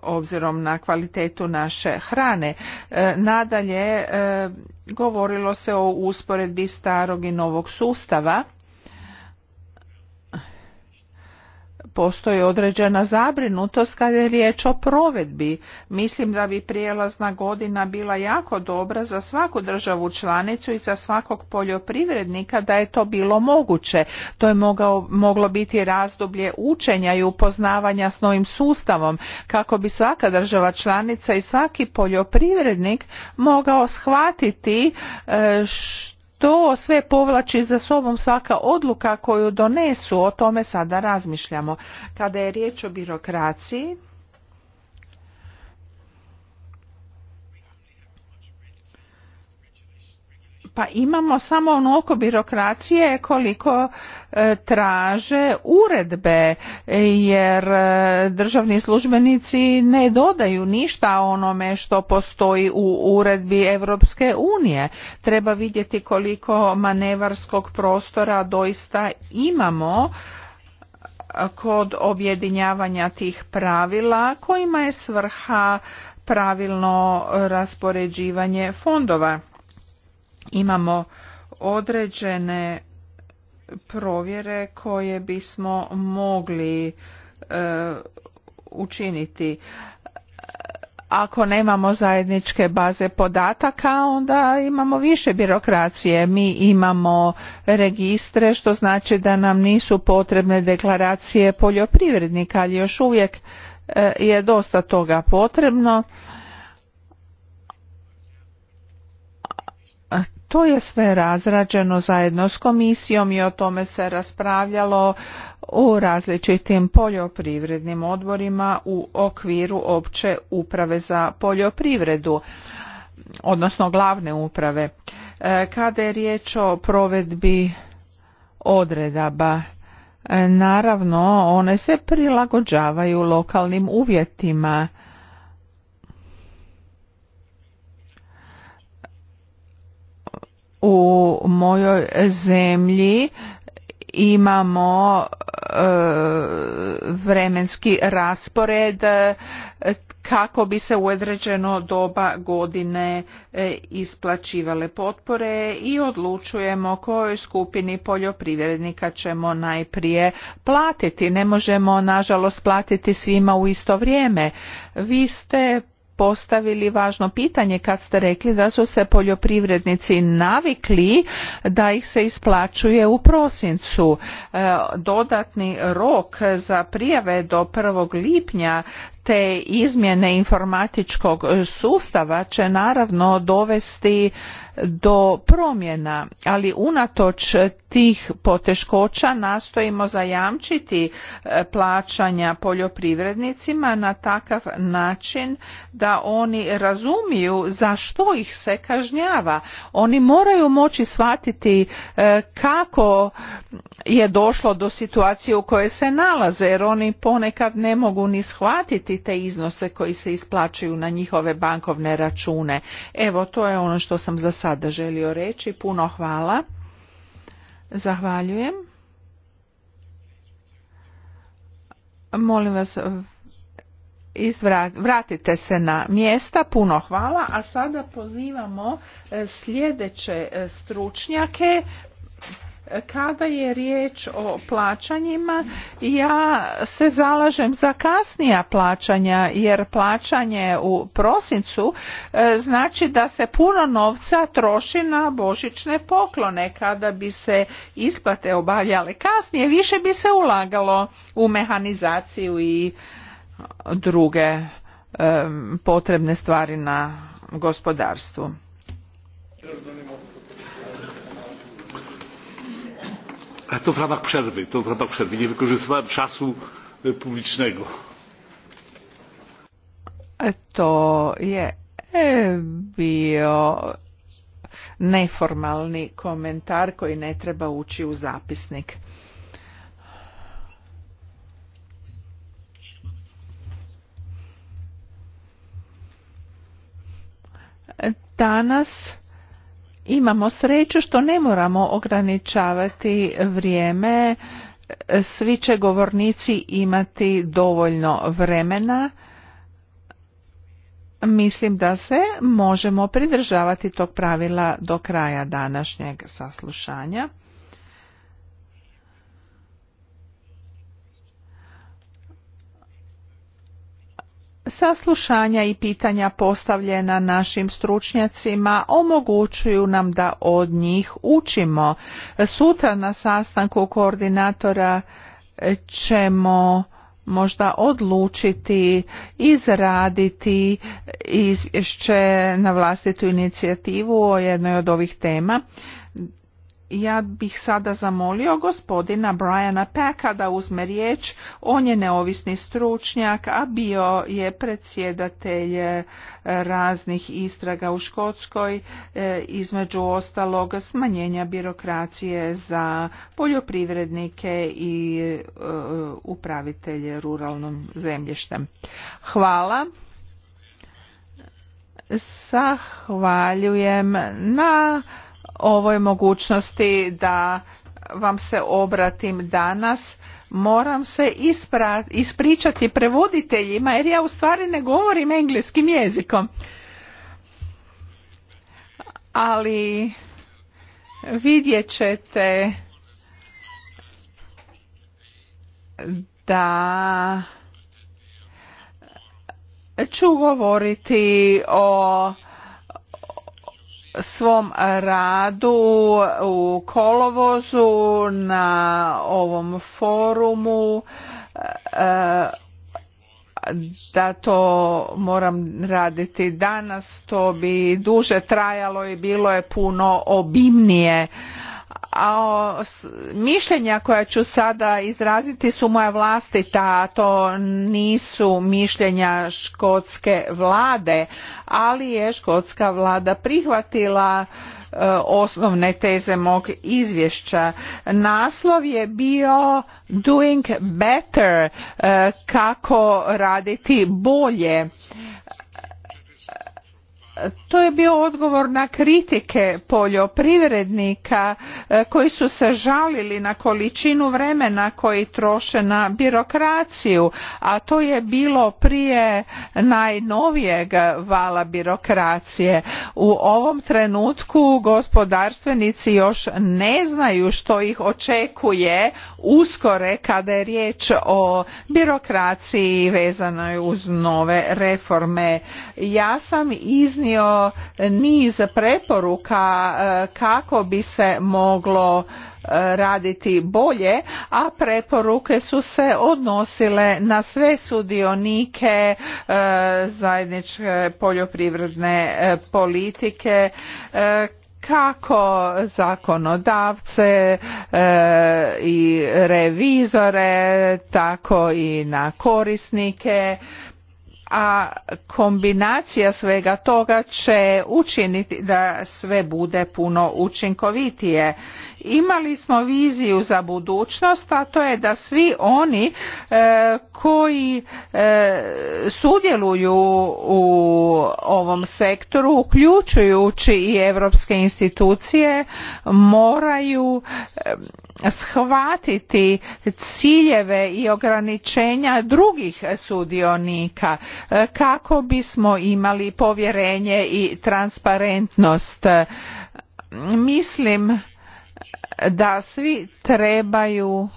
obzirom na kvalitetu naše hrane. E, nadalje, e, govorilo se o usporedbi starog i novog sustava postoji određena zabrinutost kada je riječ o provedbi. Mislim da bi prijelazna godina bila jako dobra za svaku državu članicu i za svakog poljoprivrednika da je to bilo moguće. To je mogao, moglo biti razdoblje učenja i upoznavanja s novim sustavom kako bi svaka država članica i svaki poljoprivrednik mogao shvatiti što e, to sve povlači za sobom svaka odluka koju donesu, o tome sada razmišljamo. Kada je riječ o birokraciji, pa imamo samo onoliko birokracije koliko e, traže uredbe e, jer e, državni službenici ne dodaju ništa onome što postoji u uredbi Europske unije. Treba vidjeti koliko manevarskog prostora doista imamo kod objedinjavanja tih pravila kojima je svrha pravilno raspoređivanje fondova imamo određene provjere koje bismo mogli e, učiniti ako nemamo zajedničke baze podataka onda imamo više birokracije mi imamo registre što znači da nam nisu potrebne deklaracije poljoprivrednika ali još uvijek e, je dosta toga potrebno To je sve razrađeno zajedno s komisijom i o tome se raspravljalo u različitim poljoprivrednim odborima u okviru opće uprave za poljoprivredu, odnosno glavne uprave. E, kada je riječ o provedbi odredaba, e, naravno one se prilagođavaju lokalnim uvjetima u mojoj zemlji imamo e, vremenski raspored e, kako bi se u određeno doba godine e, isplaćivale potpore i odlučujemo kojoj skupini poljoprivrednika ćemo najprije platiti. Ne možemo nažalost platiti svima u isto vrijeme. Vi ste postavili važno pitanje kad ste rekli da su se poljoprivrednici navikli da ih se isplaćuje u prosincu. E, dodatni rok za prijave do 1. lipnja te izmjene informatičkog sustava će naravno dovesti do promjena, ali unatoč tih poteškoća nastojimo zajamčiti e, plaćanja poljoprivrednicima na takav način da oni razumiju za što ih se kažnjava. Oni moraju moći shvatiti e, kako je došlo do situacije u kojoj se nalaze jer oni ponekad ne mogu ni shvatiti te iznose koji se isplaćuju na njihove bankovne račune. Evo to je ono što sam za sada želio reći. Puno hvala. Zahvaljujem. Molim vas, vratite se na mjesta. Puno hvala. A sada pozivamo e, sljedeće e, stručnjake kada je riječ o plaćanjima, ja se zalažem za kasnija plaćanja jer plaćanje u prosincu e, znači da se puno novca troši na božićne poklone. Kada bi se isplate obavljale kasnije, više bi se ulagalo u mehanizaciju i druge e, potrebne stvari na gospodarstvu. to w ramach przerwy to w ramach przerwy nie wykorzystywałem czasu e, publicznego e, to je e, bio neformalni komentar koji ne treba ući u zapisnik danas imamo sreću što ne moramo ograničavati vrijeme svi će govornici imati dovoljno vremena mislim da se možemo pridržavati tog pravila do kraja današnjeg saslušanja Saslušanja i pitanja postavljena našim stručnjacima omogućuju nam da od njih učimo. Sutra na sastanku koordinatora ćemo možda odlučiti izraditi izvješće na vlastitu inicijativu o jednoj od ovih tema ja bih sada zamolio gospodina Briana Packa da uzme riječ. On je neovisni stručnjak, a bio je predsjedatelj e, raznih istraga u Škotskoj, e, između ostalog smanjenja birokracije za poljoprivrednike i e, upravitelje ruralnom zemljištem. Hvala. Zahvaljujem na ovoj mogućnosti da vam se obratim danas moram se ispričati prevoditeljima jer ja u stvari ne govorim engleskim jezikom ali vidjet ćete da ću govoriti o svom radu u kolovozu na ovom forumu eh, da to moram raditi danas to bi duže trajalo i bilo je puno obimnije a mišljenja koja ću sada izraziti su moja vlastita, to nisu mišljenja škotske vlade, ali je škotska vlada prihvatila e, osnovne teze mog izvješća. Naslov je bio Doing Better, e, kako raditi bolje to je bio odgovor na kritike poljoprivrednika e, koji su se žalili na količinu vremena koji troše na birokraciju a to je bilo prije najnovijeg vala birokracije u ovom trenutku gospodarstvenici još ne znaju što ih očekuje uskore kada je riječ o birokraciji vezanoj uz nove reforme ja sam iz iznio niz preporuka e, kako bi se moglo e, raditi bolje, a preporuke su se odnosile na sve sudionike e, zajedničke poljoprivredne politike kako zakonodavce i revizore tako i na korisnike a kombinacija svega toga će učiniti da sve bude puno učinkovitije imali smo viziju za budućnost a to je da svi oni e, koji e, sudjeluju u ovom sektoru uključujući i europske institucije moraju e, shvatiti ciljeve i ograničenja drugih sudionika kako bismo imali povjerenje i transparentnost mislim da svi trebaju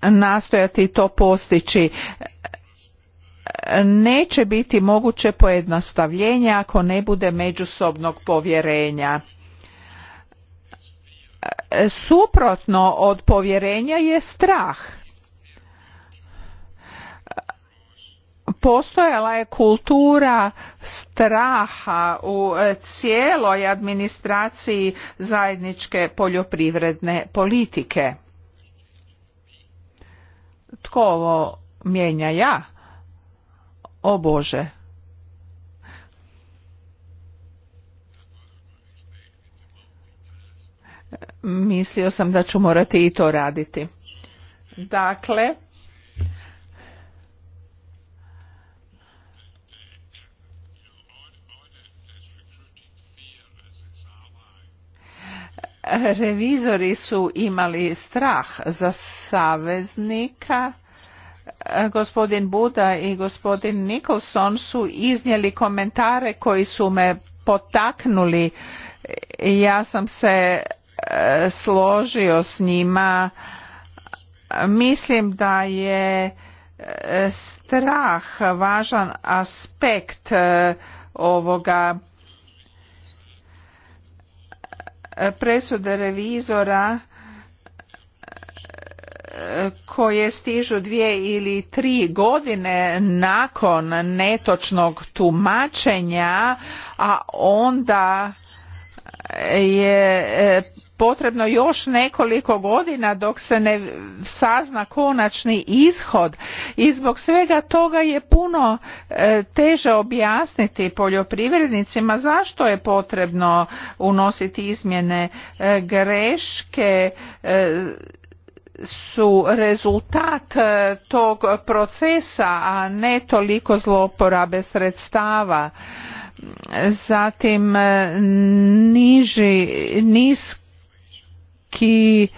nastojati to postići neće biti moguće pojednostavljenje ako ne bude međusobnog povjerenja suprotno od povjerenja je strah postojala je kultura straha u e, cijeloj administraciji zajedničke poljoprivredne politike. Tko ovo mijenja ja? O Bože. Mislio sam da ću morati i to raditi. Dakle, Revizori su imali strah za saveznika. E, gospodin Buda i gospodin Nicholson su iznijeli komentare koji su me potaknuli. Ja sam se e, složio s njima. Mislim da je e, strah važan aspekt ovoga presude revizora e, koje stižu dvije ili tri godine nakon netočnog tumačenja, a onda je e, potrebno još nekoliko godina dok se ne sazna konačni ishod i zbog svega toga je puno e, teže objasniti poljoprivrednicima zašto je potrebno unositi izmjene e, greške e, su rezultat tog procesa a ne toliko zlouporabe sredstava zatim niži veliki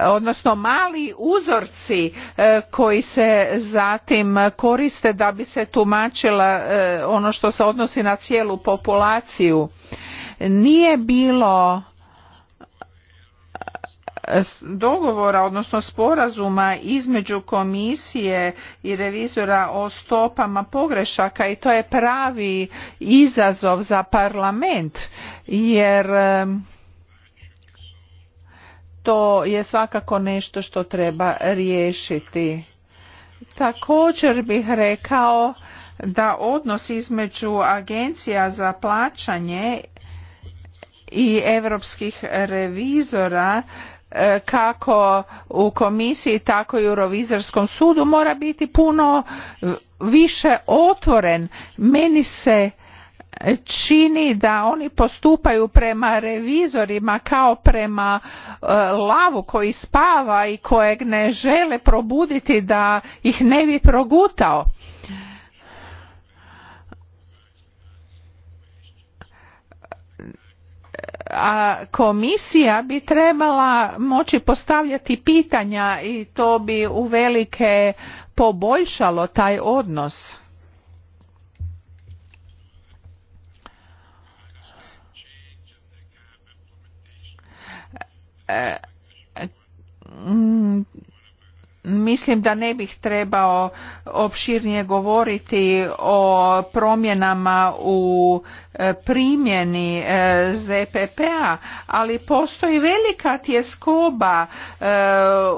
odnosno mali uzorci e, koji se zatim koriste da bi se tumačila e, ono što se odnosi na cijelu populaciju nije bilo e, dogovora odnosno sporazuma između komisije i revizora o stopama pogrešaka i to je pravi izazov za parlament jer to je svakako nešto što treba riješiti. Također bih rekao da odnos između agencija za plaćanje i europskih revizora e, kako u komisiji tako i u revizorskom sudu mora biti puno više otvoren. Meni se čini da oni postupaju prema revizorima kao prema e, lavu koji spava i kojeg ne žele probuditi da ih ne bi progutao a komisija bi trebala moći postavljati pitanja i to bi uvelike poboljšalo taj odnos Mm, mislim da ne bih trebao opširnije govoriti o promjenama u E, primjeni e, ZPP-a, ali postoji velika tjeskoba e,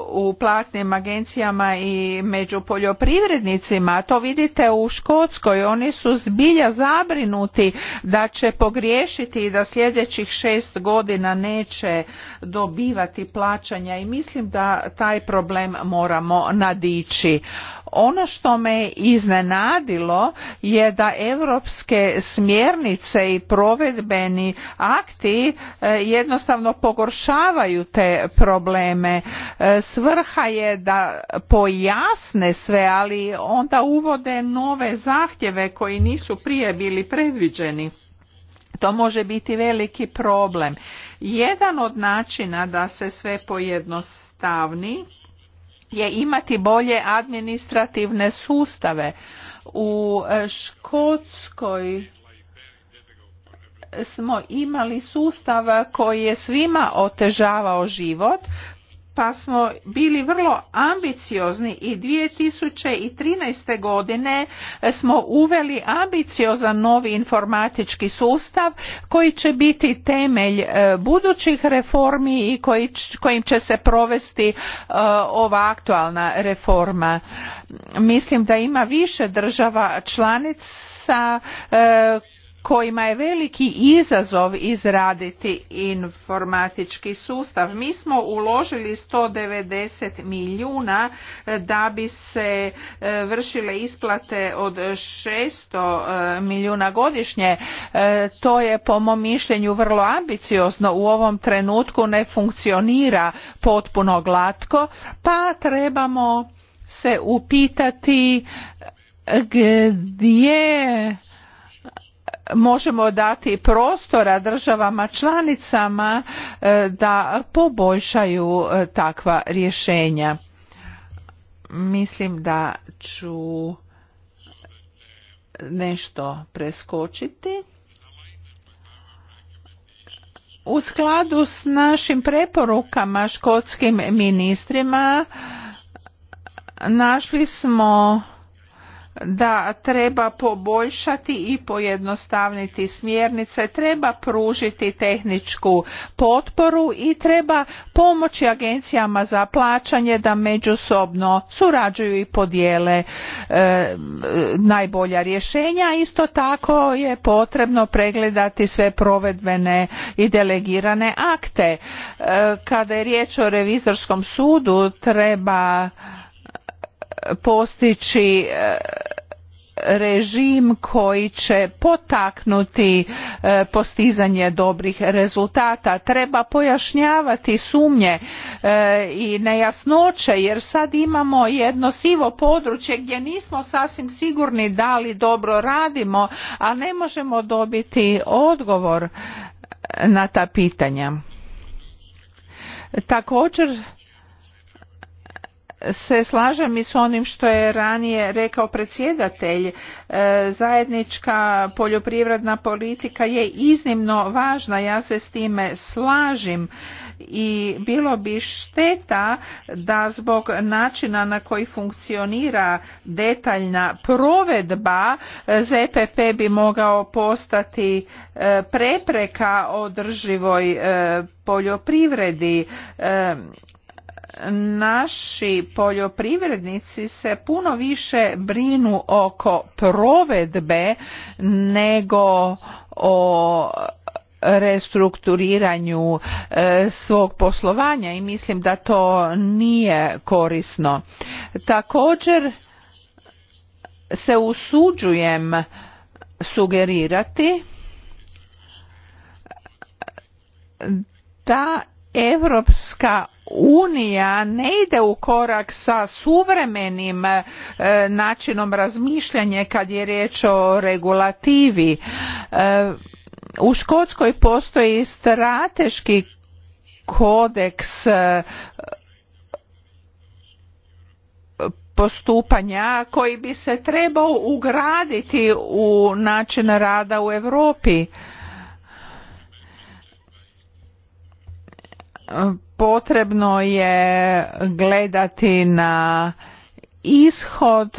u platnim agencijama i među poljoprivrednicima. To vidite u Škotskoj. Oni su zbilja zabrinuti da će pogriješiti i da sljedećih šest godina neće dobivati plaćanja i mislim da taj problem moramo nadići. Ono što me iznenadilo je da europske smjernice i provedbeni akti e, jednostavno pogoršavaju te probleme. E, svrha je da pojasne sve, ali onda uvode nove zahtjeve koji nisu prije bili predviđeni. To može biti veliki problem. Jedan od načina da se sve pojednostavni je imati bolje administrativne sustave. U e, Škotskoj smo imali sustav koji je svima otežavao život pa smo bili vrlo ambiciozni i 2013. godine smo uveli ambiciozan novi informatički sustav koji će biti temelj e, budućih reformi i kojim će se provesti e, ova aktualna reforma. Mislim da ima više država članica e, kojima je veliki izazov izraditi informatički sustav. Mi smo uložili 190 milijuna da bi se e, vršile isplate od 600 e, milijuna godišnje. E, to je po mom mišljenju vrlo ambiciozno. U ovom trenutku ne funkcionira potpuno glatko, pa trebamo se upitati gdje možemo dati prostora državama članicama e, da poboljšaju e, takva rješenja. Mislim da ću nešto preskočiti. U skladu s našim preporukama škotskim ministrima našli smo da treba poboljšati i pojednostavniti smjernice, treba pružiti tehničku potporu i treba pomoći agencijama za plaćanje da međusobno surađuju i podijele e, najbolja rješenja. Isto tako je potrebno pregledati sve provedbene i delegirane akte. E, kada je riječ o revizorskom sudu treba postići e, režim koji će potaknuti e, postizanje dobrih rezultata treba pojašnjavati sumnje e, i nejasnoće jer sad imamo jedno sivo područje gdje nismo sasvim sigurni da li dobro radimo a ne možemo dobiti odgovor na ta pitanja također se slažem i s onim što je ranije rekao predsjedatelj. E, zajednička poljoprivredna politika je iznimno važna, ja se s time slažem i bilo bi šteta da zbog načina na koji funkcionira detaljna provedba e, ZPP bi mogao postati e, prepreka održivoj poljoprivredi naši poljoprivrednici se puno više brinu oko provedbe nego o restrukturiranju e, svog poslovanja i mislim da to nije korisno. Također se usuđujem sugerirati da Europska unija ne ide u korak sa suvremenim e, načinom razmišljanja kad je riječ o regulativi. E, u Škotskoj postoji strateški kodeks e, postupanja koji bi se trebao ugraditi u način rada u Europi. potrebno je gledati na ishod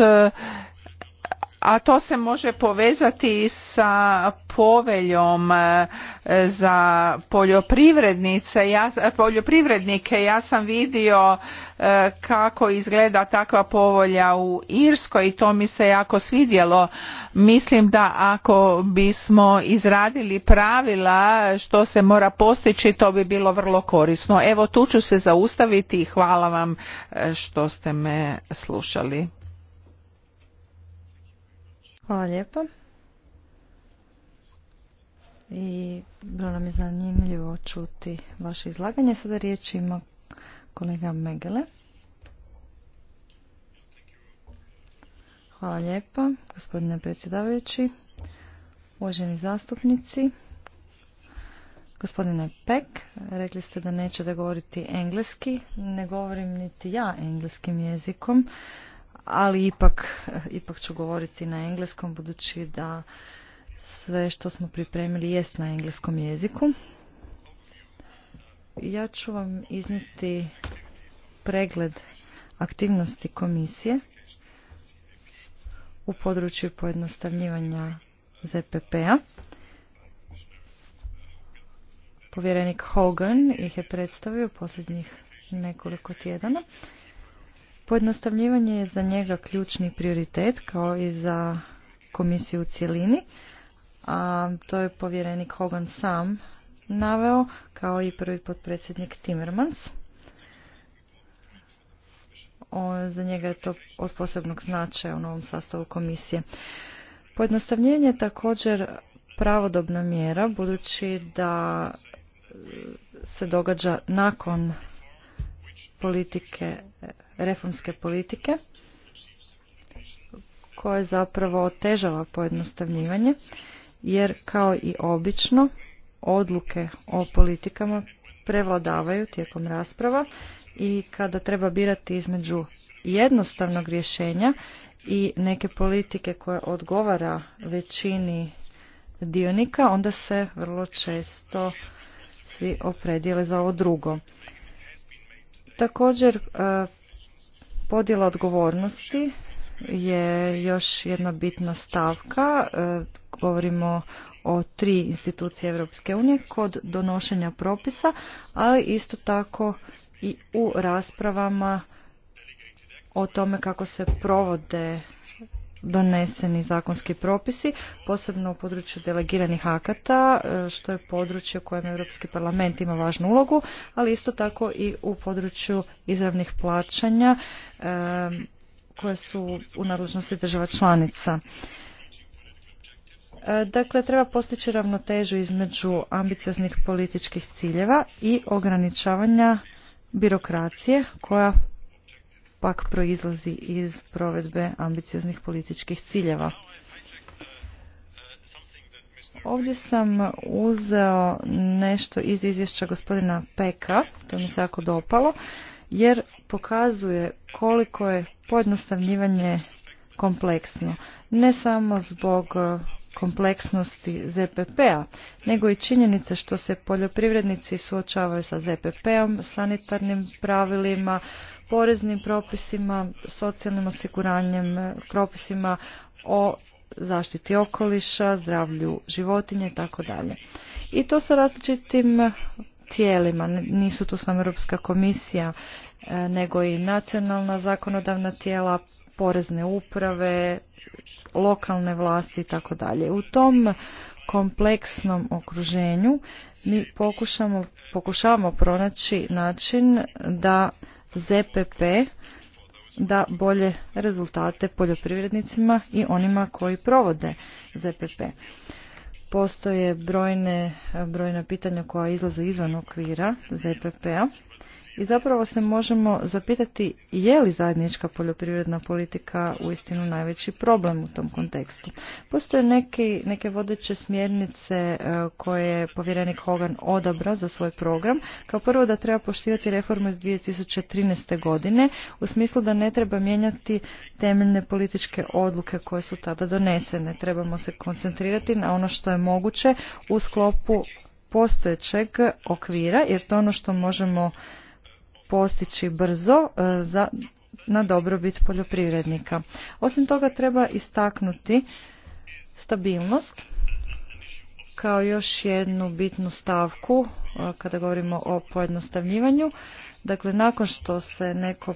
a to se može povezati sa poveljom e, za poljoprivrednice e, poljoprivrednike ja sam vidio e, kako izgleda takva povolja u Irskoj i to mi se jako svidjelo mislim da ako bismo izradili pravila što se mora postići to bi bilo vrlo korisno evo tu ću se zaustaviti i hvala vam što ste me slušali Hvala lijepa. I bilo nam je zanimljivo čuti vaše izlaganje. Sada riječ ima kolega Megele. Hvala lijepa, gospodine predsjedavajući, uvaženi zastupnici, gospodine Pek, rekli ste da nećete govoriti engleski, ne govorim niti ja engleskim jezikom, ali ipak, ipak ću govoriti na engleskom budući da sve što smo pripremili jest na engleskom jeziku. Ja ću vam izniti pregled aktivnosti komisije u području pojednostavljivanja ZPP-a. Povjerenik Hogan ih je predstavio posljednjih nekoliko tjedana. Pojednostavljivanje je za njega ključni prioritet kao i za komisiju u cjelini, a to je povjerenik Hogan sam naveo kao i prvi potpredsjednik Timmermans. O, za njega je to od posebnog značaja u novom sastavu komisije. Pojednostavljenje je također pravodobna mjera budući da e, se događa nakon politike reformske politike koje zapravo otežava pojednostavljivanje jer kao i obično odluke o politikama prevladavaju tijekom rasprava i kada treba birati između jednostavnog rješenja i neke politike koja odgovara većini dionika, onda se vrlo često svi opredijele za ovo drugo. Također Podjela odgovornosti je još jedna bitna stavka. E, govorimo o tri institucije Europske unije kod donošenja propisa, ali isto tako i u raspravama o tome kako se provode doneseni zakonski propisi, posebno u području delegiranih akata, e, što je područje u kojem Europski parlament ima važnu ulogu, ali isto tako i u području izravnih plaćanja e, koje su u nadležnosti država članica. E, dakle, treba postići ravnotežu između ambicioznih političkih ciljeva i ograničavanja birokracije koja pak proizlazi iz provedbe ambicioznih političkih ciljeva. Ovdje sam uzeo nešto iz izvješća gospodina Peka, to mi se jako dopalo, jer pokazuje koliko je pojednostavljivanje kompleksno. Ne samo zbog kompleksnosti ZPP-a, nego i činjenice što se poljoprivrednici suočavaju sa ZPP-om, sanitarnim pravilima, poreznim propisima, socijalnim osiguranjem, e, propisima o zaštiti okoliša, zdravlju životinje i tako dalje. I to sa različitim tijelima, nisu tu samo Europska komisija, e, nego i nacionalna zakonodavna tijela, porezne uprave, lokalne vlasti i tako dalje. U tom kompleksnom okruženju mi pokušamo, pokušavamo pronaći način da ZPP da bolje rezultate poljoprivrednicima i onima koji provode ZPP. Postoje brojne, brojna pitanja koja izlaze izvan okvira ZPP-a i zapravo se možemo zapitati je li zajednička poljoprivredna politika uistinu najveći problem u tom kontekstu. Postoje neke vodeće smjernice e, koje je povjerenik Hogan odabra za svoj program. Kao prvo da treba poštivati reformu iz 2013. godine u smislu da ne treba mijenjati temeljne političke odluke koje su tada donesene. Trebamo se koncentrirati na ono što je moguće u sklopu postojećeg okvira jer to je ono što možemo postići brzo e, za, na dobrobit poljoprivrednika. Osim toga treba istaknuti stabilnost kao još jednu bitnu stavku e, kada govorimo o pojednostavljivanju. Dakle, nakon što se neko,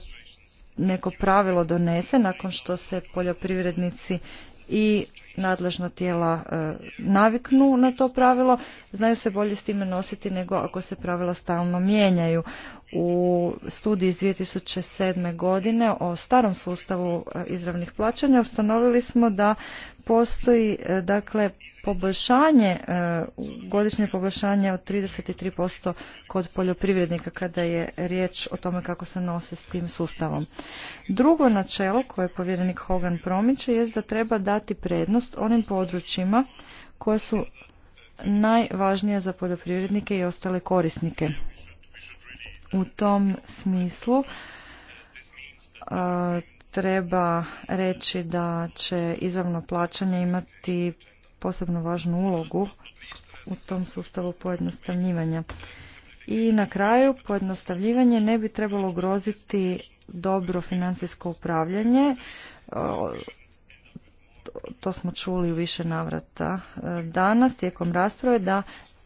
neko pravilo donese, nakon što se poljoprivrednici i nadležna tijela e, naviknu na to pravilo, znaju se bolje s time nositi nego ako se pravila stalno mijenjaju. U studiji iz 2007. godine o starom sustavu e, izravnih plaćanja ustanovili smo da postoji e, dakle poboljšanje, godišnje poboljšanje od 33% kod poljoprivrednika kada je riječ o tome kako se nose s tim sustavom. Drugo načelo koje povjerenik Hogan promiče je da treba dati prednost onim područjima koja su najvažnija za poljoprivrednike i ostale korisnike. U tom smislu a, treba reći da će izravno plaćanje imati posebno važnu ulogu u tom sustavu pojednostavljivanja. I na kraju pojednostavljivanje ne bi trebalo groziti dobro financijsko upravljanje to smo čuli u više navrata e, danas tijekom rasprave, da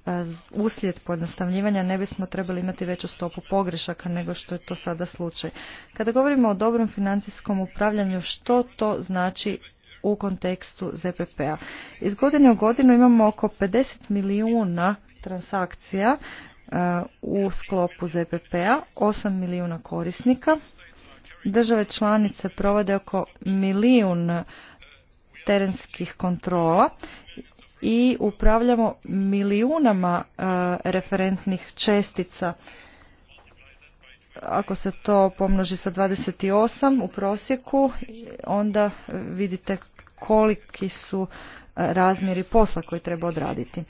e, uslijed pojednostavljivanja ne bismo trebali imati veću stopu pogrešaka nego što je to sada slučaj. Kada govorimo o dobrom financijskom upravljanju, što to znači u kontekstu ZPP-a? Iz godine u godinu imamo oko 50 milijuna transakcija e, u sklopu ZPP-a, 8 milijuna korisnika. Države članice provode oko milijun terenskih kontrola i upravljamo milijunama e, referentnih čestica ako se to pomnoži sa 28 u prosjeku, onda vidite koliki su e, razmjeri posla koji treba odraditi.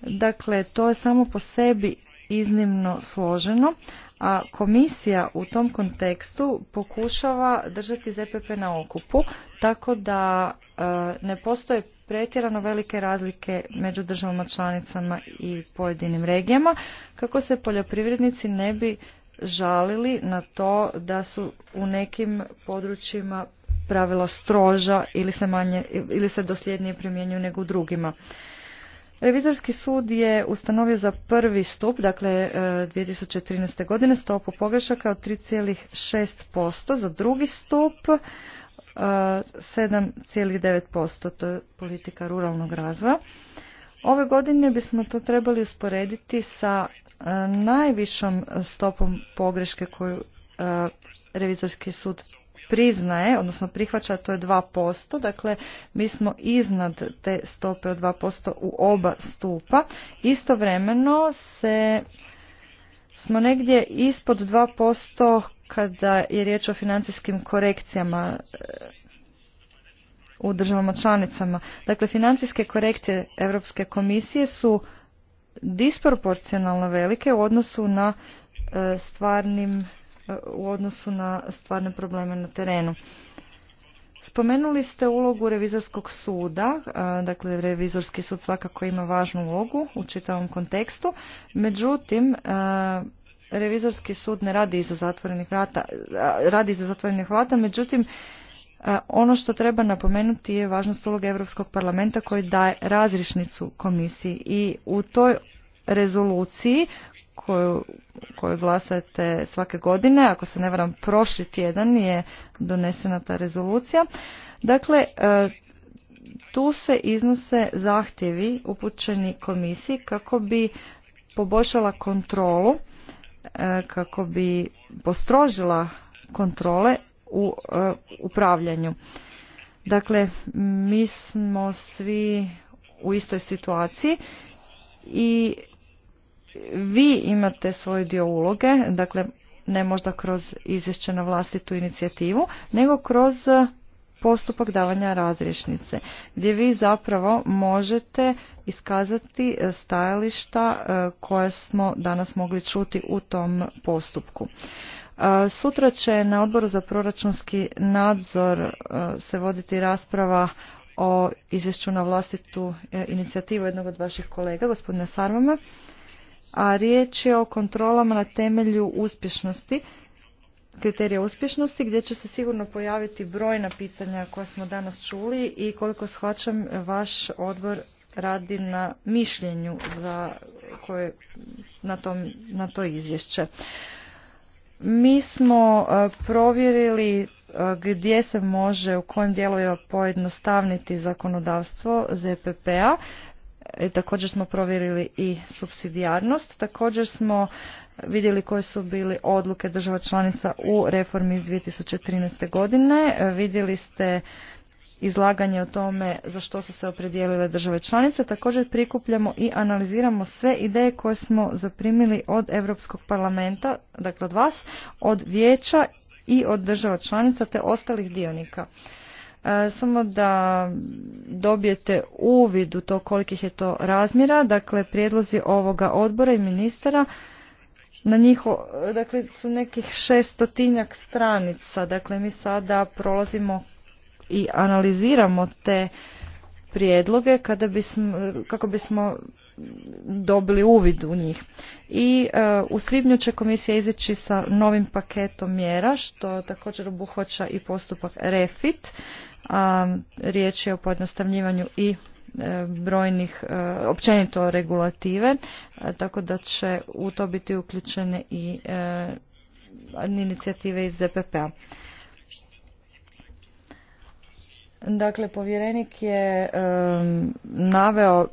Dakle, to je samo po sebi iznimno složeno, a komisija u tom kontekstu pokušava držati ZPP na okupu, tako da e, ne postoje pretjerano velike razlike među državama članicama i pojedinim regijama, kako se poljoprivrednici ne bi žalili na to da su u nekim područjima pravila stroža ili se, manje, ili se dosljednije primjenjuju nego u drugima. Revizorski sud je ustanovio za prvi stup, dakle 2013. E, godine, stopu pogrešaka od 3,6%, za drugi stup 7,9%, e, to je politika ruralnog razvoja. Ove godine bismo to trebali usporediti sa e, najvišom stopom pogreške koju revizorski sud priznaje, odnosno prihvaća, to je 2%. Dakle, mi smo iznad te stope od 2% u oba stupa. Istovremeno se smo negdje ispod 2% kada je riječ o financijskim korekcijama e, u državama članicama. Dakle, financijske korekcije Europske komisije su disproporcionalno velike u odnosu na e, stvarnim u odnosu na stvarne probleme na terenu. Spomenuli ste ulogu revizorskog suda, dakle revizorski sud svakako ima važnu ulogu u čitavom kontekstu, međutim revizorski sud ne radi iza zatvorenih vrata, radi iza zatvorenih vrata, međutim ono što treba napomenuti je važnost uloge Europskog parlamenta koji daje razrišnicu komisiji i u toj rezoluciji koju, koju glasate svake godine, ako se ne varam prošli tjedan je donesena ta rezolucija. Dakle, e, tu se iznose zahtjevi upućeni komisiji kako bi poboljšala kontrolu, e, kako bi postrožila kontrole u e, upravljanju. Dakle, mi smo svi u istoj situaciji i vi imate svoj dio uloge, dakle ne možda kroz izvješće na vlastitu inicijativu, nego kroz e, postupak davanja razrješnice, gdje vi zapravo možete iskazati e, stajališta e, koje smo danas mogli čuti u tom postupku. Sutra će na odboru za proračunski nadzor se voditi rasprava o izvješću na vlastitu inicijativu jednog od vaših kolega, gospodina Sarvama a riječ je o kontrolama na temelju uspješnosti, kriterija uspješnosti gdje će se sigurno pojaviti brojna pitanja koja smo danas čuli i koliko shvaćam vaš odbor radi na mišljenju za koje na, tom, na to izvješće. Mi smo e, provjerili e, gdje se može u kojem je pojednostavniti zakonodavstvo ZPP-a. E, također smo provjerili i subsidijarnost, također smo vidjeli koje su bili odluke država članica u reformi iz 2013. godine. E, vidjeli ste izlaganje o tome za što su se opredijelile države članice. Također prikupljamo i analiziramo sve ideje koje smo zaprimili od Europskog parlamenta, dakle od vas, od vijeća i od država članica te ostalih dionika. E, samo da dobijete uvid u to kolikih je to razmjera, dakle prijedlozi ovoga odbora i ministara na njiho, dakle su nekih šestotinjak stranica, dakle mi sada prolazimo i analiziramo te prijedloge kada bismo, kako bismo dobili uvid u njih. I e, u svibnju će komisija izići sa novim paketom mjera što također obuhvaća i postupak REFIT a riječ je o pojednostavljivanju i e, brojnih e, općenito regulative, e, tako da će u to biti uključene i inicijative iz ZPP-a. Dakle, povjerenik je naveo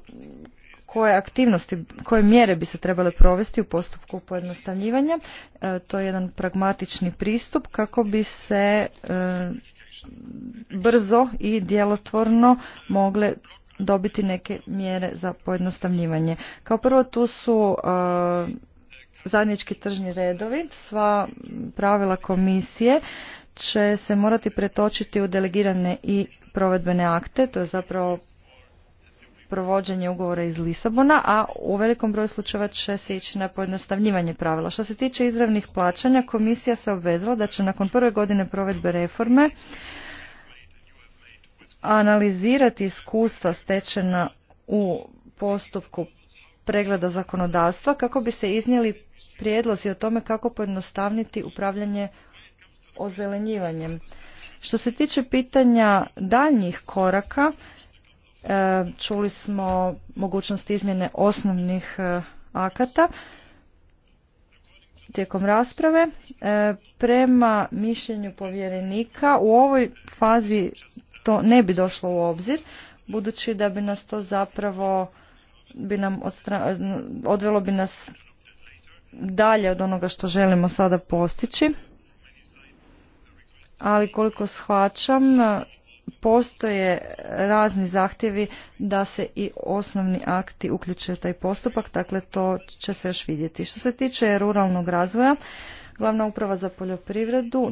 koje aktivnosti, koje mjere bi se trebale provesti u postupku pojednostavljivanja. To je jedan pragmatični pristup kako bi se brzo i djelotvorno mogle dobiti neke mjere za pojednostavljivanje. Kao prvo tu su e, zajednički tržni redovi, sva pravila komisije će se morati pretočiti u delegirane i provedbene akte, to je zapravo provođenje ugovora iz Lisabona, a u velikom broju slučajeva će se ići na pojednostavljivanje pravila. Što se tiče izravnih plaćanja, komisija se obvezala da će nakon prve godine provedbe reforme analizirati iskustva stečena u postupku pregleda zakonodavstva kako bi se iznijeli prijedlozi o tome kako pojednostavniti upravljanje ozelenjivanjem. Što se tiče pitanja daljnjih koraka, E, čuli smo mogućnost izmjene osnovnih e, akata tijekom rasprave. E, prema mišljenju povjerenika u ovoj fazi to ne bi došlo u obzir, budući da bi nas to zapravo bi nam odvelo bi nas dalje od onoga što želimo sada postići. Ali koliko shvaćam, postoje razni zahtjevi da se i osnovni akti uključuju u taj postupak, dakle to će se još vidjeti. Što se tiče ruralnog razvoja, glavna uprava za poljoprivredu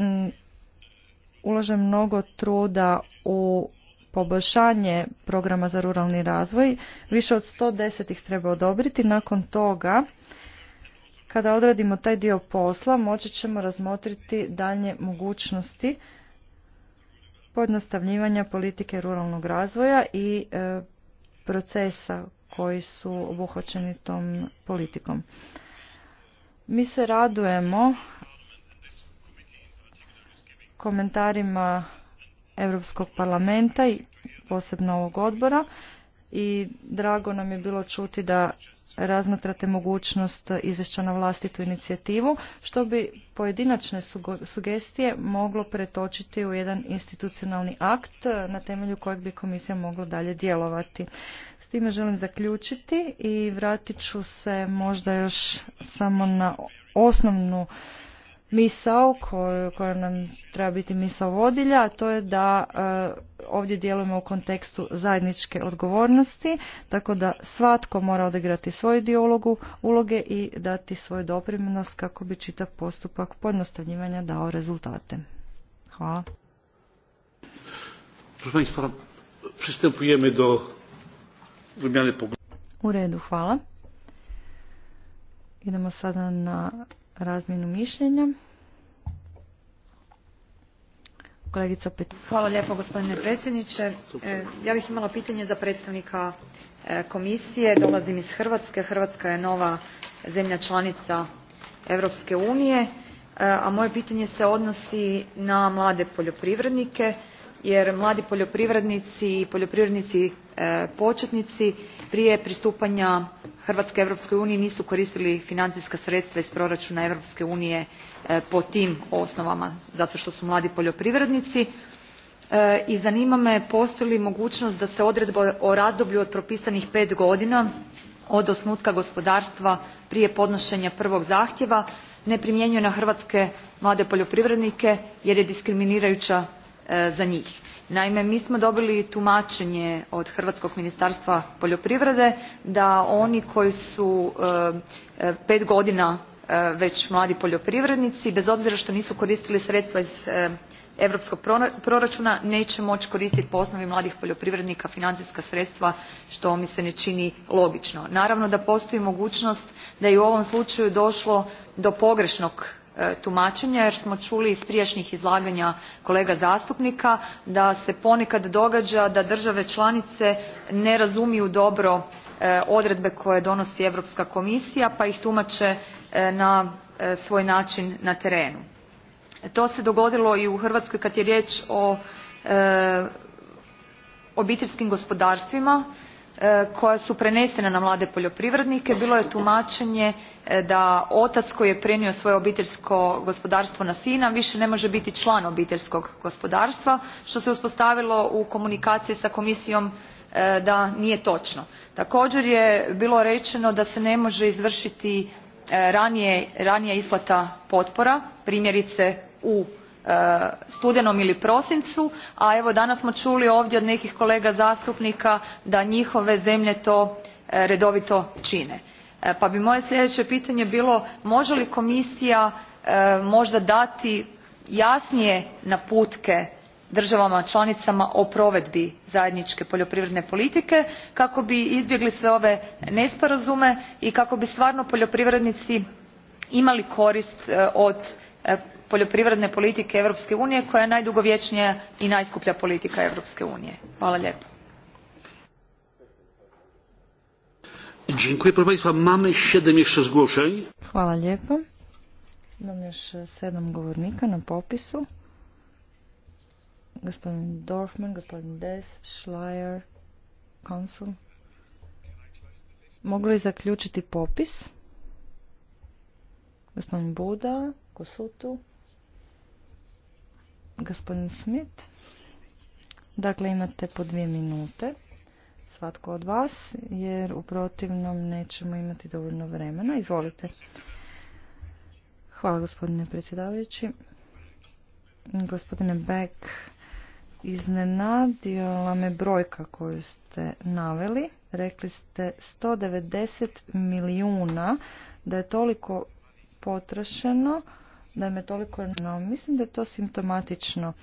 ulaže mnogo truda u poboljšanje programa za ruralni razvoj. Više od 110 ih treba odobriti. Nakon toga, kada odradimo taj dio posla, moći ćemo razmotriti dalje mogućnosti pojednostavljivanja politike ruralnog razvoja i e, procesa koji su obuhvaćeni tom politikom. Mi se radujemo komentarima Europskog parlamenta i posebno ovog odbora i drago nam je bilo čuti da razmatrate mogućnost izvješća na vlastitu inicijativu, što bi pojedinačne sugestije moglo pretočiti u jedan institucionalni akt na temelju kojeg bi komisija mogla dalje djelovati. S time želim zaključiti i vratit ću se možda još samo na osnovnu misao koju, koja nam treba biti misao vodilja, to je da eh, ovdje djelujemo u kontekstu zajedničke odgovornosti, tako da svatko mora odigrati svoju dio uloge i dati svoju doprinos kako bi čitav postupak pojednostavljivanja dao rezultate. Hvala. U redu, hvala. Idemo sada na razmjenu mišljenja. Hvala lijepo gospodine predsjedniče. E, ja bih imala pitanje za predstavnika e, komisije. Dolazim iz Hrvatske. Hrvatska je nova zemlja članica Europske unije, e, a moje pitanje se odnosi na mlade poljoprivrednike jer mladi poljoprivrednici i poljoprivrednici početnici prije pristupanja hrvatske europskoj uniji nisu koristili financijska sredstva iz proračuna europske unije e, po tim osnovama zato što su mladi poljoprivrednici e, i zanima me postoji li mogućnost da se odredba o razdoblju od propisanih pet godina od osnutka gospodarstva prije podnošenja prvog zahtjeva ne primjenjuje na hrvatske mlade poljoprivrednike jer je diskriminirajuća e, za njih naime mi smo dobili tumačenje od hrvatskog ministarstva poljoprivrede da oni koji su e, e, pet godina e, već mladi poljoprivrednici bez obzira što nisu koristili sredstva iz europskog proračuna neće moći koristiti po osnovi mladih poljoprivrednika financijska sredstva što mi se ne čini logično. naravno da postoji mogućnost da je i u ovom slučaju došlo do pogrešnog E, tumačenja jer smo čuli iz prijašnjih izlaganja kolega zastupnika da se ponekad događa da države članice ne razumiju dobro e, odredbe koje donosi europska komisija pa ih tumače e, na svoj način na terenu. to se dogodilo i u hrvatskoj kad je riječ o obiteljskim gospodarstvima koja su prenesena na mlade poljoprivrednike bilo je tumačenje e, da otac koji je prenio svoje obiteljsko gospodarstvo na sina više ne može biti član obiteljskog gospodarstva što se uspostavilo u komunikaciji s komisijom e, da nije točno. također je bilo rečeno da se ne može izvršiti e, ranija isplata potpora primjerice u E, studenom ili prosincu a evo danas smo čuli ovdje od nekih kolega zastupnika da njihove zemlje to e, redovito čine e, pa bi moje sljedeće pitanje bilo može li komisija možda dati jasnije naputke državama članicama o provedbi zajedničke poljoprivredne politike kako bi izbjegli sve ove nesporazume i kako bi stvarno poljoprivrednici imali korist od poljoprivredne politike europske unije koja je najdugovječnija i najskuplja politika europske unije. hvala lijepo. Hvala lijepo. Imam još sedam govornika na popisu. Gospodin Dorfman, gospodin Des, Schleier, konsul. Mogu li zaključiti popis? Gospodin Buda, Kosutu. Gospodin Smith, dakle imate po dvije minute svatko od vas, jer u protivnom nećemo imati dovoljno vremena. Izvolite. Hvala gospodine predsjedavajući. Gospodine Beck, iznenadila me brojka koju ste naveli. Rekli ste 190 milijuna da je toliko potrošeno da me toliko... No, mislim da je to simptomatično.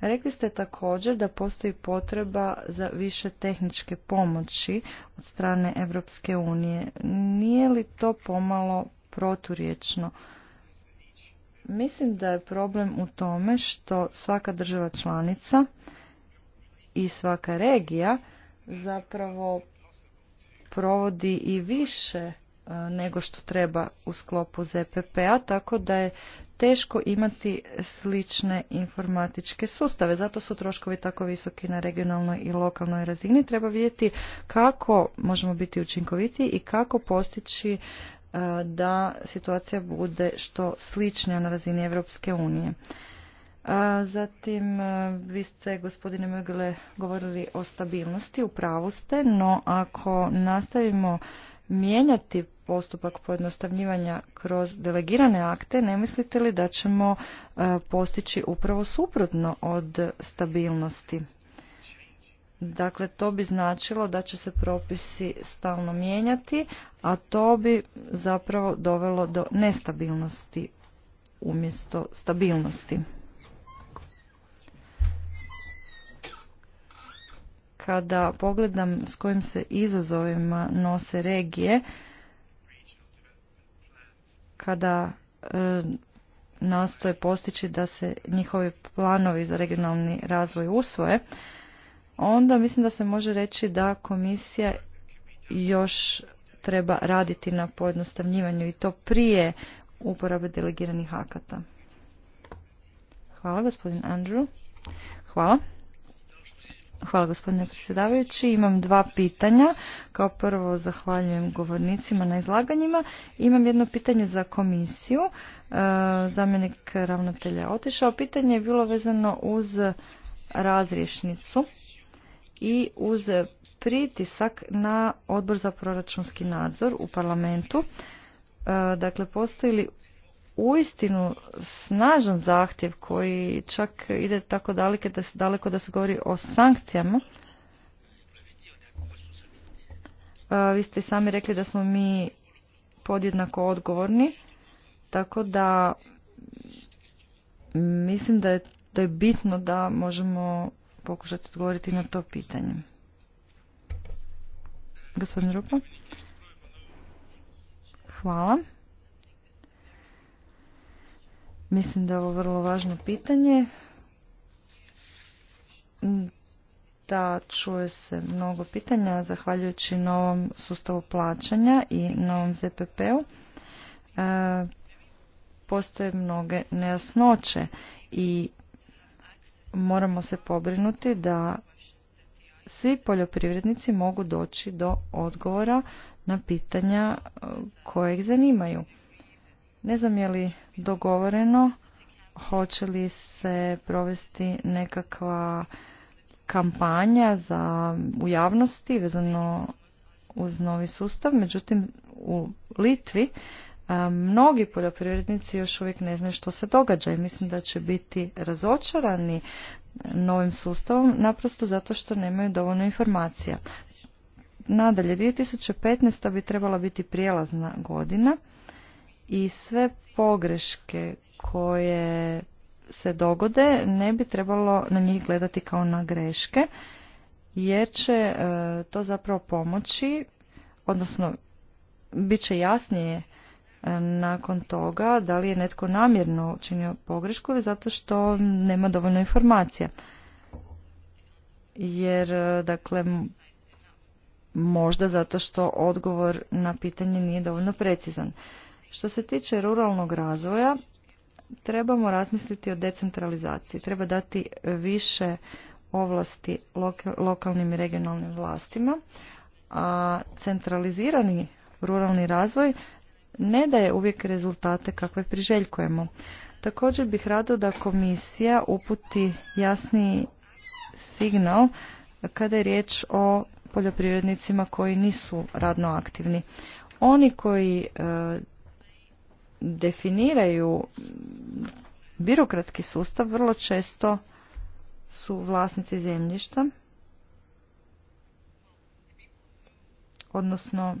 Rekli ste također da postoji potreba za više tehničke pomoći od strane Europske unije. Nije li to pomalo proturječno? Mislim da je problem u tome što svaka država članica i svaka regija zapravo provodi i više e, nego što treba u sklopu ZPP-a, tako da je teško imati slične informatičke sustave. Zato su troškovi tako visoki na regionalnoj i lokalnoj razini. Treba vidjeti kako možemo biti učinkoviti i kako postići e, da situacija bude što sličnija na razini Europske unije. E, zatim, e, vi ste, gospodine Mögele, govorili o stabilnosti, u pravu ste, no ako nastavimo mijenjati postupak pojednostavljivanja kroz delegirane akte, ne mislite li da ćemo e, postići upravo suprotno od stabilnosti? Dakle, to bi značilo da će se propisi stalno mijenjati, a to bi zapravo dovelo do nestabilnosti umjesto stabilnosti. Kada pogledam s kojim se izazovima nose regije, kada e, nastoje postići da se njihovi planovi za regionalni razvoj usvoje, onda mislim da se može reći da komisija još treba raditi na pojednostavnjivanju i to prije uporabe delegiranih akata. Hvala, gospodin Andrew. Hvala. Hvala gospodine predsjedavajući. Imam dva pitanja. Kao prvo zahvaljujem govornicima na izlaganjima. Imam jedno pitanje za komisiju. E, zamjenik ravnatelja je otišao. Pitanje je bilo vezano uz razriješnicu i uz pritisak na odbor za proračunski nadzor u parlamentu. E, dakle, postoji li uistinu snažan zahtjev koji čak ide tako daleko da se, daleko da se govori o sankcijama. Vi ste sami rekli da smo mi podjednako odgovorni, tako da mislim da je, da je bitno da možemo pokušati odgovoriti na to pitanje. Gospodin Rupa. Hvala. Mislim da je ovo vrlo važno pitanje. Da, čuje se mnogo pitanja zahvaljujući novom sustavu plaćanja i novom ZPP-u. E, postoje mnoge nejasnoće i moramo se pobrinuti da svi poljoprivrednici mogu doći do odgovora na pitanja e, koje ih zanimaju. Ne znam je li dogovoreno hoće li se provesti nekakva kampanja za, u javnosti vezano uz novi sustav. Međutim, u Litvi mnogi poljoprivrednici još uvijek ne znaju što se događa i mislim da će biti razočarani novim sustavom naprosto zato što nemaju dovoljno informacija. Nadalje, 2015. bi trebala biti prijelazna godina i sve pogreške koje se dogode ne bi trebalo na njih gledati kao na greške jer će e, to zapravo pomoći odnosno bit će jasnije e, nakon toga da li je netko namjerno učinio pogrešku ili zato što nema dovoljno informacija. Jer, e, dakle, možda zato što odgovor na pitanje nije dovoljno precizan. Što se tiče ruralnog razvoja, trebamo razmisliti o decentralizaciji. Treba dati više ovlasti lokalnim i regionalnim vlastima, a centralizirani ruralni razvoj ne daje uvijek rezultate kakve priželjkujemo. Također bih rado da komisija uputi jasni signal kada je riječ o poljoprivrednicima koji nisu radno aktivni. Oni koji e, definiraju birokratski sustav vrlo često su vlasnici zemljišta, odnosno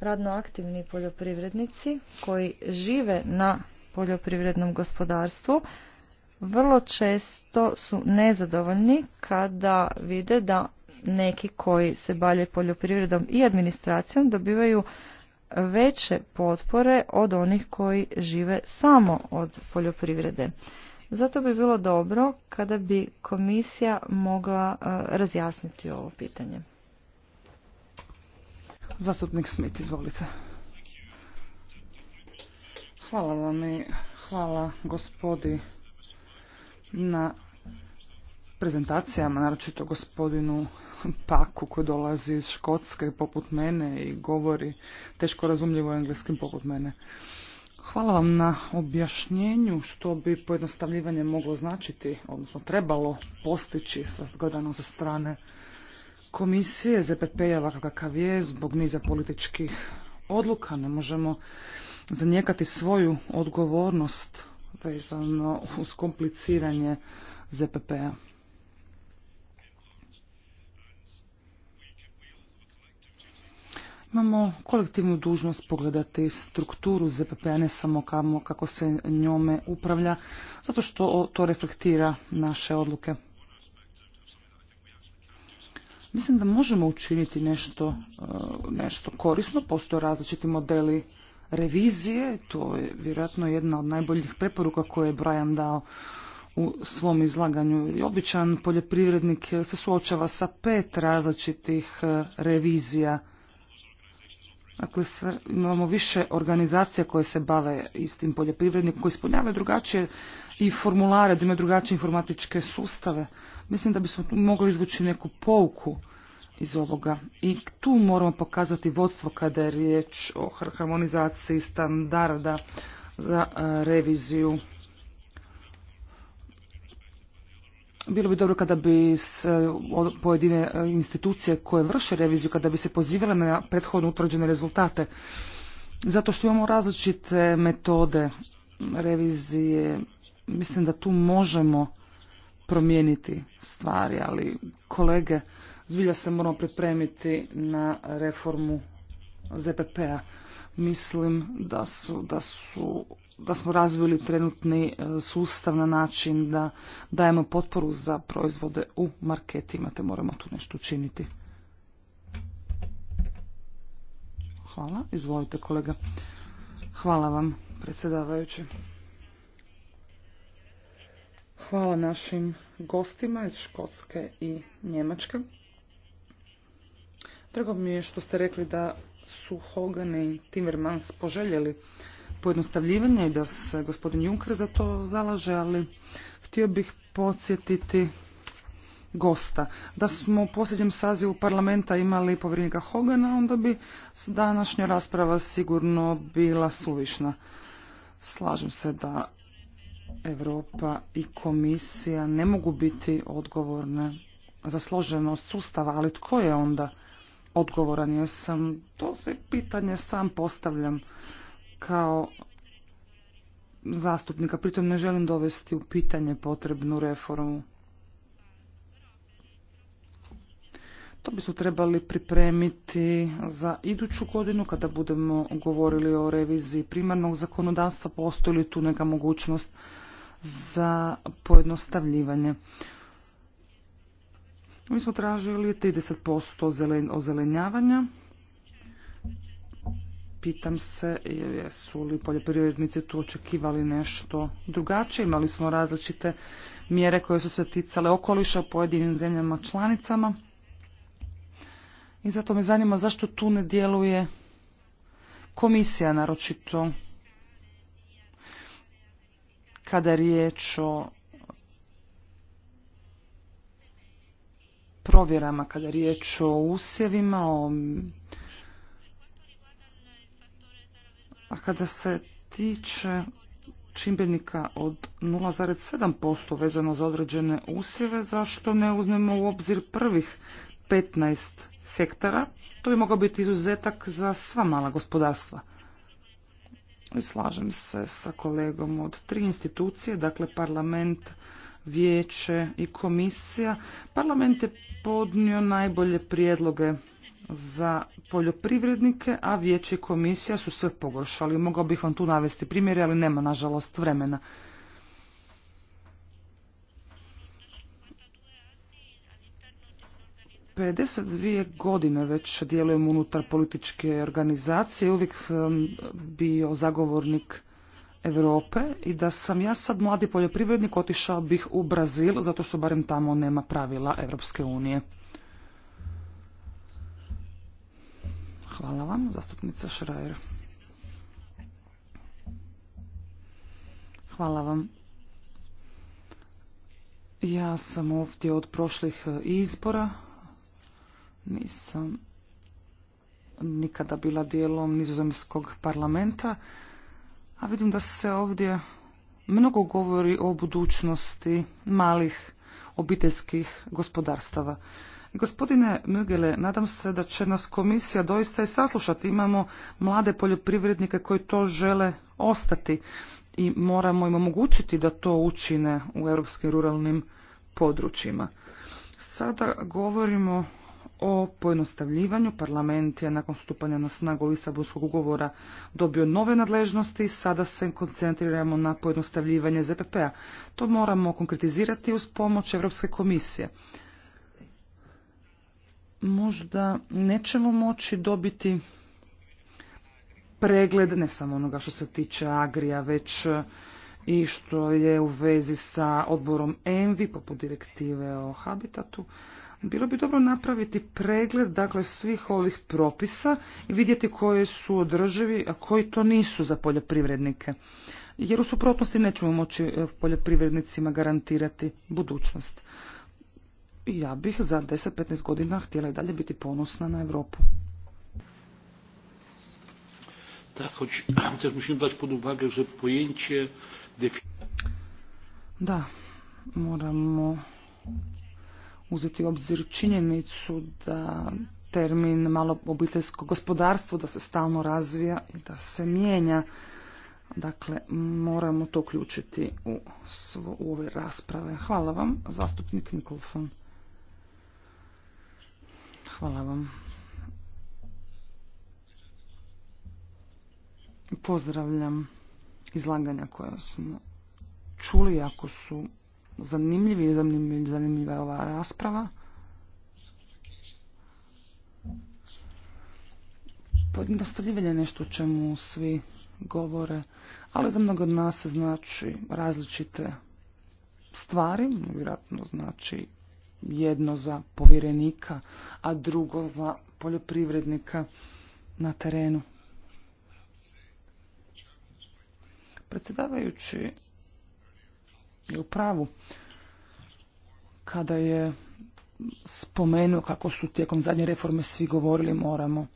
radno aktivni poljoprivrednici koji žive na poljoprivrednom gospodarstvu vrlo često su nezadovoljni kada vide da neki koji se balje poljoprivredom i administracijom dobivaju veće potpore od onih koji žive samo od poljoprivrede. Zato bi bilo dobro kada bi komisija mogla e, razjasniti ovo pitanje. Zastupnik Smit, izvolite. Hvala vam i hvala gospodi na prezentacijama, naročito gospodinu Paku koji dolazi iz Škotske poput mene i govori teško razumljivo engleskim poput mene. Hvala vam na objašnjenju što bi pojednostavljivanje moglo značiti, odnosno trebalo postići sa gledano sa strane komisije zpp je p-a, ovakav kakav je zbog niza političkih odluka. Ne možemo zanijekati svoju odgovornost vezano uz kompliciranje ZPP-a. Imamo kolektivnu dužnost pogledati strukturu ZPP-a, ne samo kako se njome upravlja, zato što to reflektira naše odluke. Mislim da možemo učiniti nešto, e, nešto korisno, postoje različiti modeli revizije, to je vjerojatno jedna od najboljih preporuka koje je Brian dao u svom izlaganju. I običan poljoprivrednik se suočava sa pet različitih e, revizija Dakle, sve, imamo više organizacija koje se bave istim poljoprivrednikom, koji ispunjavaju drugačije i formulare, da imaju drugačije informatičke sustave. Mislim da bismo mogli izvući neku pouku iz ovoga. I tu moramo pokazati vodstvo kada je riječ o harmonizaciji standarda za e, reviziju bilo bi dobro kada bi se pojedine e, institucije koje vrše reviziju, kada bi se pozivale na prethodno utvrđene rezultate. Zato što imamo različite metode revizije, mislim da tu možemo promijeniti stvari, ali kolege, zbilja se moramo pripremiti na reformu ZPP-a. Mislim da su, da su da smo razvili trenutni e, sustav na način da dajemo potporu za proizvode u marketima, te moramo tu nešto učiniti. Hvala. Izvolite kolega. Hvala vam, predsjedavajući. Hvala našim gostima iz Škotske i Njemačke. Drago mi je što ste rekli da su Hogan i Timmermans poželjeli pojednostavljivanje i da se gospodin Juncker za to zalaže, ali htio bih podsjetiti gosta. Da smo u posljednjem sazivu parlamenta imali povjerenika Hogana, onda bi današnja rasprava sigurno bila suvišna. Slažem se da Europa i komisija ne mogu biti odgovorne za složenost sustava, ali tko je onda odgovoran jesam sam to se pitanje sam postavljam kao zastupnika, pritom ne želim dovesti u pitanje potrebnu reformu. To bi su trebali pripremiti za iduću godinu kada budemo govorili o reviziji primarnog zakonodavstva, postoji li tu neka mogućnost za pojednostavljivanje. Mi smo tražili 30% ozelenjavanja. Pitam se jesu li poljoprivrednici tu očekivali nešto drugačije. Imali smo različite mjere koje su se ticale okoliša u pojedinim zemljama članicama. I zato me zanima zašto tu ne djeluje komisija naročito kada je riječ o provjerama kada je riječ o usjevima, o... a kada se tiče čimbenika od 0,7% vezano za određene usjeve, zašto ne uzmemo u obzir prvih 15 hektara? To bi mogao biti izuzetak za sva mala gospodarstva. I slažem se sa kolegom od tri institucije, dakle parlament, vijeće i komisija. Parlament je podnio najbolje prijedloge za poljoprivrednike, a vijeće i komisija su sve pogoršali. Mogao bih vam tu navesti primjere, ali nema nažalost vremena. Pedeset dvije godine već djelujem unutar političke organizacije, uvijek sam bio zagovornik Europe i da sam ja sad mladi poljoprivrednik otišao bih u Brazil zato što barem tamo nema pravila Europske unije. Hvala vam, zastupnica Šrajer. Hvala vam. Ja sam ovdje od prošlih izbora. Nisam nikada bila dijelom nizozemskog parlamenta. A vidim da se ovdje mnogo govori o budućnosti malih obiteljskih gospodarstava. Gospodine Mugele, nadam se da će nas komisija doista i saslušati. Imamo mlade poljoprivrednike koji to žele ostati i moramo im omogućiti da to učine u europskim ruralnim područjima. Sada govorimo o pojednostavljivanju. Parlament je nakon stupanja na snagu Lisabonskog ugovora dobio nove nadležnosti. Sada se koncentriramo na pojednostavljivanje ZPP-a. To moramo konkretizirati uz pomoć Europske komisije. Možda nećemo moći dobiti pregled, ne samo onoga što se tiče Agrija, već e, i što je u vezi sa odborom ENVI, poput direktive o habitatu. Bilo bi dobro napraviti pregled dakle svih ovih propisa i vidjeti koji su održivi, a koji to nisu za poljoprivrednike. Jer u suprotnosti nećemo moći eh, poljoprivrednicima garantirati budućnost. Ja bih za 10-15 godina htjela i dalje biti ponosna na Europu. [CLEARS THROAT] Da, moramo uzeti u obzir činjenicu da termin malo obiteljsko gospodarstvo da se stalno razvija i da se mijenja. Dakle, moramo to uključiti u, svo, ove rasprave. Hvala vam, zastupnik Nikolson. Hvala vam. Pozdravljam izlaganja koja smo čuli, ako su zanimljivi, zanimljiv, zanimljiva je ova rasprava. Pojednostavljivanje je nešto o čemu svi govore, ali za mnogo od nas se znači različite stvari, vjerojatno znači jedno za povjerenika, a drugo za poljoprivrednika na terenu. Predsjedavajući je u pravu kada je spomenuo kako su tijekom zadnje reforme svi govorili moramo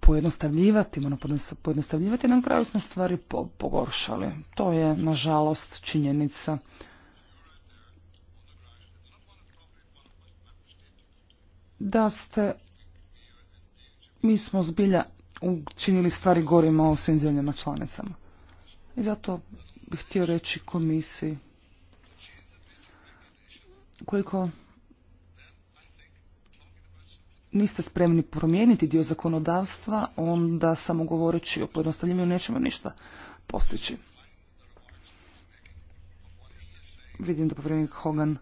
pojednostavljivati, moramo pojednostavljivati, na kraju smo stvari pogoršali. To je, nažalost, činjenica. Da ste, mi smo zbilja učinili stvari gorima u svim zemljama članicama. I zato bih htio reći komisiji koliko niste spremni promijeniti dio zakonodavstva, onda samo govoreći o pojednostavljenju nećemo ništa postići. Vidim da povjerenik Hogan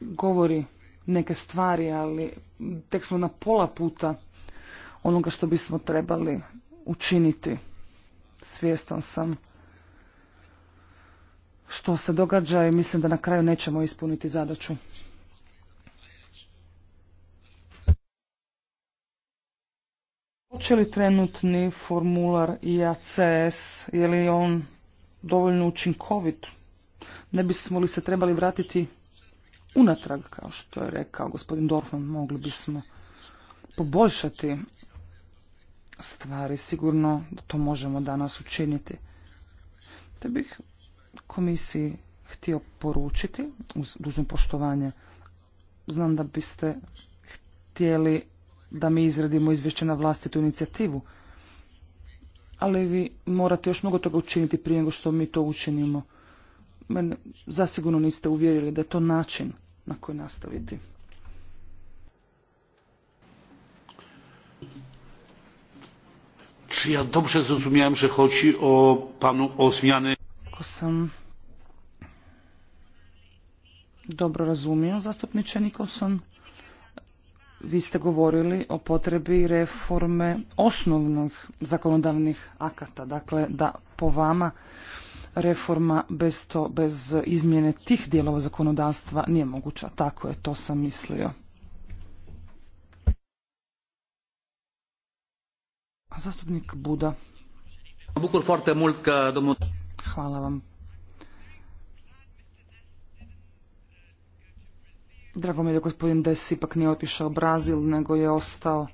govori neke stvari, ali tek smo na pola puta onoga što bismo trebali učiniti. Svjestan sam što se događa i mislim da na kraju nećemo ispuniti zadaću. Hoće li trenutni formular IACS, je li on dovoljno učinkovit? Ne bismo li se trebali vratiti unatrag, kao što je rekao gospodin Dorfman, mogli bismo poboljšati stvari, sigurno da to možemo danas učiniti. Te bih komisiji htio poručiti, uz dužno poštovanje, znam da biste htjeli da mi izradimo izvješće na vlastitu inicijativu, ali vi morate još mnogo toga učiniti prije nego što mi to učinimo. Mene zasigurno niste uvjerili da je to način na koji nastaviti. Czy ja dobrze zrozumiałem, że chodzi o panu o sam dobro razumio, zastupniče Nikolson, vi ste govorili o potrebi reforme osnovnih zakonodavnih akata. Dakle, da po vama reforma bez, to, bez izmjene tih dijelova zakonodavstva nije moguća. Tako je, to sam mislio. Zastupnik Buda. Bukur foarte mult că domnul Hvala vam. Drago mi je da gospodin Des ipak nije otišao u Brazil, nego je ostao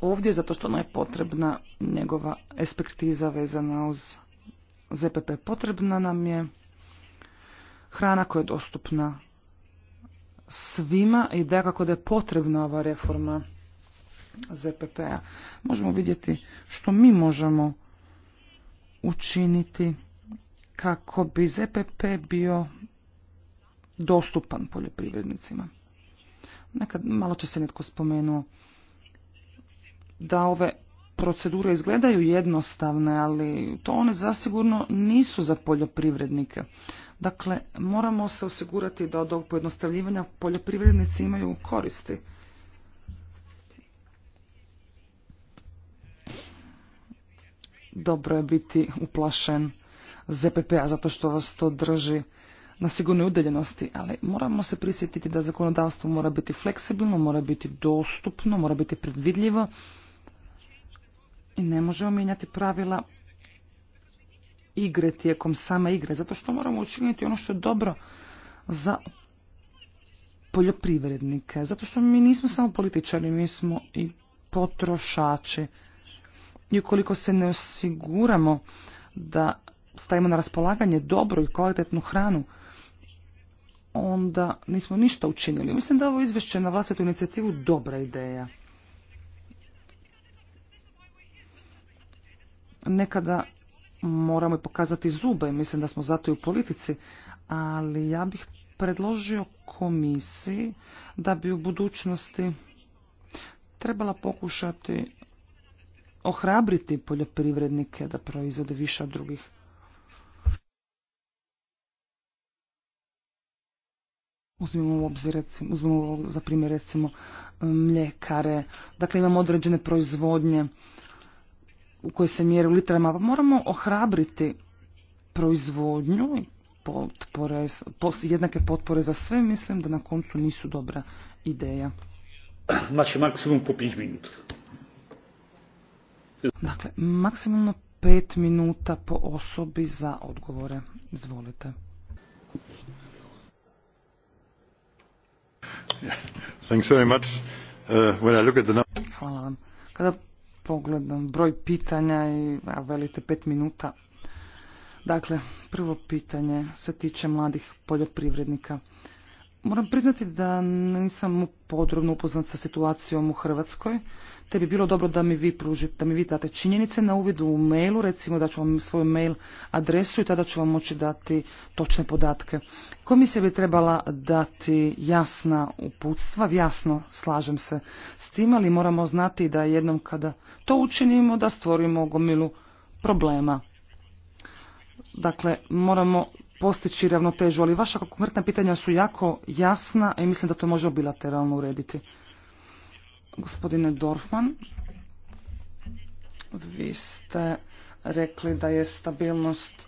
ovdje zato što ona je potrebna njegova ekspertiza vezana uz ZPP. Potrebna nam je hrana koja je dostupna svima i da kako da je potrebna ova reforma ZPP-a. Možemo vidjeti što mi možemo učiniti kako bi ZPP bio dostupan poljoprivrednicima. Nekad malo će se netko spomenuo da ove procedure izgledaju jednostavne, ali to one zasigurno nisu za poljoprivrednike. Dakle, moramo se osigurati da od ovog pojednostavljivanja poljoprivrednici imaju koristi. Dobro je biti uplašen ZPP-a zato što vas to drži na sigurnoj udaljenosti, ali moramo se prisjetiti da zakonodavstvo mora biti fleksibilno, mora biti dostupno, mora biti predvidljivo i ne možemo mijenjati pravila igre tijekom same igre, zato što moramo učiniti ono što je dobro za poljoprivrednike, zato što mi nismo samo političari, mi smo i potrošači. I ukoliko se ne osiguramo da stavimo na raspolaganje dobru i kvalitetnu hranu, onda nismo ništa učinili. Mislim da ovo izvješće na vlastitu inicijativu dobra ideja. Nekada moramo i pokazati zube, mislim da smo zato i u politici, ali ja bih predložio komisiji da bi u budućnosti trebala pokušati ohrabriti poljoprivrednike da proizvode više od drugih. uzmemo u obzir, recimo, za primjer recimo mljekare, dakle imamo određene proizvodnje u koje se mjeri u litrama, moramo ohrabriti proizvodnju i jednake potpore za sve, mislim da na koncu nisu dobra ideja. Znači maksimum po 5 minuta. Dakle, maksimalno 5 minuta po osobi za odgovore. Izvolite. Uh, Hvala vam. Kada pogledam broj pitanja i velite pet minuta. Dakle, prvo pitanje se tiče mladih poljoprivrednika. Moram priznati da nisam podrobno upoznat sa situacijom u Hrvatskoj, te bi bilo dobro da mi vi pružite, da mi vi date činjenice na uvidu u mailu, recimo da ću vam svoju mail adresu i tada ću vam moći dati točne podatke. Komisija bi trebala dati jasna uputstva, jasno slažem se s tim, ali moramo znati da jednom kada to učinimo da stvorimo gomilu problema. Dakle, moramo postići ravnotežu, ali vaša konkretna pitanja su jako jasna i mislim da to može bilateralno urediti. Gospodine Dorfman, vi ste rekli da je stabilnost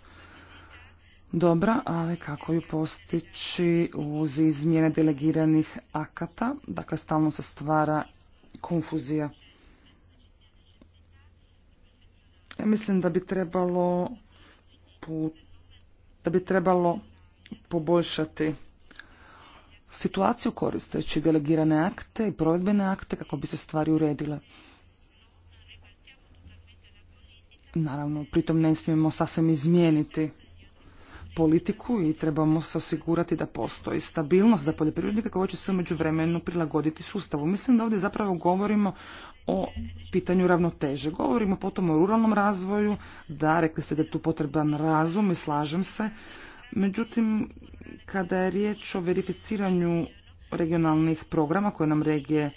dobra, ali kako ju postići uz izmjene delegiranih akata, dakle stalno se stvara konfuzija. Ja mislim da bi trebalo da bi trebalo poboljšati situaciju koristeći delegirane akte i provedbene akte kako bi se stvari uredile. Naravno, pritom ne smijemo sasvim izmijeniti politiku i trebamo se osigurati da postoji stabilnost za poljoprivrednike koji će se umeđu vremenu prilagoditi sustavu. Mislim da ovdje zapravo govorimo o pitanju ravnoteže. Govorimo potom o ruralnom razvoju, da rekli ste da je tu potreban razum i slažem se. Međutim, kada je riječ o verificiranju regionalnih programa koje nam regije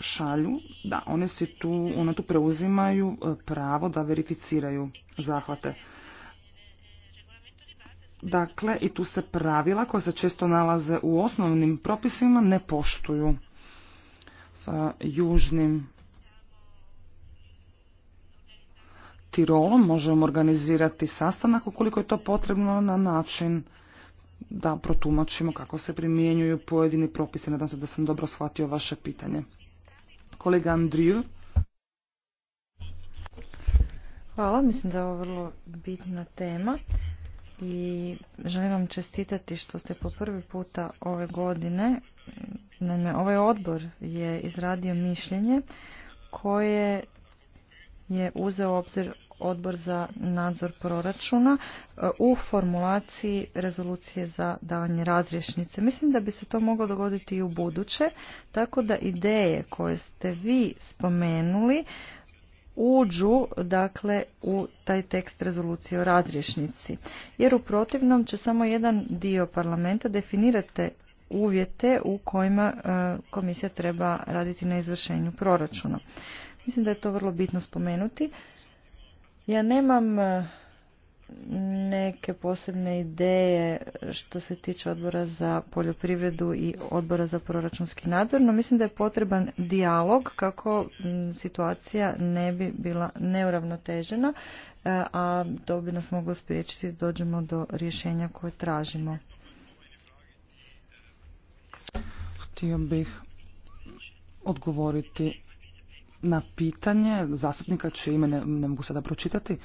šalju, da, one, si tu, one tu preuzimaju e, pravo da verificiraju zahvate. Dakle, i tu se pravila koja se često nalaze u osnovnim propisima ne poštuju sa južnim Tirolom možemo organizirati sastanak ukoliko je to potrebno na način da protumačimo kako se primjenjuju pojedini propisi. Nadam se da sam dobro shvatio vaše pitanje. Kolega Andriju. Hvala, mislim da je ovo vrlo bitna tema i želim vam čestitati što ste po prvi puta ove godine, naime ovaj odbor je izradio mišljenje koje je uzeo obzir odbor za nadzor proračuna e, u formulaciji rezolucije za davanje razrješnice. Mislim da bi se to moglo dogoditi i u buduće, tako da ideje koje ste vi spomenuli uđu dakle u taj tekst rezolucije o razrješnici. Jer u protivnom će samo jedan dio parlamenta definirati uvjete u kojima e, komisija treba raditi na izvršenju proračuna. Mislim da je to vrlo bitno spomenuti. Ja nemam e, neke posebne ideje što se tiče odbora za poljoprivredu i odbora za proračunski nadzor, no mislim da je potreban dijalog kako situacija ne bi bila neuravnotežena, e, a to bi nas moglo spriječiti da dođemo do rješenja koje tražimo. Htio bih odgovoriti na pitanje zastupnika čije ime ne, ne mogu sada pročitati.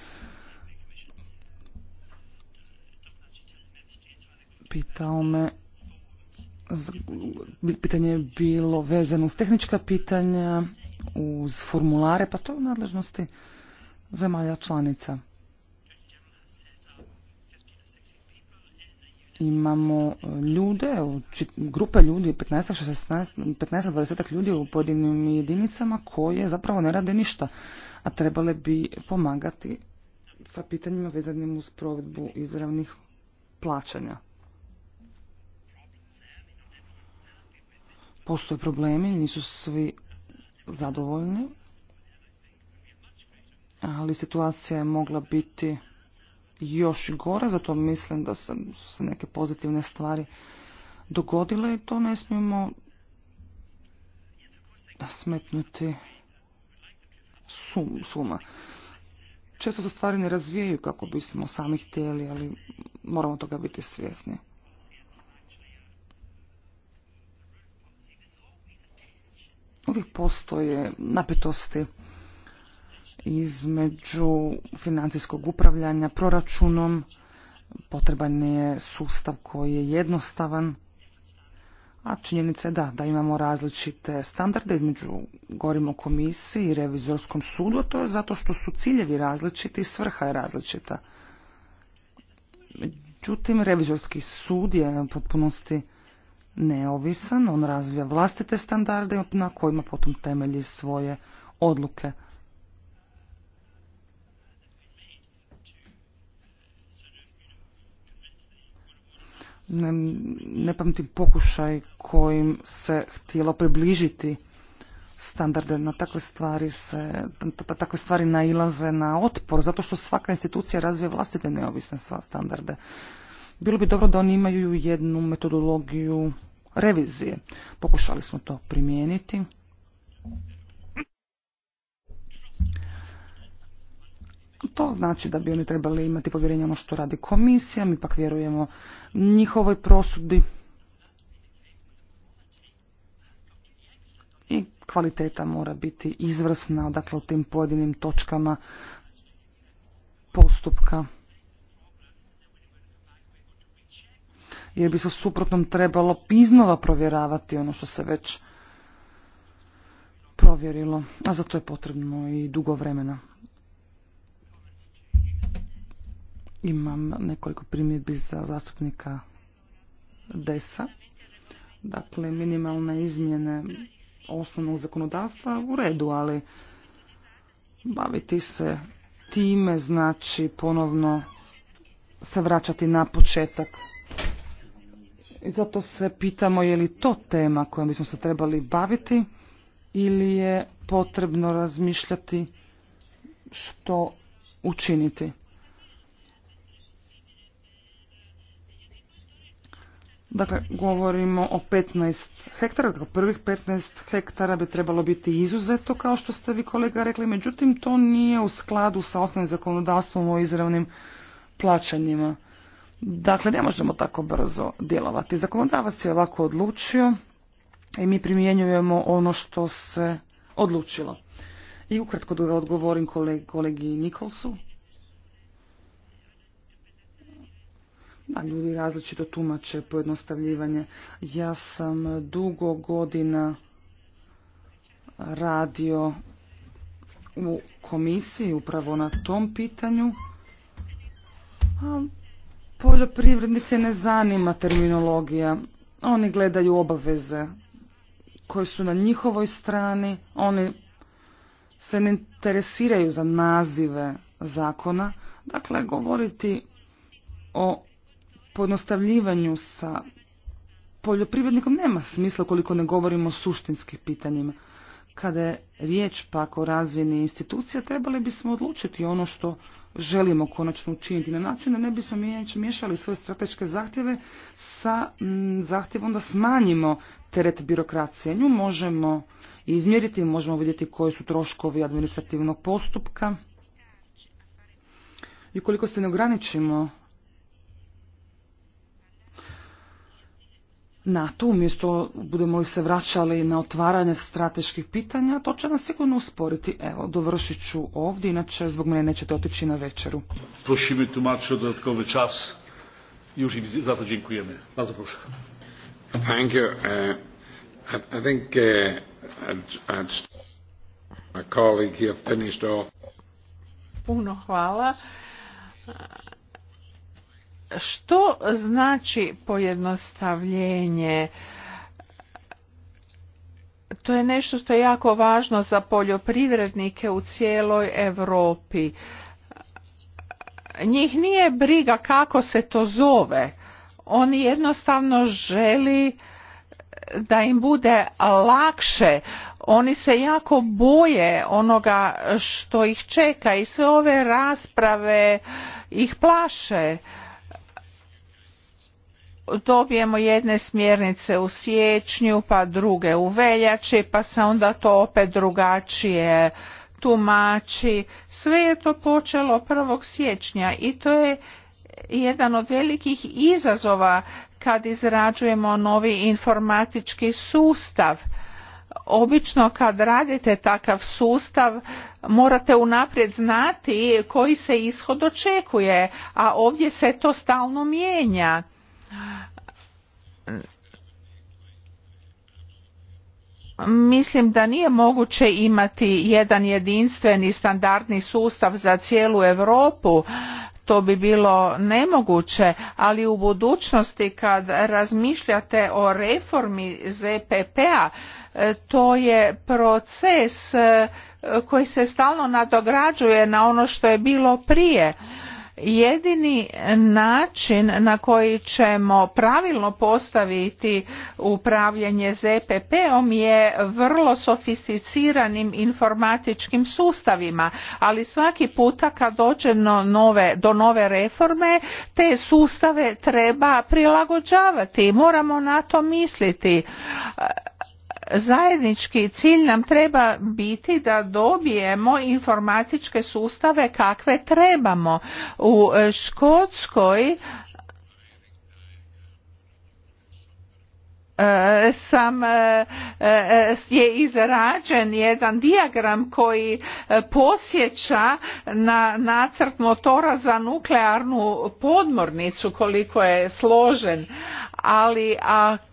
Pitao me pitanje je bilo vezano uz tehnička pitanja, uz formulare, pa to je u nadležnosti zemalja članica. imamo e, ljude, grupe ljudi, 15-20 ljudi u pojedinim jedinicama koje zapravo ne rade ništa, a trebale bi pomagati sa pitanjima vezanim uz provedbu izravnih plaćanja. Postoje problemi, nisu svi zadovoljni, ali situacija je mogla biti još gore, zato mislim da se neke pozitivne stvari dogodile i to ne smijemo smetnuti sum, suma. Često se stvari ne razvijaju kako bismo sami htjeli, ali moramo toga biti svjesni. Uvijek postoje napetosti između financijskog upravljanja proračunom, potreban je sustav koji je jednostavan, a činjenica je da, da imamo različite standarde između, govorimo o komisiji i revizorskom sudu, a to je zato što su ciljevi različiti i svrha je različita. Međutim, revizorski sud je u potpunosti neovisan, on razvija vlastite standarde na kojima potom temelji svoje odluke. ne, ne pokušaj kojim se htjelo približiti standarde na takve stvari se, takve stvari nailaze na otpor, zato što svaka institucija razvije vlastite neovisne standarde. Bilo bi dobro da oni imaju jednu metodologiju revizije. Pokušali smo to primijeniti. To znači da bi oni trebali imati povjerenje ono što radi komisija, mi pak vjerujemo njihovoj prosudbi i kvaliteta mora biti izvrsna, dakle u tim pojedinim točkama postupka. Jer bi se suprotnom trebalo iznova provjeravati ono što se već provjerilo, a za to je potrebno i dugo vremena. Imam nekoliko primjedbi za zastupnika DESA. Dakle, minimalne izmjene osnovnog zakonodavstva u redu, ali baviti se time znači ponovno se vraćati na početak. I zato se pitamo je li to tema kojom bismo se trebali baviti ili je potrebno razmišljati što učiniti. Dakle, govorimo o 15 hektara, dakle prvih 15 hektara bi trebalo biti izuzeto, kao što ste vi kolega rekli, međutim to nije u skladu sa osnovnim zakonodavstvom o izravnim plaćanjima. Dakle, ne možemo tako brzo djelovati. Zakonodavac je ovako odlučio i mi primjenjujemo ono što se odlučilo. I ukratko da odgovorim kolegi Nikolsu. a ljudi različito tumače pojednostavljivanje. Ja sam dugo godina radio u komisiji upravo na tom pitanju. poljoprivrednike ne zanima terminologija. Oni gledaju obaveze koje su na njihovoj strani. Oni se ne interesiraju za nazive zakona. Dakle, govoriti o pojednostavljivanju sa poljoprivrednikom nema smisla koliko ne govorimo o suštinskim pitanjima. Kada je riječ pak o razini institucija, trebali bismo odlučiti ono što želimo konačno učiniti na način da ne bismo miješali svoje strateške zahtjeve sa zahtjevom da smanjimo teret birokracije. Nju možemo izmjeriti, možemo vidjeti koji su troškovi administrativnog postupka. I ukoliko se ne ograničimo NATO, umjesto budemo li se vraćali na otvaranje strateških pitanja, to će nas sigurno usporiti. Evo, dovršit ću ovdje, inače zbog mene nećete otići na večeru. Prosimy tłumaczy o dodatkowy czas. Już im za to dziękujemy. Bardzo proszę. Thank you. Uh, I, think uh, my colleague here finished off. Puno hvala. Što znači pojednostavljenje? To je nešto što je jako važno za poljoprivrednike u cijeloj Europi. Njih nije briga kako se to zove. Oni jednostavno želi da im bude lakše. Oni se jako boje onoga što ih čeka i sve ove rasprave ih plaše dobijemo jedne smjernice u siječnju pa druge u veljači pa se onda to opet drugačije tumači. Sve je to počelo 1. siječnja i to je jedan od velikih izazova kad izrađujemo novi informatički sustav. Obično kad radite takav sustav morate unaprijed znati koji se ishod očekuje, a ovdje se to stalno mijenja. Mislim da nije moguće imati jedan jedinstveni standardni sustav za cijelu Europu to bi bilo nemoguće, ali u budućnosti kad razmišljate o reformi ZPP-a, to je proces eh, koji se stalno nadograđuje na ono što je bilo prije jedini način na koji ćemo pravilno postaviti upravljanje ZPP-om je vrlo sofisticiranim informatičkim sustavima, ali svaki puta kad dođe do nove, do nove reforme te sustave treba prilagođavati, moramo na to misliti zajednički cilj nam treba biti da dobijemo informatičke sustave kakve trebamo. U e, Škotskoj e, sam e, je izrađen jedan dijagram koji posjeća na nacrt motora za nuklearnu podmornicu koliko je složen ali ako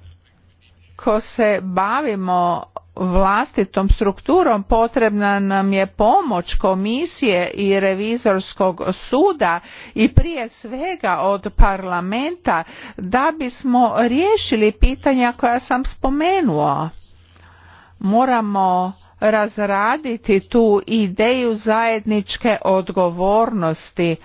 ako se bavimo vlastitom strukturom potrebna nam je pomoć komisije i revizorskog suda i prije svega od parlamenta da bismo riješili pitanja koja sam spomenuo moramo razraditi tu ideju zajedničke odgovornosti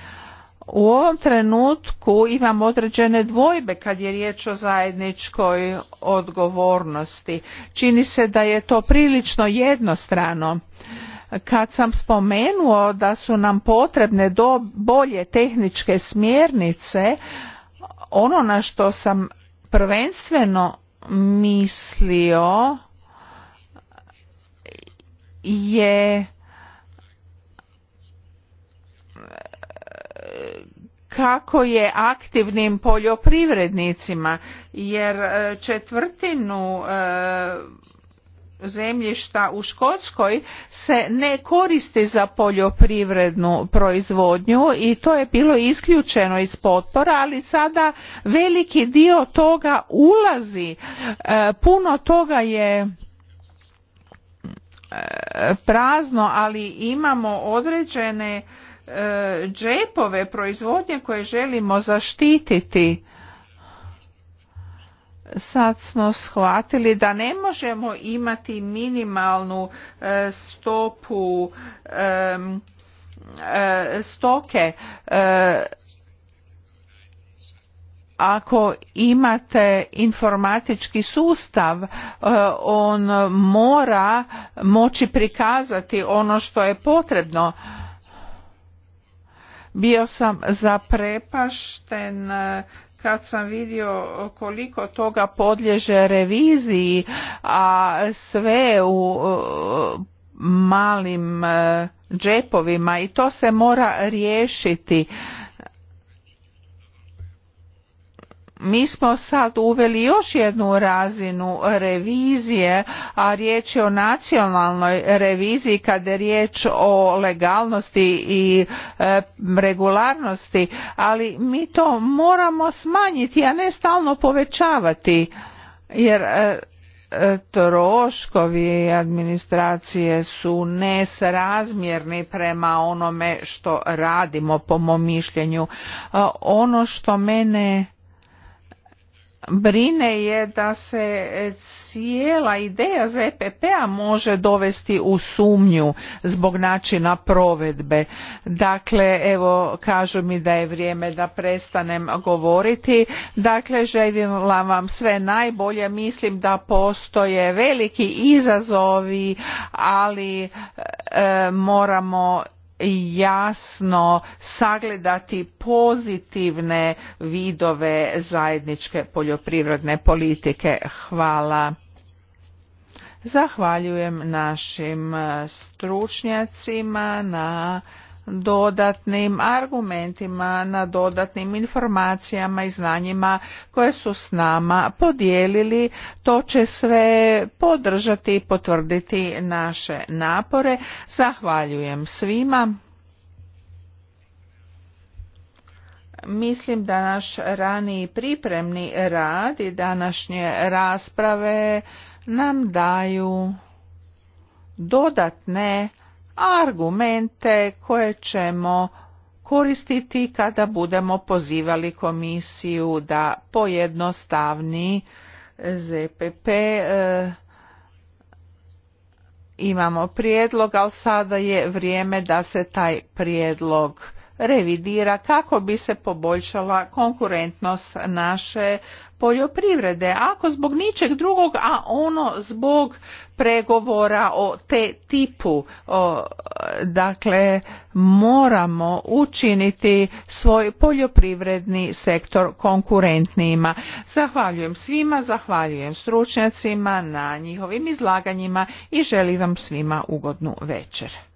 u ovom trenutku imam određene dvojbe kad je riječ o zajedničkoj odgovornosti. Čini se da je to prilično jednostrano. Kad sam spomenuo da su nam potrebne do bolje tehničke smjernice, ono na što sam prvenstveno mislio je kako je aktivnim poljoprivrednicima jer e, četvrtinu e, zemljišta u Škotskoj se ne koristi za poljoprivrednu proizvodnju i to je bilo isključeno iz potpora, ali sada veliki dio toga ulazi. E, puno toga je prazno, ali imamo određene E, džepove proizvodnje koje želimo zaštititi sad smo shvatili da ne možemo imati minimalnu e, stopu e, stoke ako imate informatički sustav on mora moći prikazati ono što je potrebno bio sam zaprepašten e, kad sam vidio koliko toga podlježe reviziji, a sve u e, malim e, džepovima i to se mora riješiti mi smo sad uveli još jednu razinu revizije, a riječ je o nacionalnoj reviziji kada je riječ o legalnosti i e, regularnosti, ali mi to moramo smanjiti, a ne stalno povećavati jer e, e, troškovi administracije su nesrazmjerni prema onome što radimo po mom mišljenju. Ono što mene brine je da se cijela ideja ZPP-a može dovesti u sumnju zbog načina provedbe. Dakle, evo kažu mi da je vrijeme da prestanem govoriti. Dakle, želim vam sve najbolje. Mislim da postoje veliki izazovi, ali e, moramo jasno sagledati pozitivne vidove zajedničke poljoprivredne politike. Hvala. Zahvaljujem našim stručnjacima na dodatnim argumentima, na dodatnim informacijama i znanjima koje su s nama podijelili. To će sve podržati i potvrditi naše napore. Zahvaljujem svima. Mislim da naš raniji pripremni rad i današnje rasprave nam daju dodatne argumente koje ćemo koristiti kada budemo pozivali komisiju da pojednostavni ZPP. E, imamo prijedlog, ali sada je vrijeme da se taj prijedlog revidira kako bi se poboljšala konkurentnost naše poljoprivrede. Ako zbog ničeg drugog, a ono zbog pregovora o te tipu, dakle moramo učiniti svoj poljoprivredni sektor konkurentnijima. Zahvaljujem svima, zahvaljujem stručnjacima na njihovim izlaganjima i želim vam svima ugodnu večer.